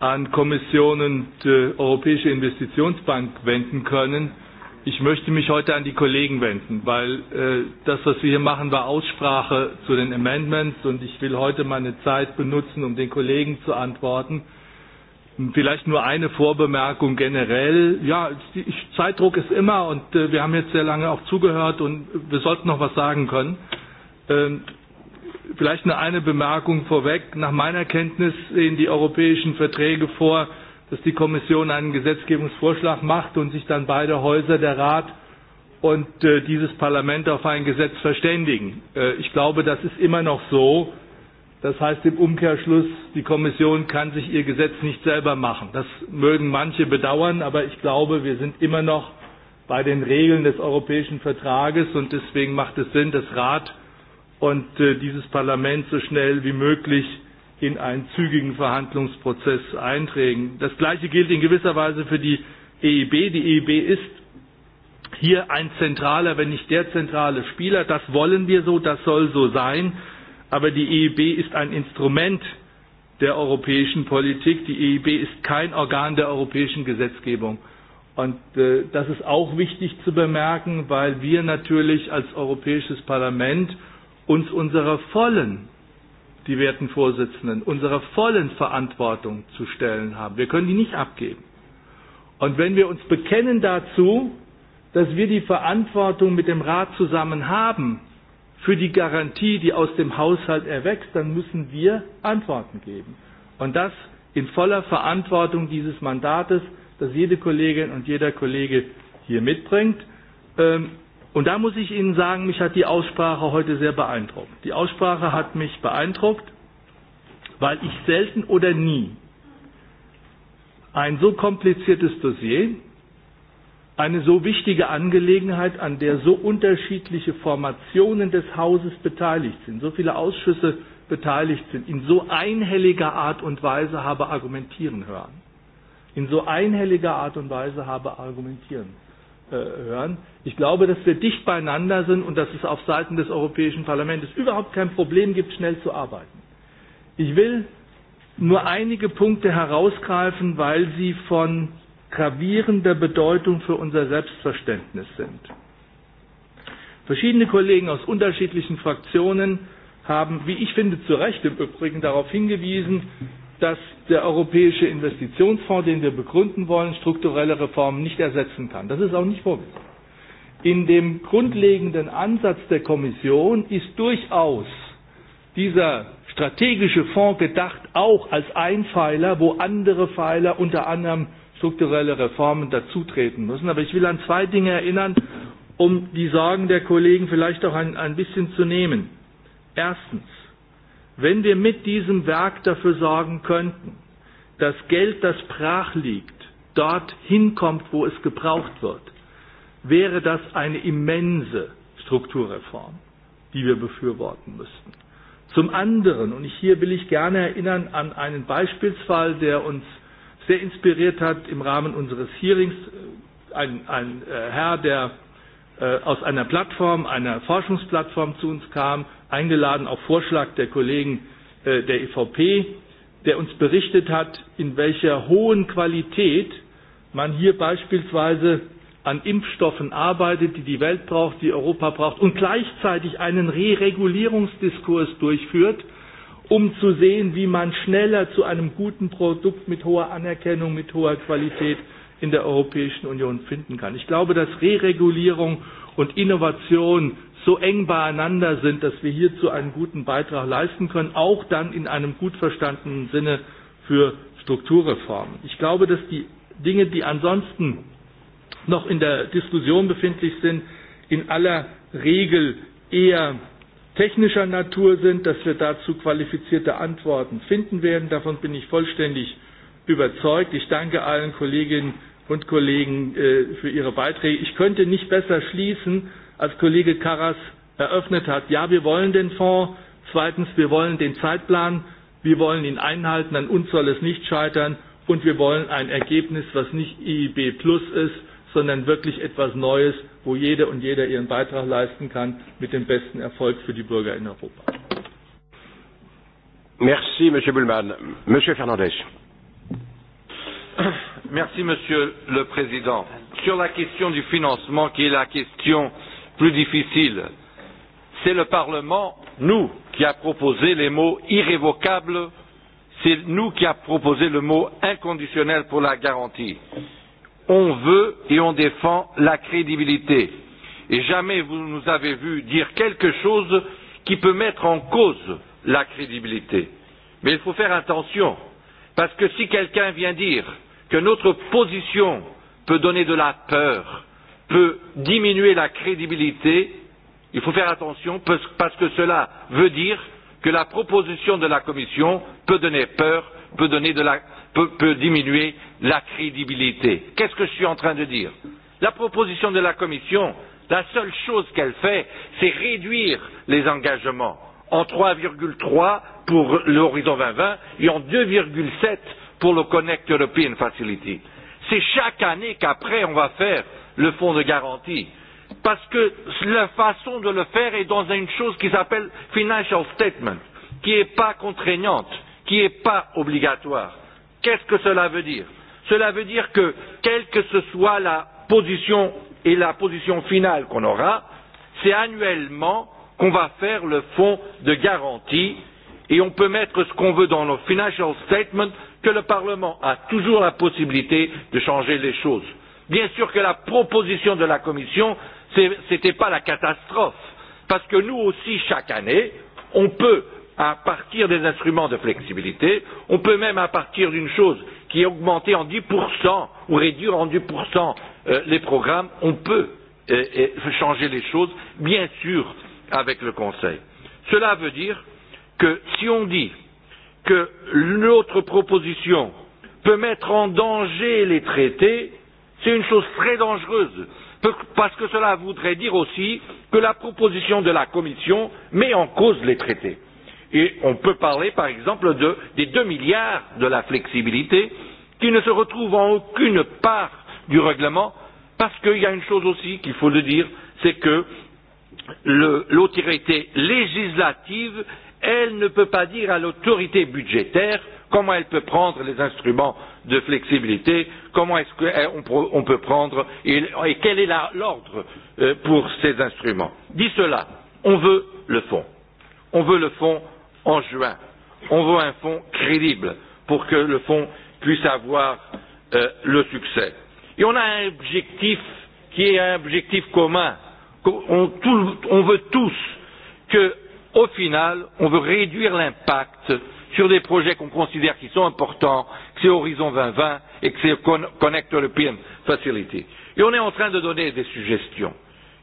an Kommission und äh, Europäische Investitionsbank wenden können. Ich möchte mich heute an die Kollegen wenden, weil äh, das, was wir hier machen, war Aussprache zu den Amendments und ich will heute meine Zeit benutzen, um den Kollegen zu antworten. Vielleicht nur eine Vorbemerkung generell. Ja, Zeitdruck ist immer und äh, wir haben jetzt sehr lange auch zugehört und wir sollten noch was sagen können. Ähm, vielleicht nur eine Bemerkung vorweg. Nach meiner Kenntnis sehen die europäischen Verträge vor, dass die Kommission einen Gesetzgebungsvorschlag macht und sich dann beide Häuser, der Rat und äh, dieses Parlament, auf ein Gesetz verständigen. Äh, ich glaube, das ist immer noch so. Das heißt im Umkehrschluss, die Kommission kann sich ihr Gesetz nicht selber machen. Das mögen manche bedauern, aber ich glaube, wir sind immer noch bei den Regeln des europäischen Vertrages und deswegen macht es Sinn, dass Rat und äh, dieses Parlament so schnell wie möglich in einen zügigen Verhandlungsprozess einträgen. Das Gleiche gilt in gewisser Weise für die EIB. Die EIB ist hier ein zentraler, wenn nicht der zentrale Spieler. Das wollen wir so, das soll so sein. Aber die EIB ist ein Instrument der europäischen Politik. Die EIB ist kein Organ der europäischen Gesetzgebung. Und äh, das ist auch wichtig zu bemerken, weil wir natürlich als Europäisches Parlament uns unserer vollen, die werten Vorsitzenden, unserer vollen Verantwortung zu stellen haben. Wir können die nicht abgeben. Und wenn wir uns bekennen dazu, dass wir die Verantwortung mit dem Rat zusammen haben für die Garantie, die aus dem Haushalt erwächst, dann müssen wir Antworten geben. Und das in voller Verantwortung dieses Mandates, das jede Kollegin und jeder Kollege hier mitbringt. Ähm, Und da muss ich Ihnen sagen, mich hat die Aussprache heute sehr beeindruckt. Die Aussprache hat mich beeindruckt, weil ich selten oder nie ein so kompliziertes Dossier, eine so wichtige Angelegenheit, an der so unterschiedliche Formationen des Hauses beteiligt sind, so viele Ausschüsse beteiligt sind, in so einhelliger Art und Weise habe argumentieren hören. In so einhelliger Art und Weise habe argumentieren Äh, hören. Ich glaube, dass wir dicht beieinander sind und dass es auf Seiten des Europäischen Parlaments überhaupt kein Problem gibt, schnell zu arbeiten. Ich will nur einige Punkte herausgreifen, weil sie von gravierender Bedeutung für unser Selbstverständnis sind. Verschiedene Kollegen aus unterschiedlichen Fraktionen haben, wie ich finde, zu Recht im Übrigen darauf hingewiesen, dass der Europäische Investitionsfonds, den wir begründen wollen, strukturelle Reformen nicht ersetzen kann. Das ist auch nicht vorgesehen. In dem grundlegenden Ansatz der Kommission ist durchaus dieser strategische Fonds gedacht auch als ein Pfeiler, wo andere Pfeiler unter anderem strukturelle Reformen dazutreten müssen. Aber ich will an zwei Dinge erinnern, um die Sorgen der Kollegen vielleicht auch ein, ein bisschen zu nehmen. Erstens, Wenn wir mit diesem Werk dafür sorgen könnten, dass Geld, das brach liegt, dort hinkommt, wo es gebraucht wird, wäre das eine immense Strukturreform, die wir befürworten müssten. Zum anderen, und hier will ich gerne erinnern an einen Beispielsfall, der uns sehr inspiriert hat im Rahmen unseres Hearings, äh, ein, ein äh, Herr, der Äh, aus einer Plattform, einer Forschungsplattform zu uns kam, eingeladen auf Vorschlag der Kollegen äh, der EVP, der uns berichtet hat, in welcher hohen Qualität man hier beispielsweise an Impfstoffen arbeitet, die die Welt braucht, die Europa braucht und gleichzeitig einen Re-Regulierungsdiskurs durchführt, um zu sehen, wie man schneller zu einem guten Produkt mit hoher Anerkennung, mit hoher Qualität in der Europäischen Union finden kann. Ich glaube, dass Reregulierung und Innovation so eng beieinander sind, dass wir hierzu einen guten Beitrag leisten können, auch dann in einem gut verstandenen Sinne für Strukturreformen. Ich glaube, dass die Dinge, die ansonsten noch in der Diskussion befindlich sind, in aller Regel eher technischer Natur sind, dass wir dazu qualifizierte Antworten finden werden. Davon bin ich vollständig überzeugt. Ich danke allen Kolleginnen und Kollegen und Kollegen äh, für Ihre Beiträge. Ich könnte nicht besser schließen, als Kollege Karas eröffnet hat. Ja, wir wollen den Fonds. Zweitens, wir wollen den Zeitplan. Wir wollen ihn einhalten. An uns soll es nicht scheitern. Und wir wollen ein Ergebnis, was nicht IIB Plus ist, sondern wirklich etwas Neues, wo jede und jeder ihren Beitrag leisten kann, mit dem besten Erfolg für die Bürger in Europa. Merci, Monsieur Bullmann. Monsieur Fernandez. Merci, Monsieur le Président. Sur la question du financement, qui est la question plus difficile, c'est le Parlement, nous, qui a proposé les mots irrévocables, c'est nous qui a proposé le mot inconditionnel pour la garantie. On veut et on défend la crédibilité. Et jamais vous nous avez vu dire quelque chose qui peut mettre en cause la crédibilité. Mais il faut faire attention, parce que si quelqu'un vient dire que notre position peut donner de la peur, peut diminuer la crédibilité, il faut faire attention parce que cela veut dire que la proposition de la Commission peut donner peur, peut, donner de la, peut, peut diminuer la crédibilité. Qu'est-ce que je suis en train de dire La proposition de la Commission, la seule chose qu'elle fait, c'est réduire les engagements en 3,3 pour l'horizon 2020 et en 2,7 pour le Connect European Facility. C'est chaque année qu'après on va faire le fonds de garantie. Parce que la façon de le faire est dans une chose qui s'appelle financial statement, qui n'est pas contraignante, qui n'est pas obligatoire. Qu'est-ce que cela veut dire Cela veut dire que, quelle que ce soit la position et la position finale qu'on aura, c'est annuellement qu'on va faire le fonds de garantie et on peut mettre ce qu'on veut dans nos financial statements que le Parlement a toujours la possibilité de changer les choses. Bien sûr que la proposition de la Commission, ce n'était pas la catastrophe, parce que nous aussi, chaque année, on peut, à partir des instruments de flexibilité, on peut même, à partir d'une chose qui est augmentée en 10% ou réduire en 10% euh, les programmes, on peut euh, euh, changer les choses, bien sûr, avec le Conseil. Cela veut dire que si on dit que notre proposition peut mettre en danger les traités, c'est une chose très dangereuse, parce que cela voudrait dire aussi que la proposition de la Commission met en cause les traités. Et on peut parler, par exemple, de, des deux milliards de la flexibilité qui ne se retrouvent en aucune part du règlement, parce qu'il y a une chose aussi qu'il faut le dire, c'est que l'autorité législative elle ne peut pas dire à l'autorité budgétaire comment elle peut prendre les instruments de flexibilité, comment est-ce qu'on eh, peut prendre et, quel est l'ordre euh, pour ces instruments. Dit cela, on veut le fonds. On veut le fonds en juin. On veut un fonds crédible pour que le fonds puisse avoir euh, le succès. Et on a un objectif qui est un objectif commun. on veut tous que au final, on veut réduire l'impact sur des projets qu'on considère qui sont importants, que c'est Horizon 2020 et que c'est Connect European Facility. Et on est en train de donner des suggestions.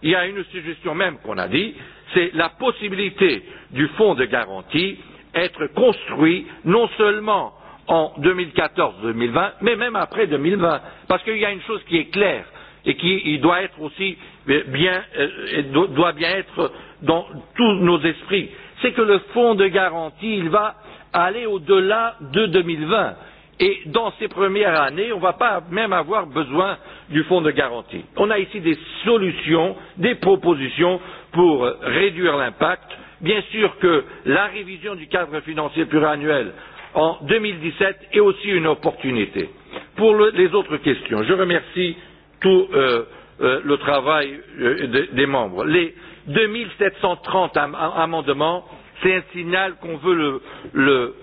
Il y a une suggestion même qu'on a dit, c'est la possibilité du fonds de garantie être construit non seulement en 2014-2020, mais même après 2020. Parce qu'il y a une chose qui est claire et qui doit être aussi euh, bien, euh, doit bien être dans tous nos esprits, c'est que le fonds de garantie, il va aller au-delà de 2020. Et dans ces premières années, on ne va pas même avoir besoin du fonds de garantie. On a ici des solutions, des propositions pour réduire l'impact. Bien sûr que la révision du cadre financier pluriannuel en 2017 est aussi une opportunité. Pour le, les autres questions, je remercie tout euh, euh, le travail euh, de, des membres. Les, deux sept cent trente amendements, c'est un signal qu'on veut le, le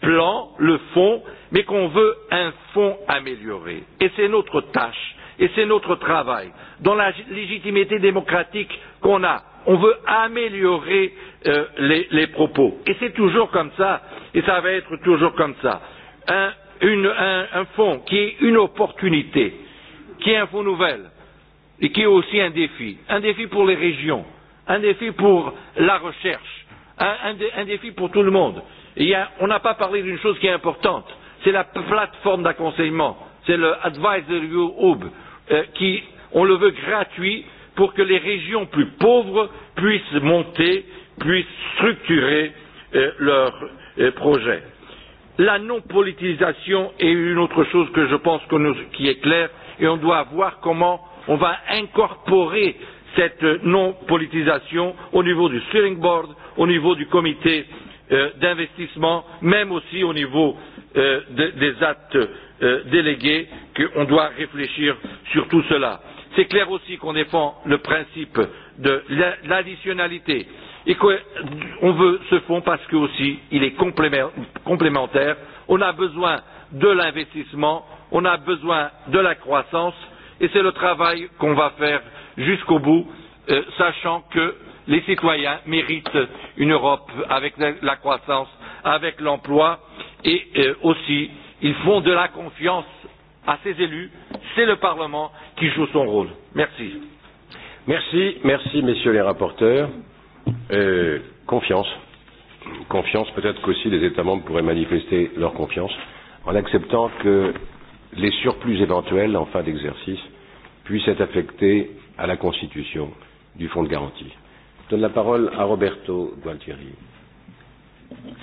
plan, le fond, mais qu'on veut un fond amélioré. Et c'est notre tâche, et c'est notre travail, dans la légitimité démocratique qu'on a. On veut améliorer euh, les, les propos. Et c'est toujours comme ça, et ça va être toujours comme ça. Un, une, un, un fonds qui est une opportunité, qui est un fonds nouvelle, et qui est aussi un défi. Un défi pour les régions, un défi pour la recherche, un, un, dé, un défi pour tout le monde. Il y a, on n'a pas parlé d'une chose qui est importante, c'est la plateforme d'accompagnement, c'est le Advisory Hub, euh, qui, on le veut gratuit pour que les régions plus pauvres puissent monter, puissent structurer euh, leurs euh, projets. La non-politisation est une autre chose que je pense qu nous, qui est claire et on doit voir comment on va incorporer cette non-politisation au niveau du steering board, au niveau du comité euh, d'investissement, même aussi au niveau euh, de, des actes euh, délégués, qu'on doit réfléchir sur tout cela. C'est clair aussi qu'on défend le principe de l'additionnalité et qu'on veut ce fonds parce que aussi il est complémentaire. On a besoin de l'investissement, on a besoin de la croissance et c'est le travail qu'on va faire jusqu'au bout, euh, sachant que les citoyens méritent une Europe avec la croissance, avec l'emploi et euh, aussi ils font de la confiance à ces élus. C'est le Parlement qui joue son rôle. Merci. Merci, merci messieurs les rapporteurs. Euh, confiance. Confiance, peut-être qu'aussi les États membres pourraient manifester leur confiance en acceptant que les surplus éventuels en fin d'exercice puissent être affectés à la constitution du fonds de garantie. Je donne la parole à Roberto Gualtieri.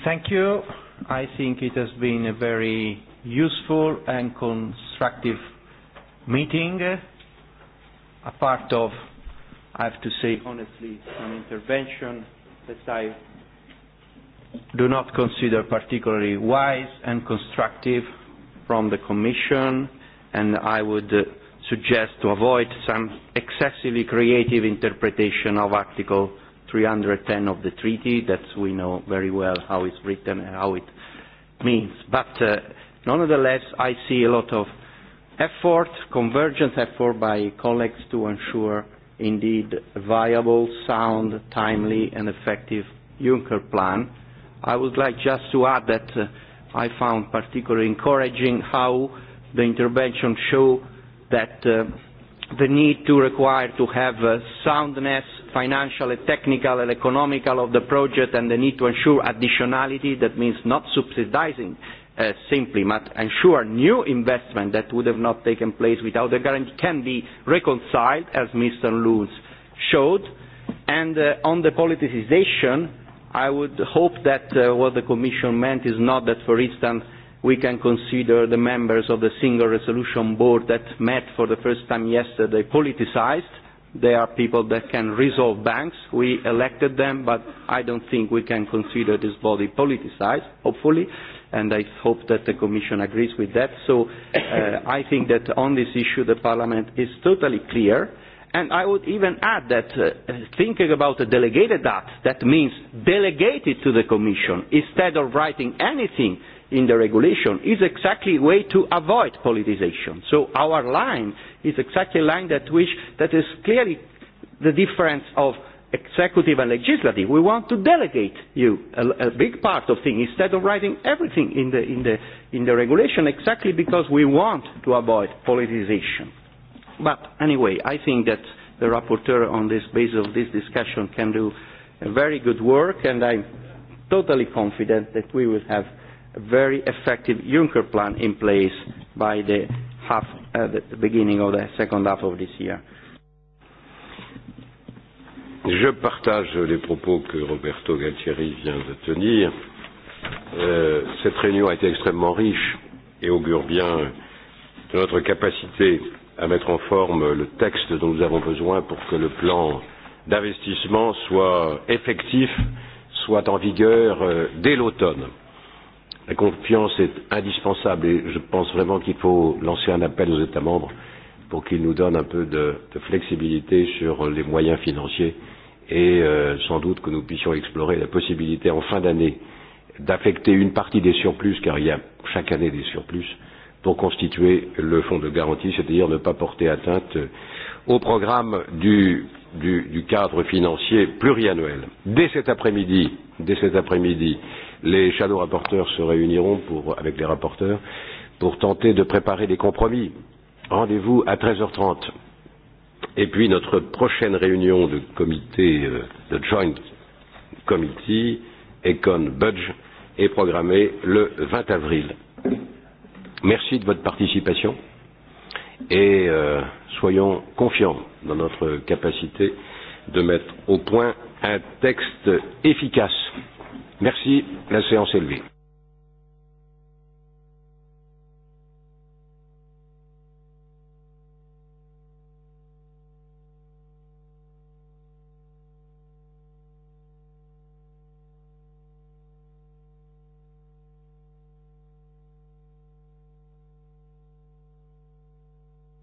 Thank you. I think it has been a very useful and constructive meeting. A part of, I have to say honestly, an intervention that I do not consider particularly wise and constructive from the Commission, and I would uh, suggest to avoid some excessively creative interpretation of Article 310 of the treaty that we know very well how it's written and how it means. But uh, nonetheless, I see a lot of effort, convergence effort by colleagues to ensure indeed a viable, sound, timely and effective Juncker plan. I would like just to add that uh, I found particularly encouraging how the intervention show that uh, the need to require to have uh, soundness, financial, and technical, and economical of the project, and the need to ensure additionality, that means not subsidizing uh, simply, but ensure new investment that would have not taken place without the guarantee can be reconciled, as Mr. Loons showed. And uh, on the politicization, I would hope that uh, what the Commission meant is not that, for instance, we can consider the members of the single resolution board that met for the first time yesterday politicized. They are people that can resolve banks. We elected them, but I don't think we can consider this body politicized, hopefully, and I hope that the Commission agrees with that. So uh, I think that on this issue the Parliament is totally clear. And I would even add that uh, thinking about a delegated act, that means delegate it to the Commission instead of writing anything in the regulation is exactly a way to avoid politicization. So our line is exactly a line that, which, that is clearly the difference of executive and legislative. We want to delegate you a, a big part of things instead of writing everything in the, in, the, in the regulation exactly because we want to avoid politicization. But anyway, I think that the rapporteur on this basis of this discussion can do a very good work and I'm totally confident that we will have very effective Juncker plan in place by the, half, uh, the beginning of the second half of this year. Je partage les propos que Roberto Galtieri vient de tenir. Euh, cette réunion a été extrêmement riche et augure bien de notre capacité à mettre en forme le texte dont nous avons besoin pour que le plan d'investissement soit effectif, soit en vigueur euh, dès l'automne. La confiance est indispensable et je pense vraiment qu'il faut lancer un appel aux États membres pour qu'ils nous donnent un peu de, de flexibilité sur les moyens financiers et euh, sans doute que nous puissions explorer la possibilité en fin d'année d'affecter une partie des surplus, car il y a chaque année des surplus, pour constituer le fonds de garantie, c'est-à-dire ne pas porter atteinte au programme du, du, du cadre financier pluriannuel. Dès cet après-midi, dès cet après-midi, Les shadow rapporteurs se réuniront pour, avec les rapporteurs pour tenter de préparer des compromis. Rendez-vous à 13h30. Et puis notre prochaine réunion de comité, euh, de joint committee, Econ Budge, est programmée le 20 avril. Merci de votre participation et euh, soyons confiants dans notre capacité de mettre au point un texte efficace Merci, la séance est levée.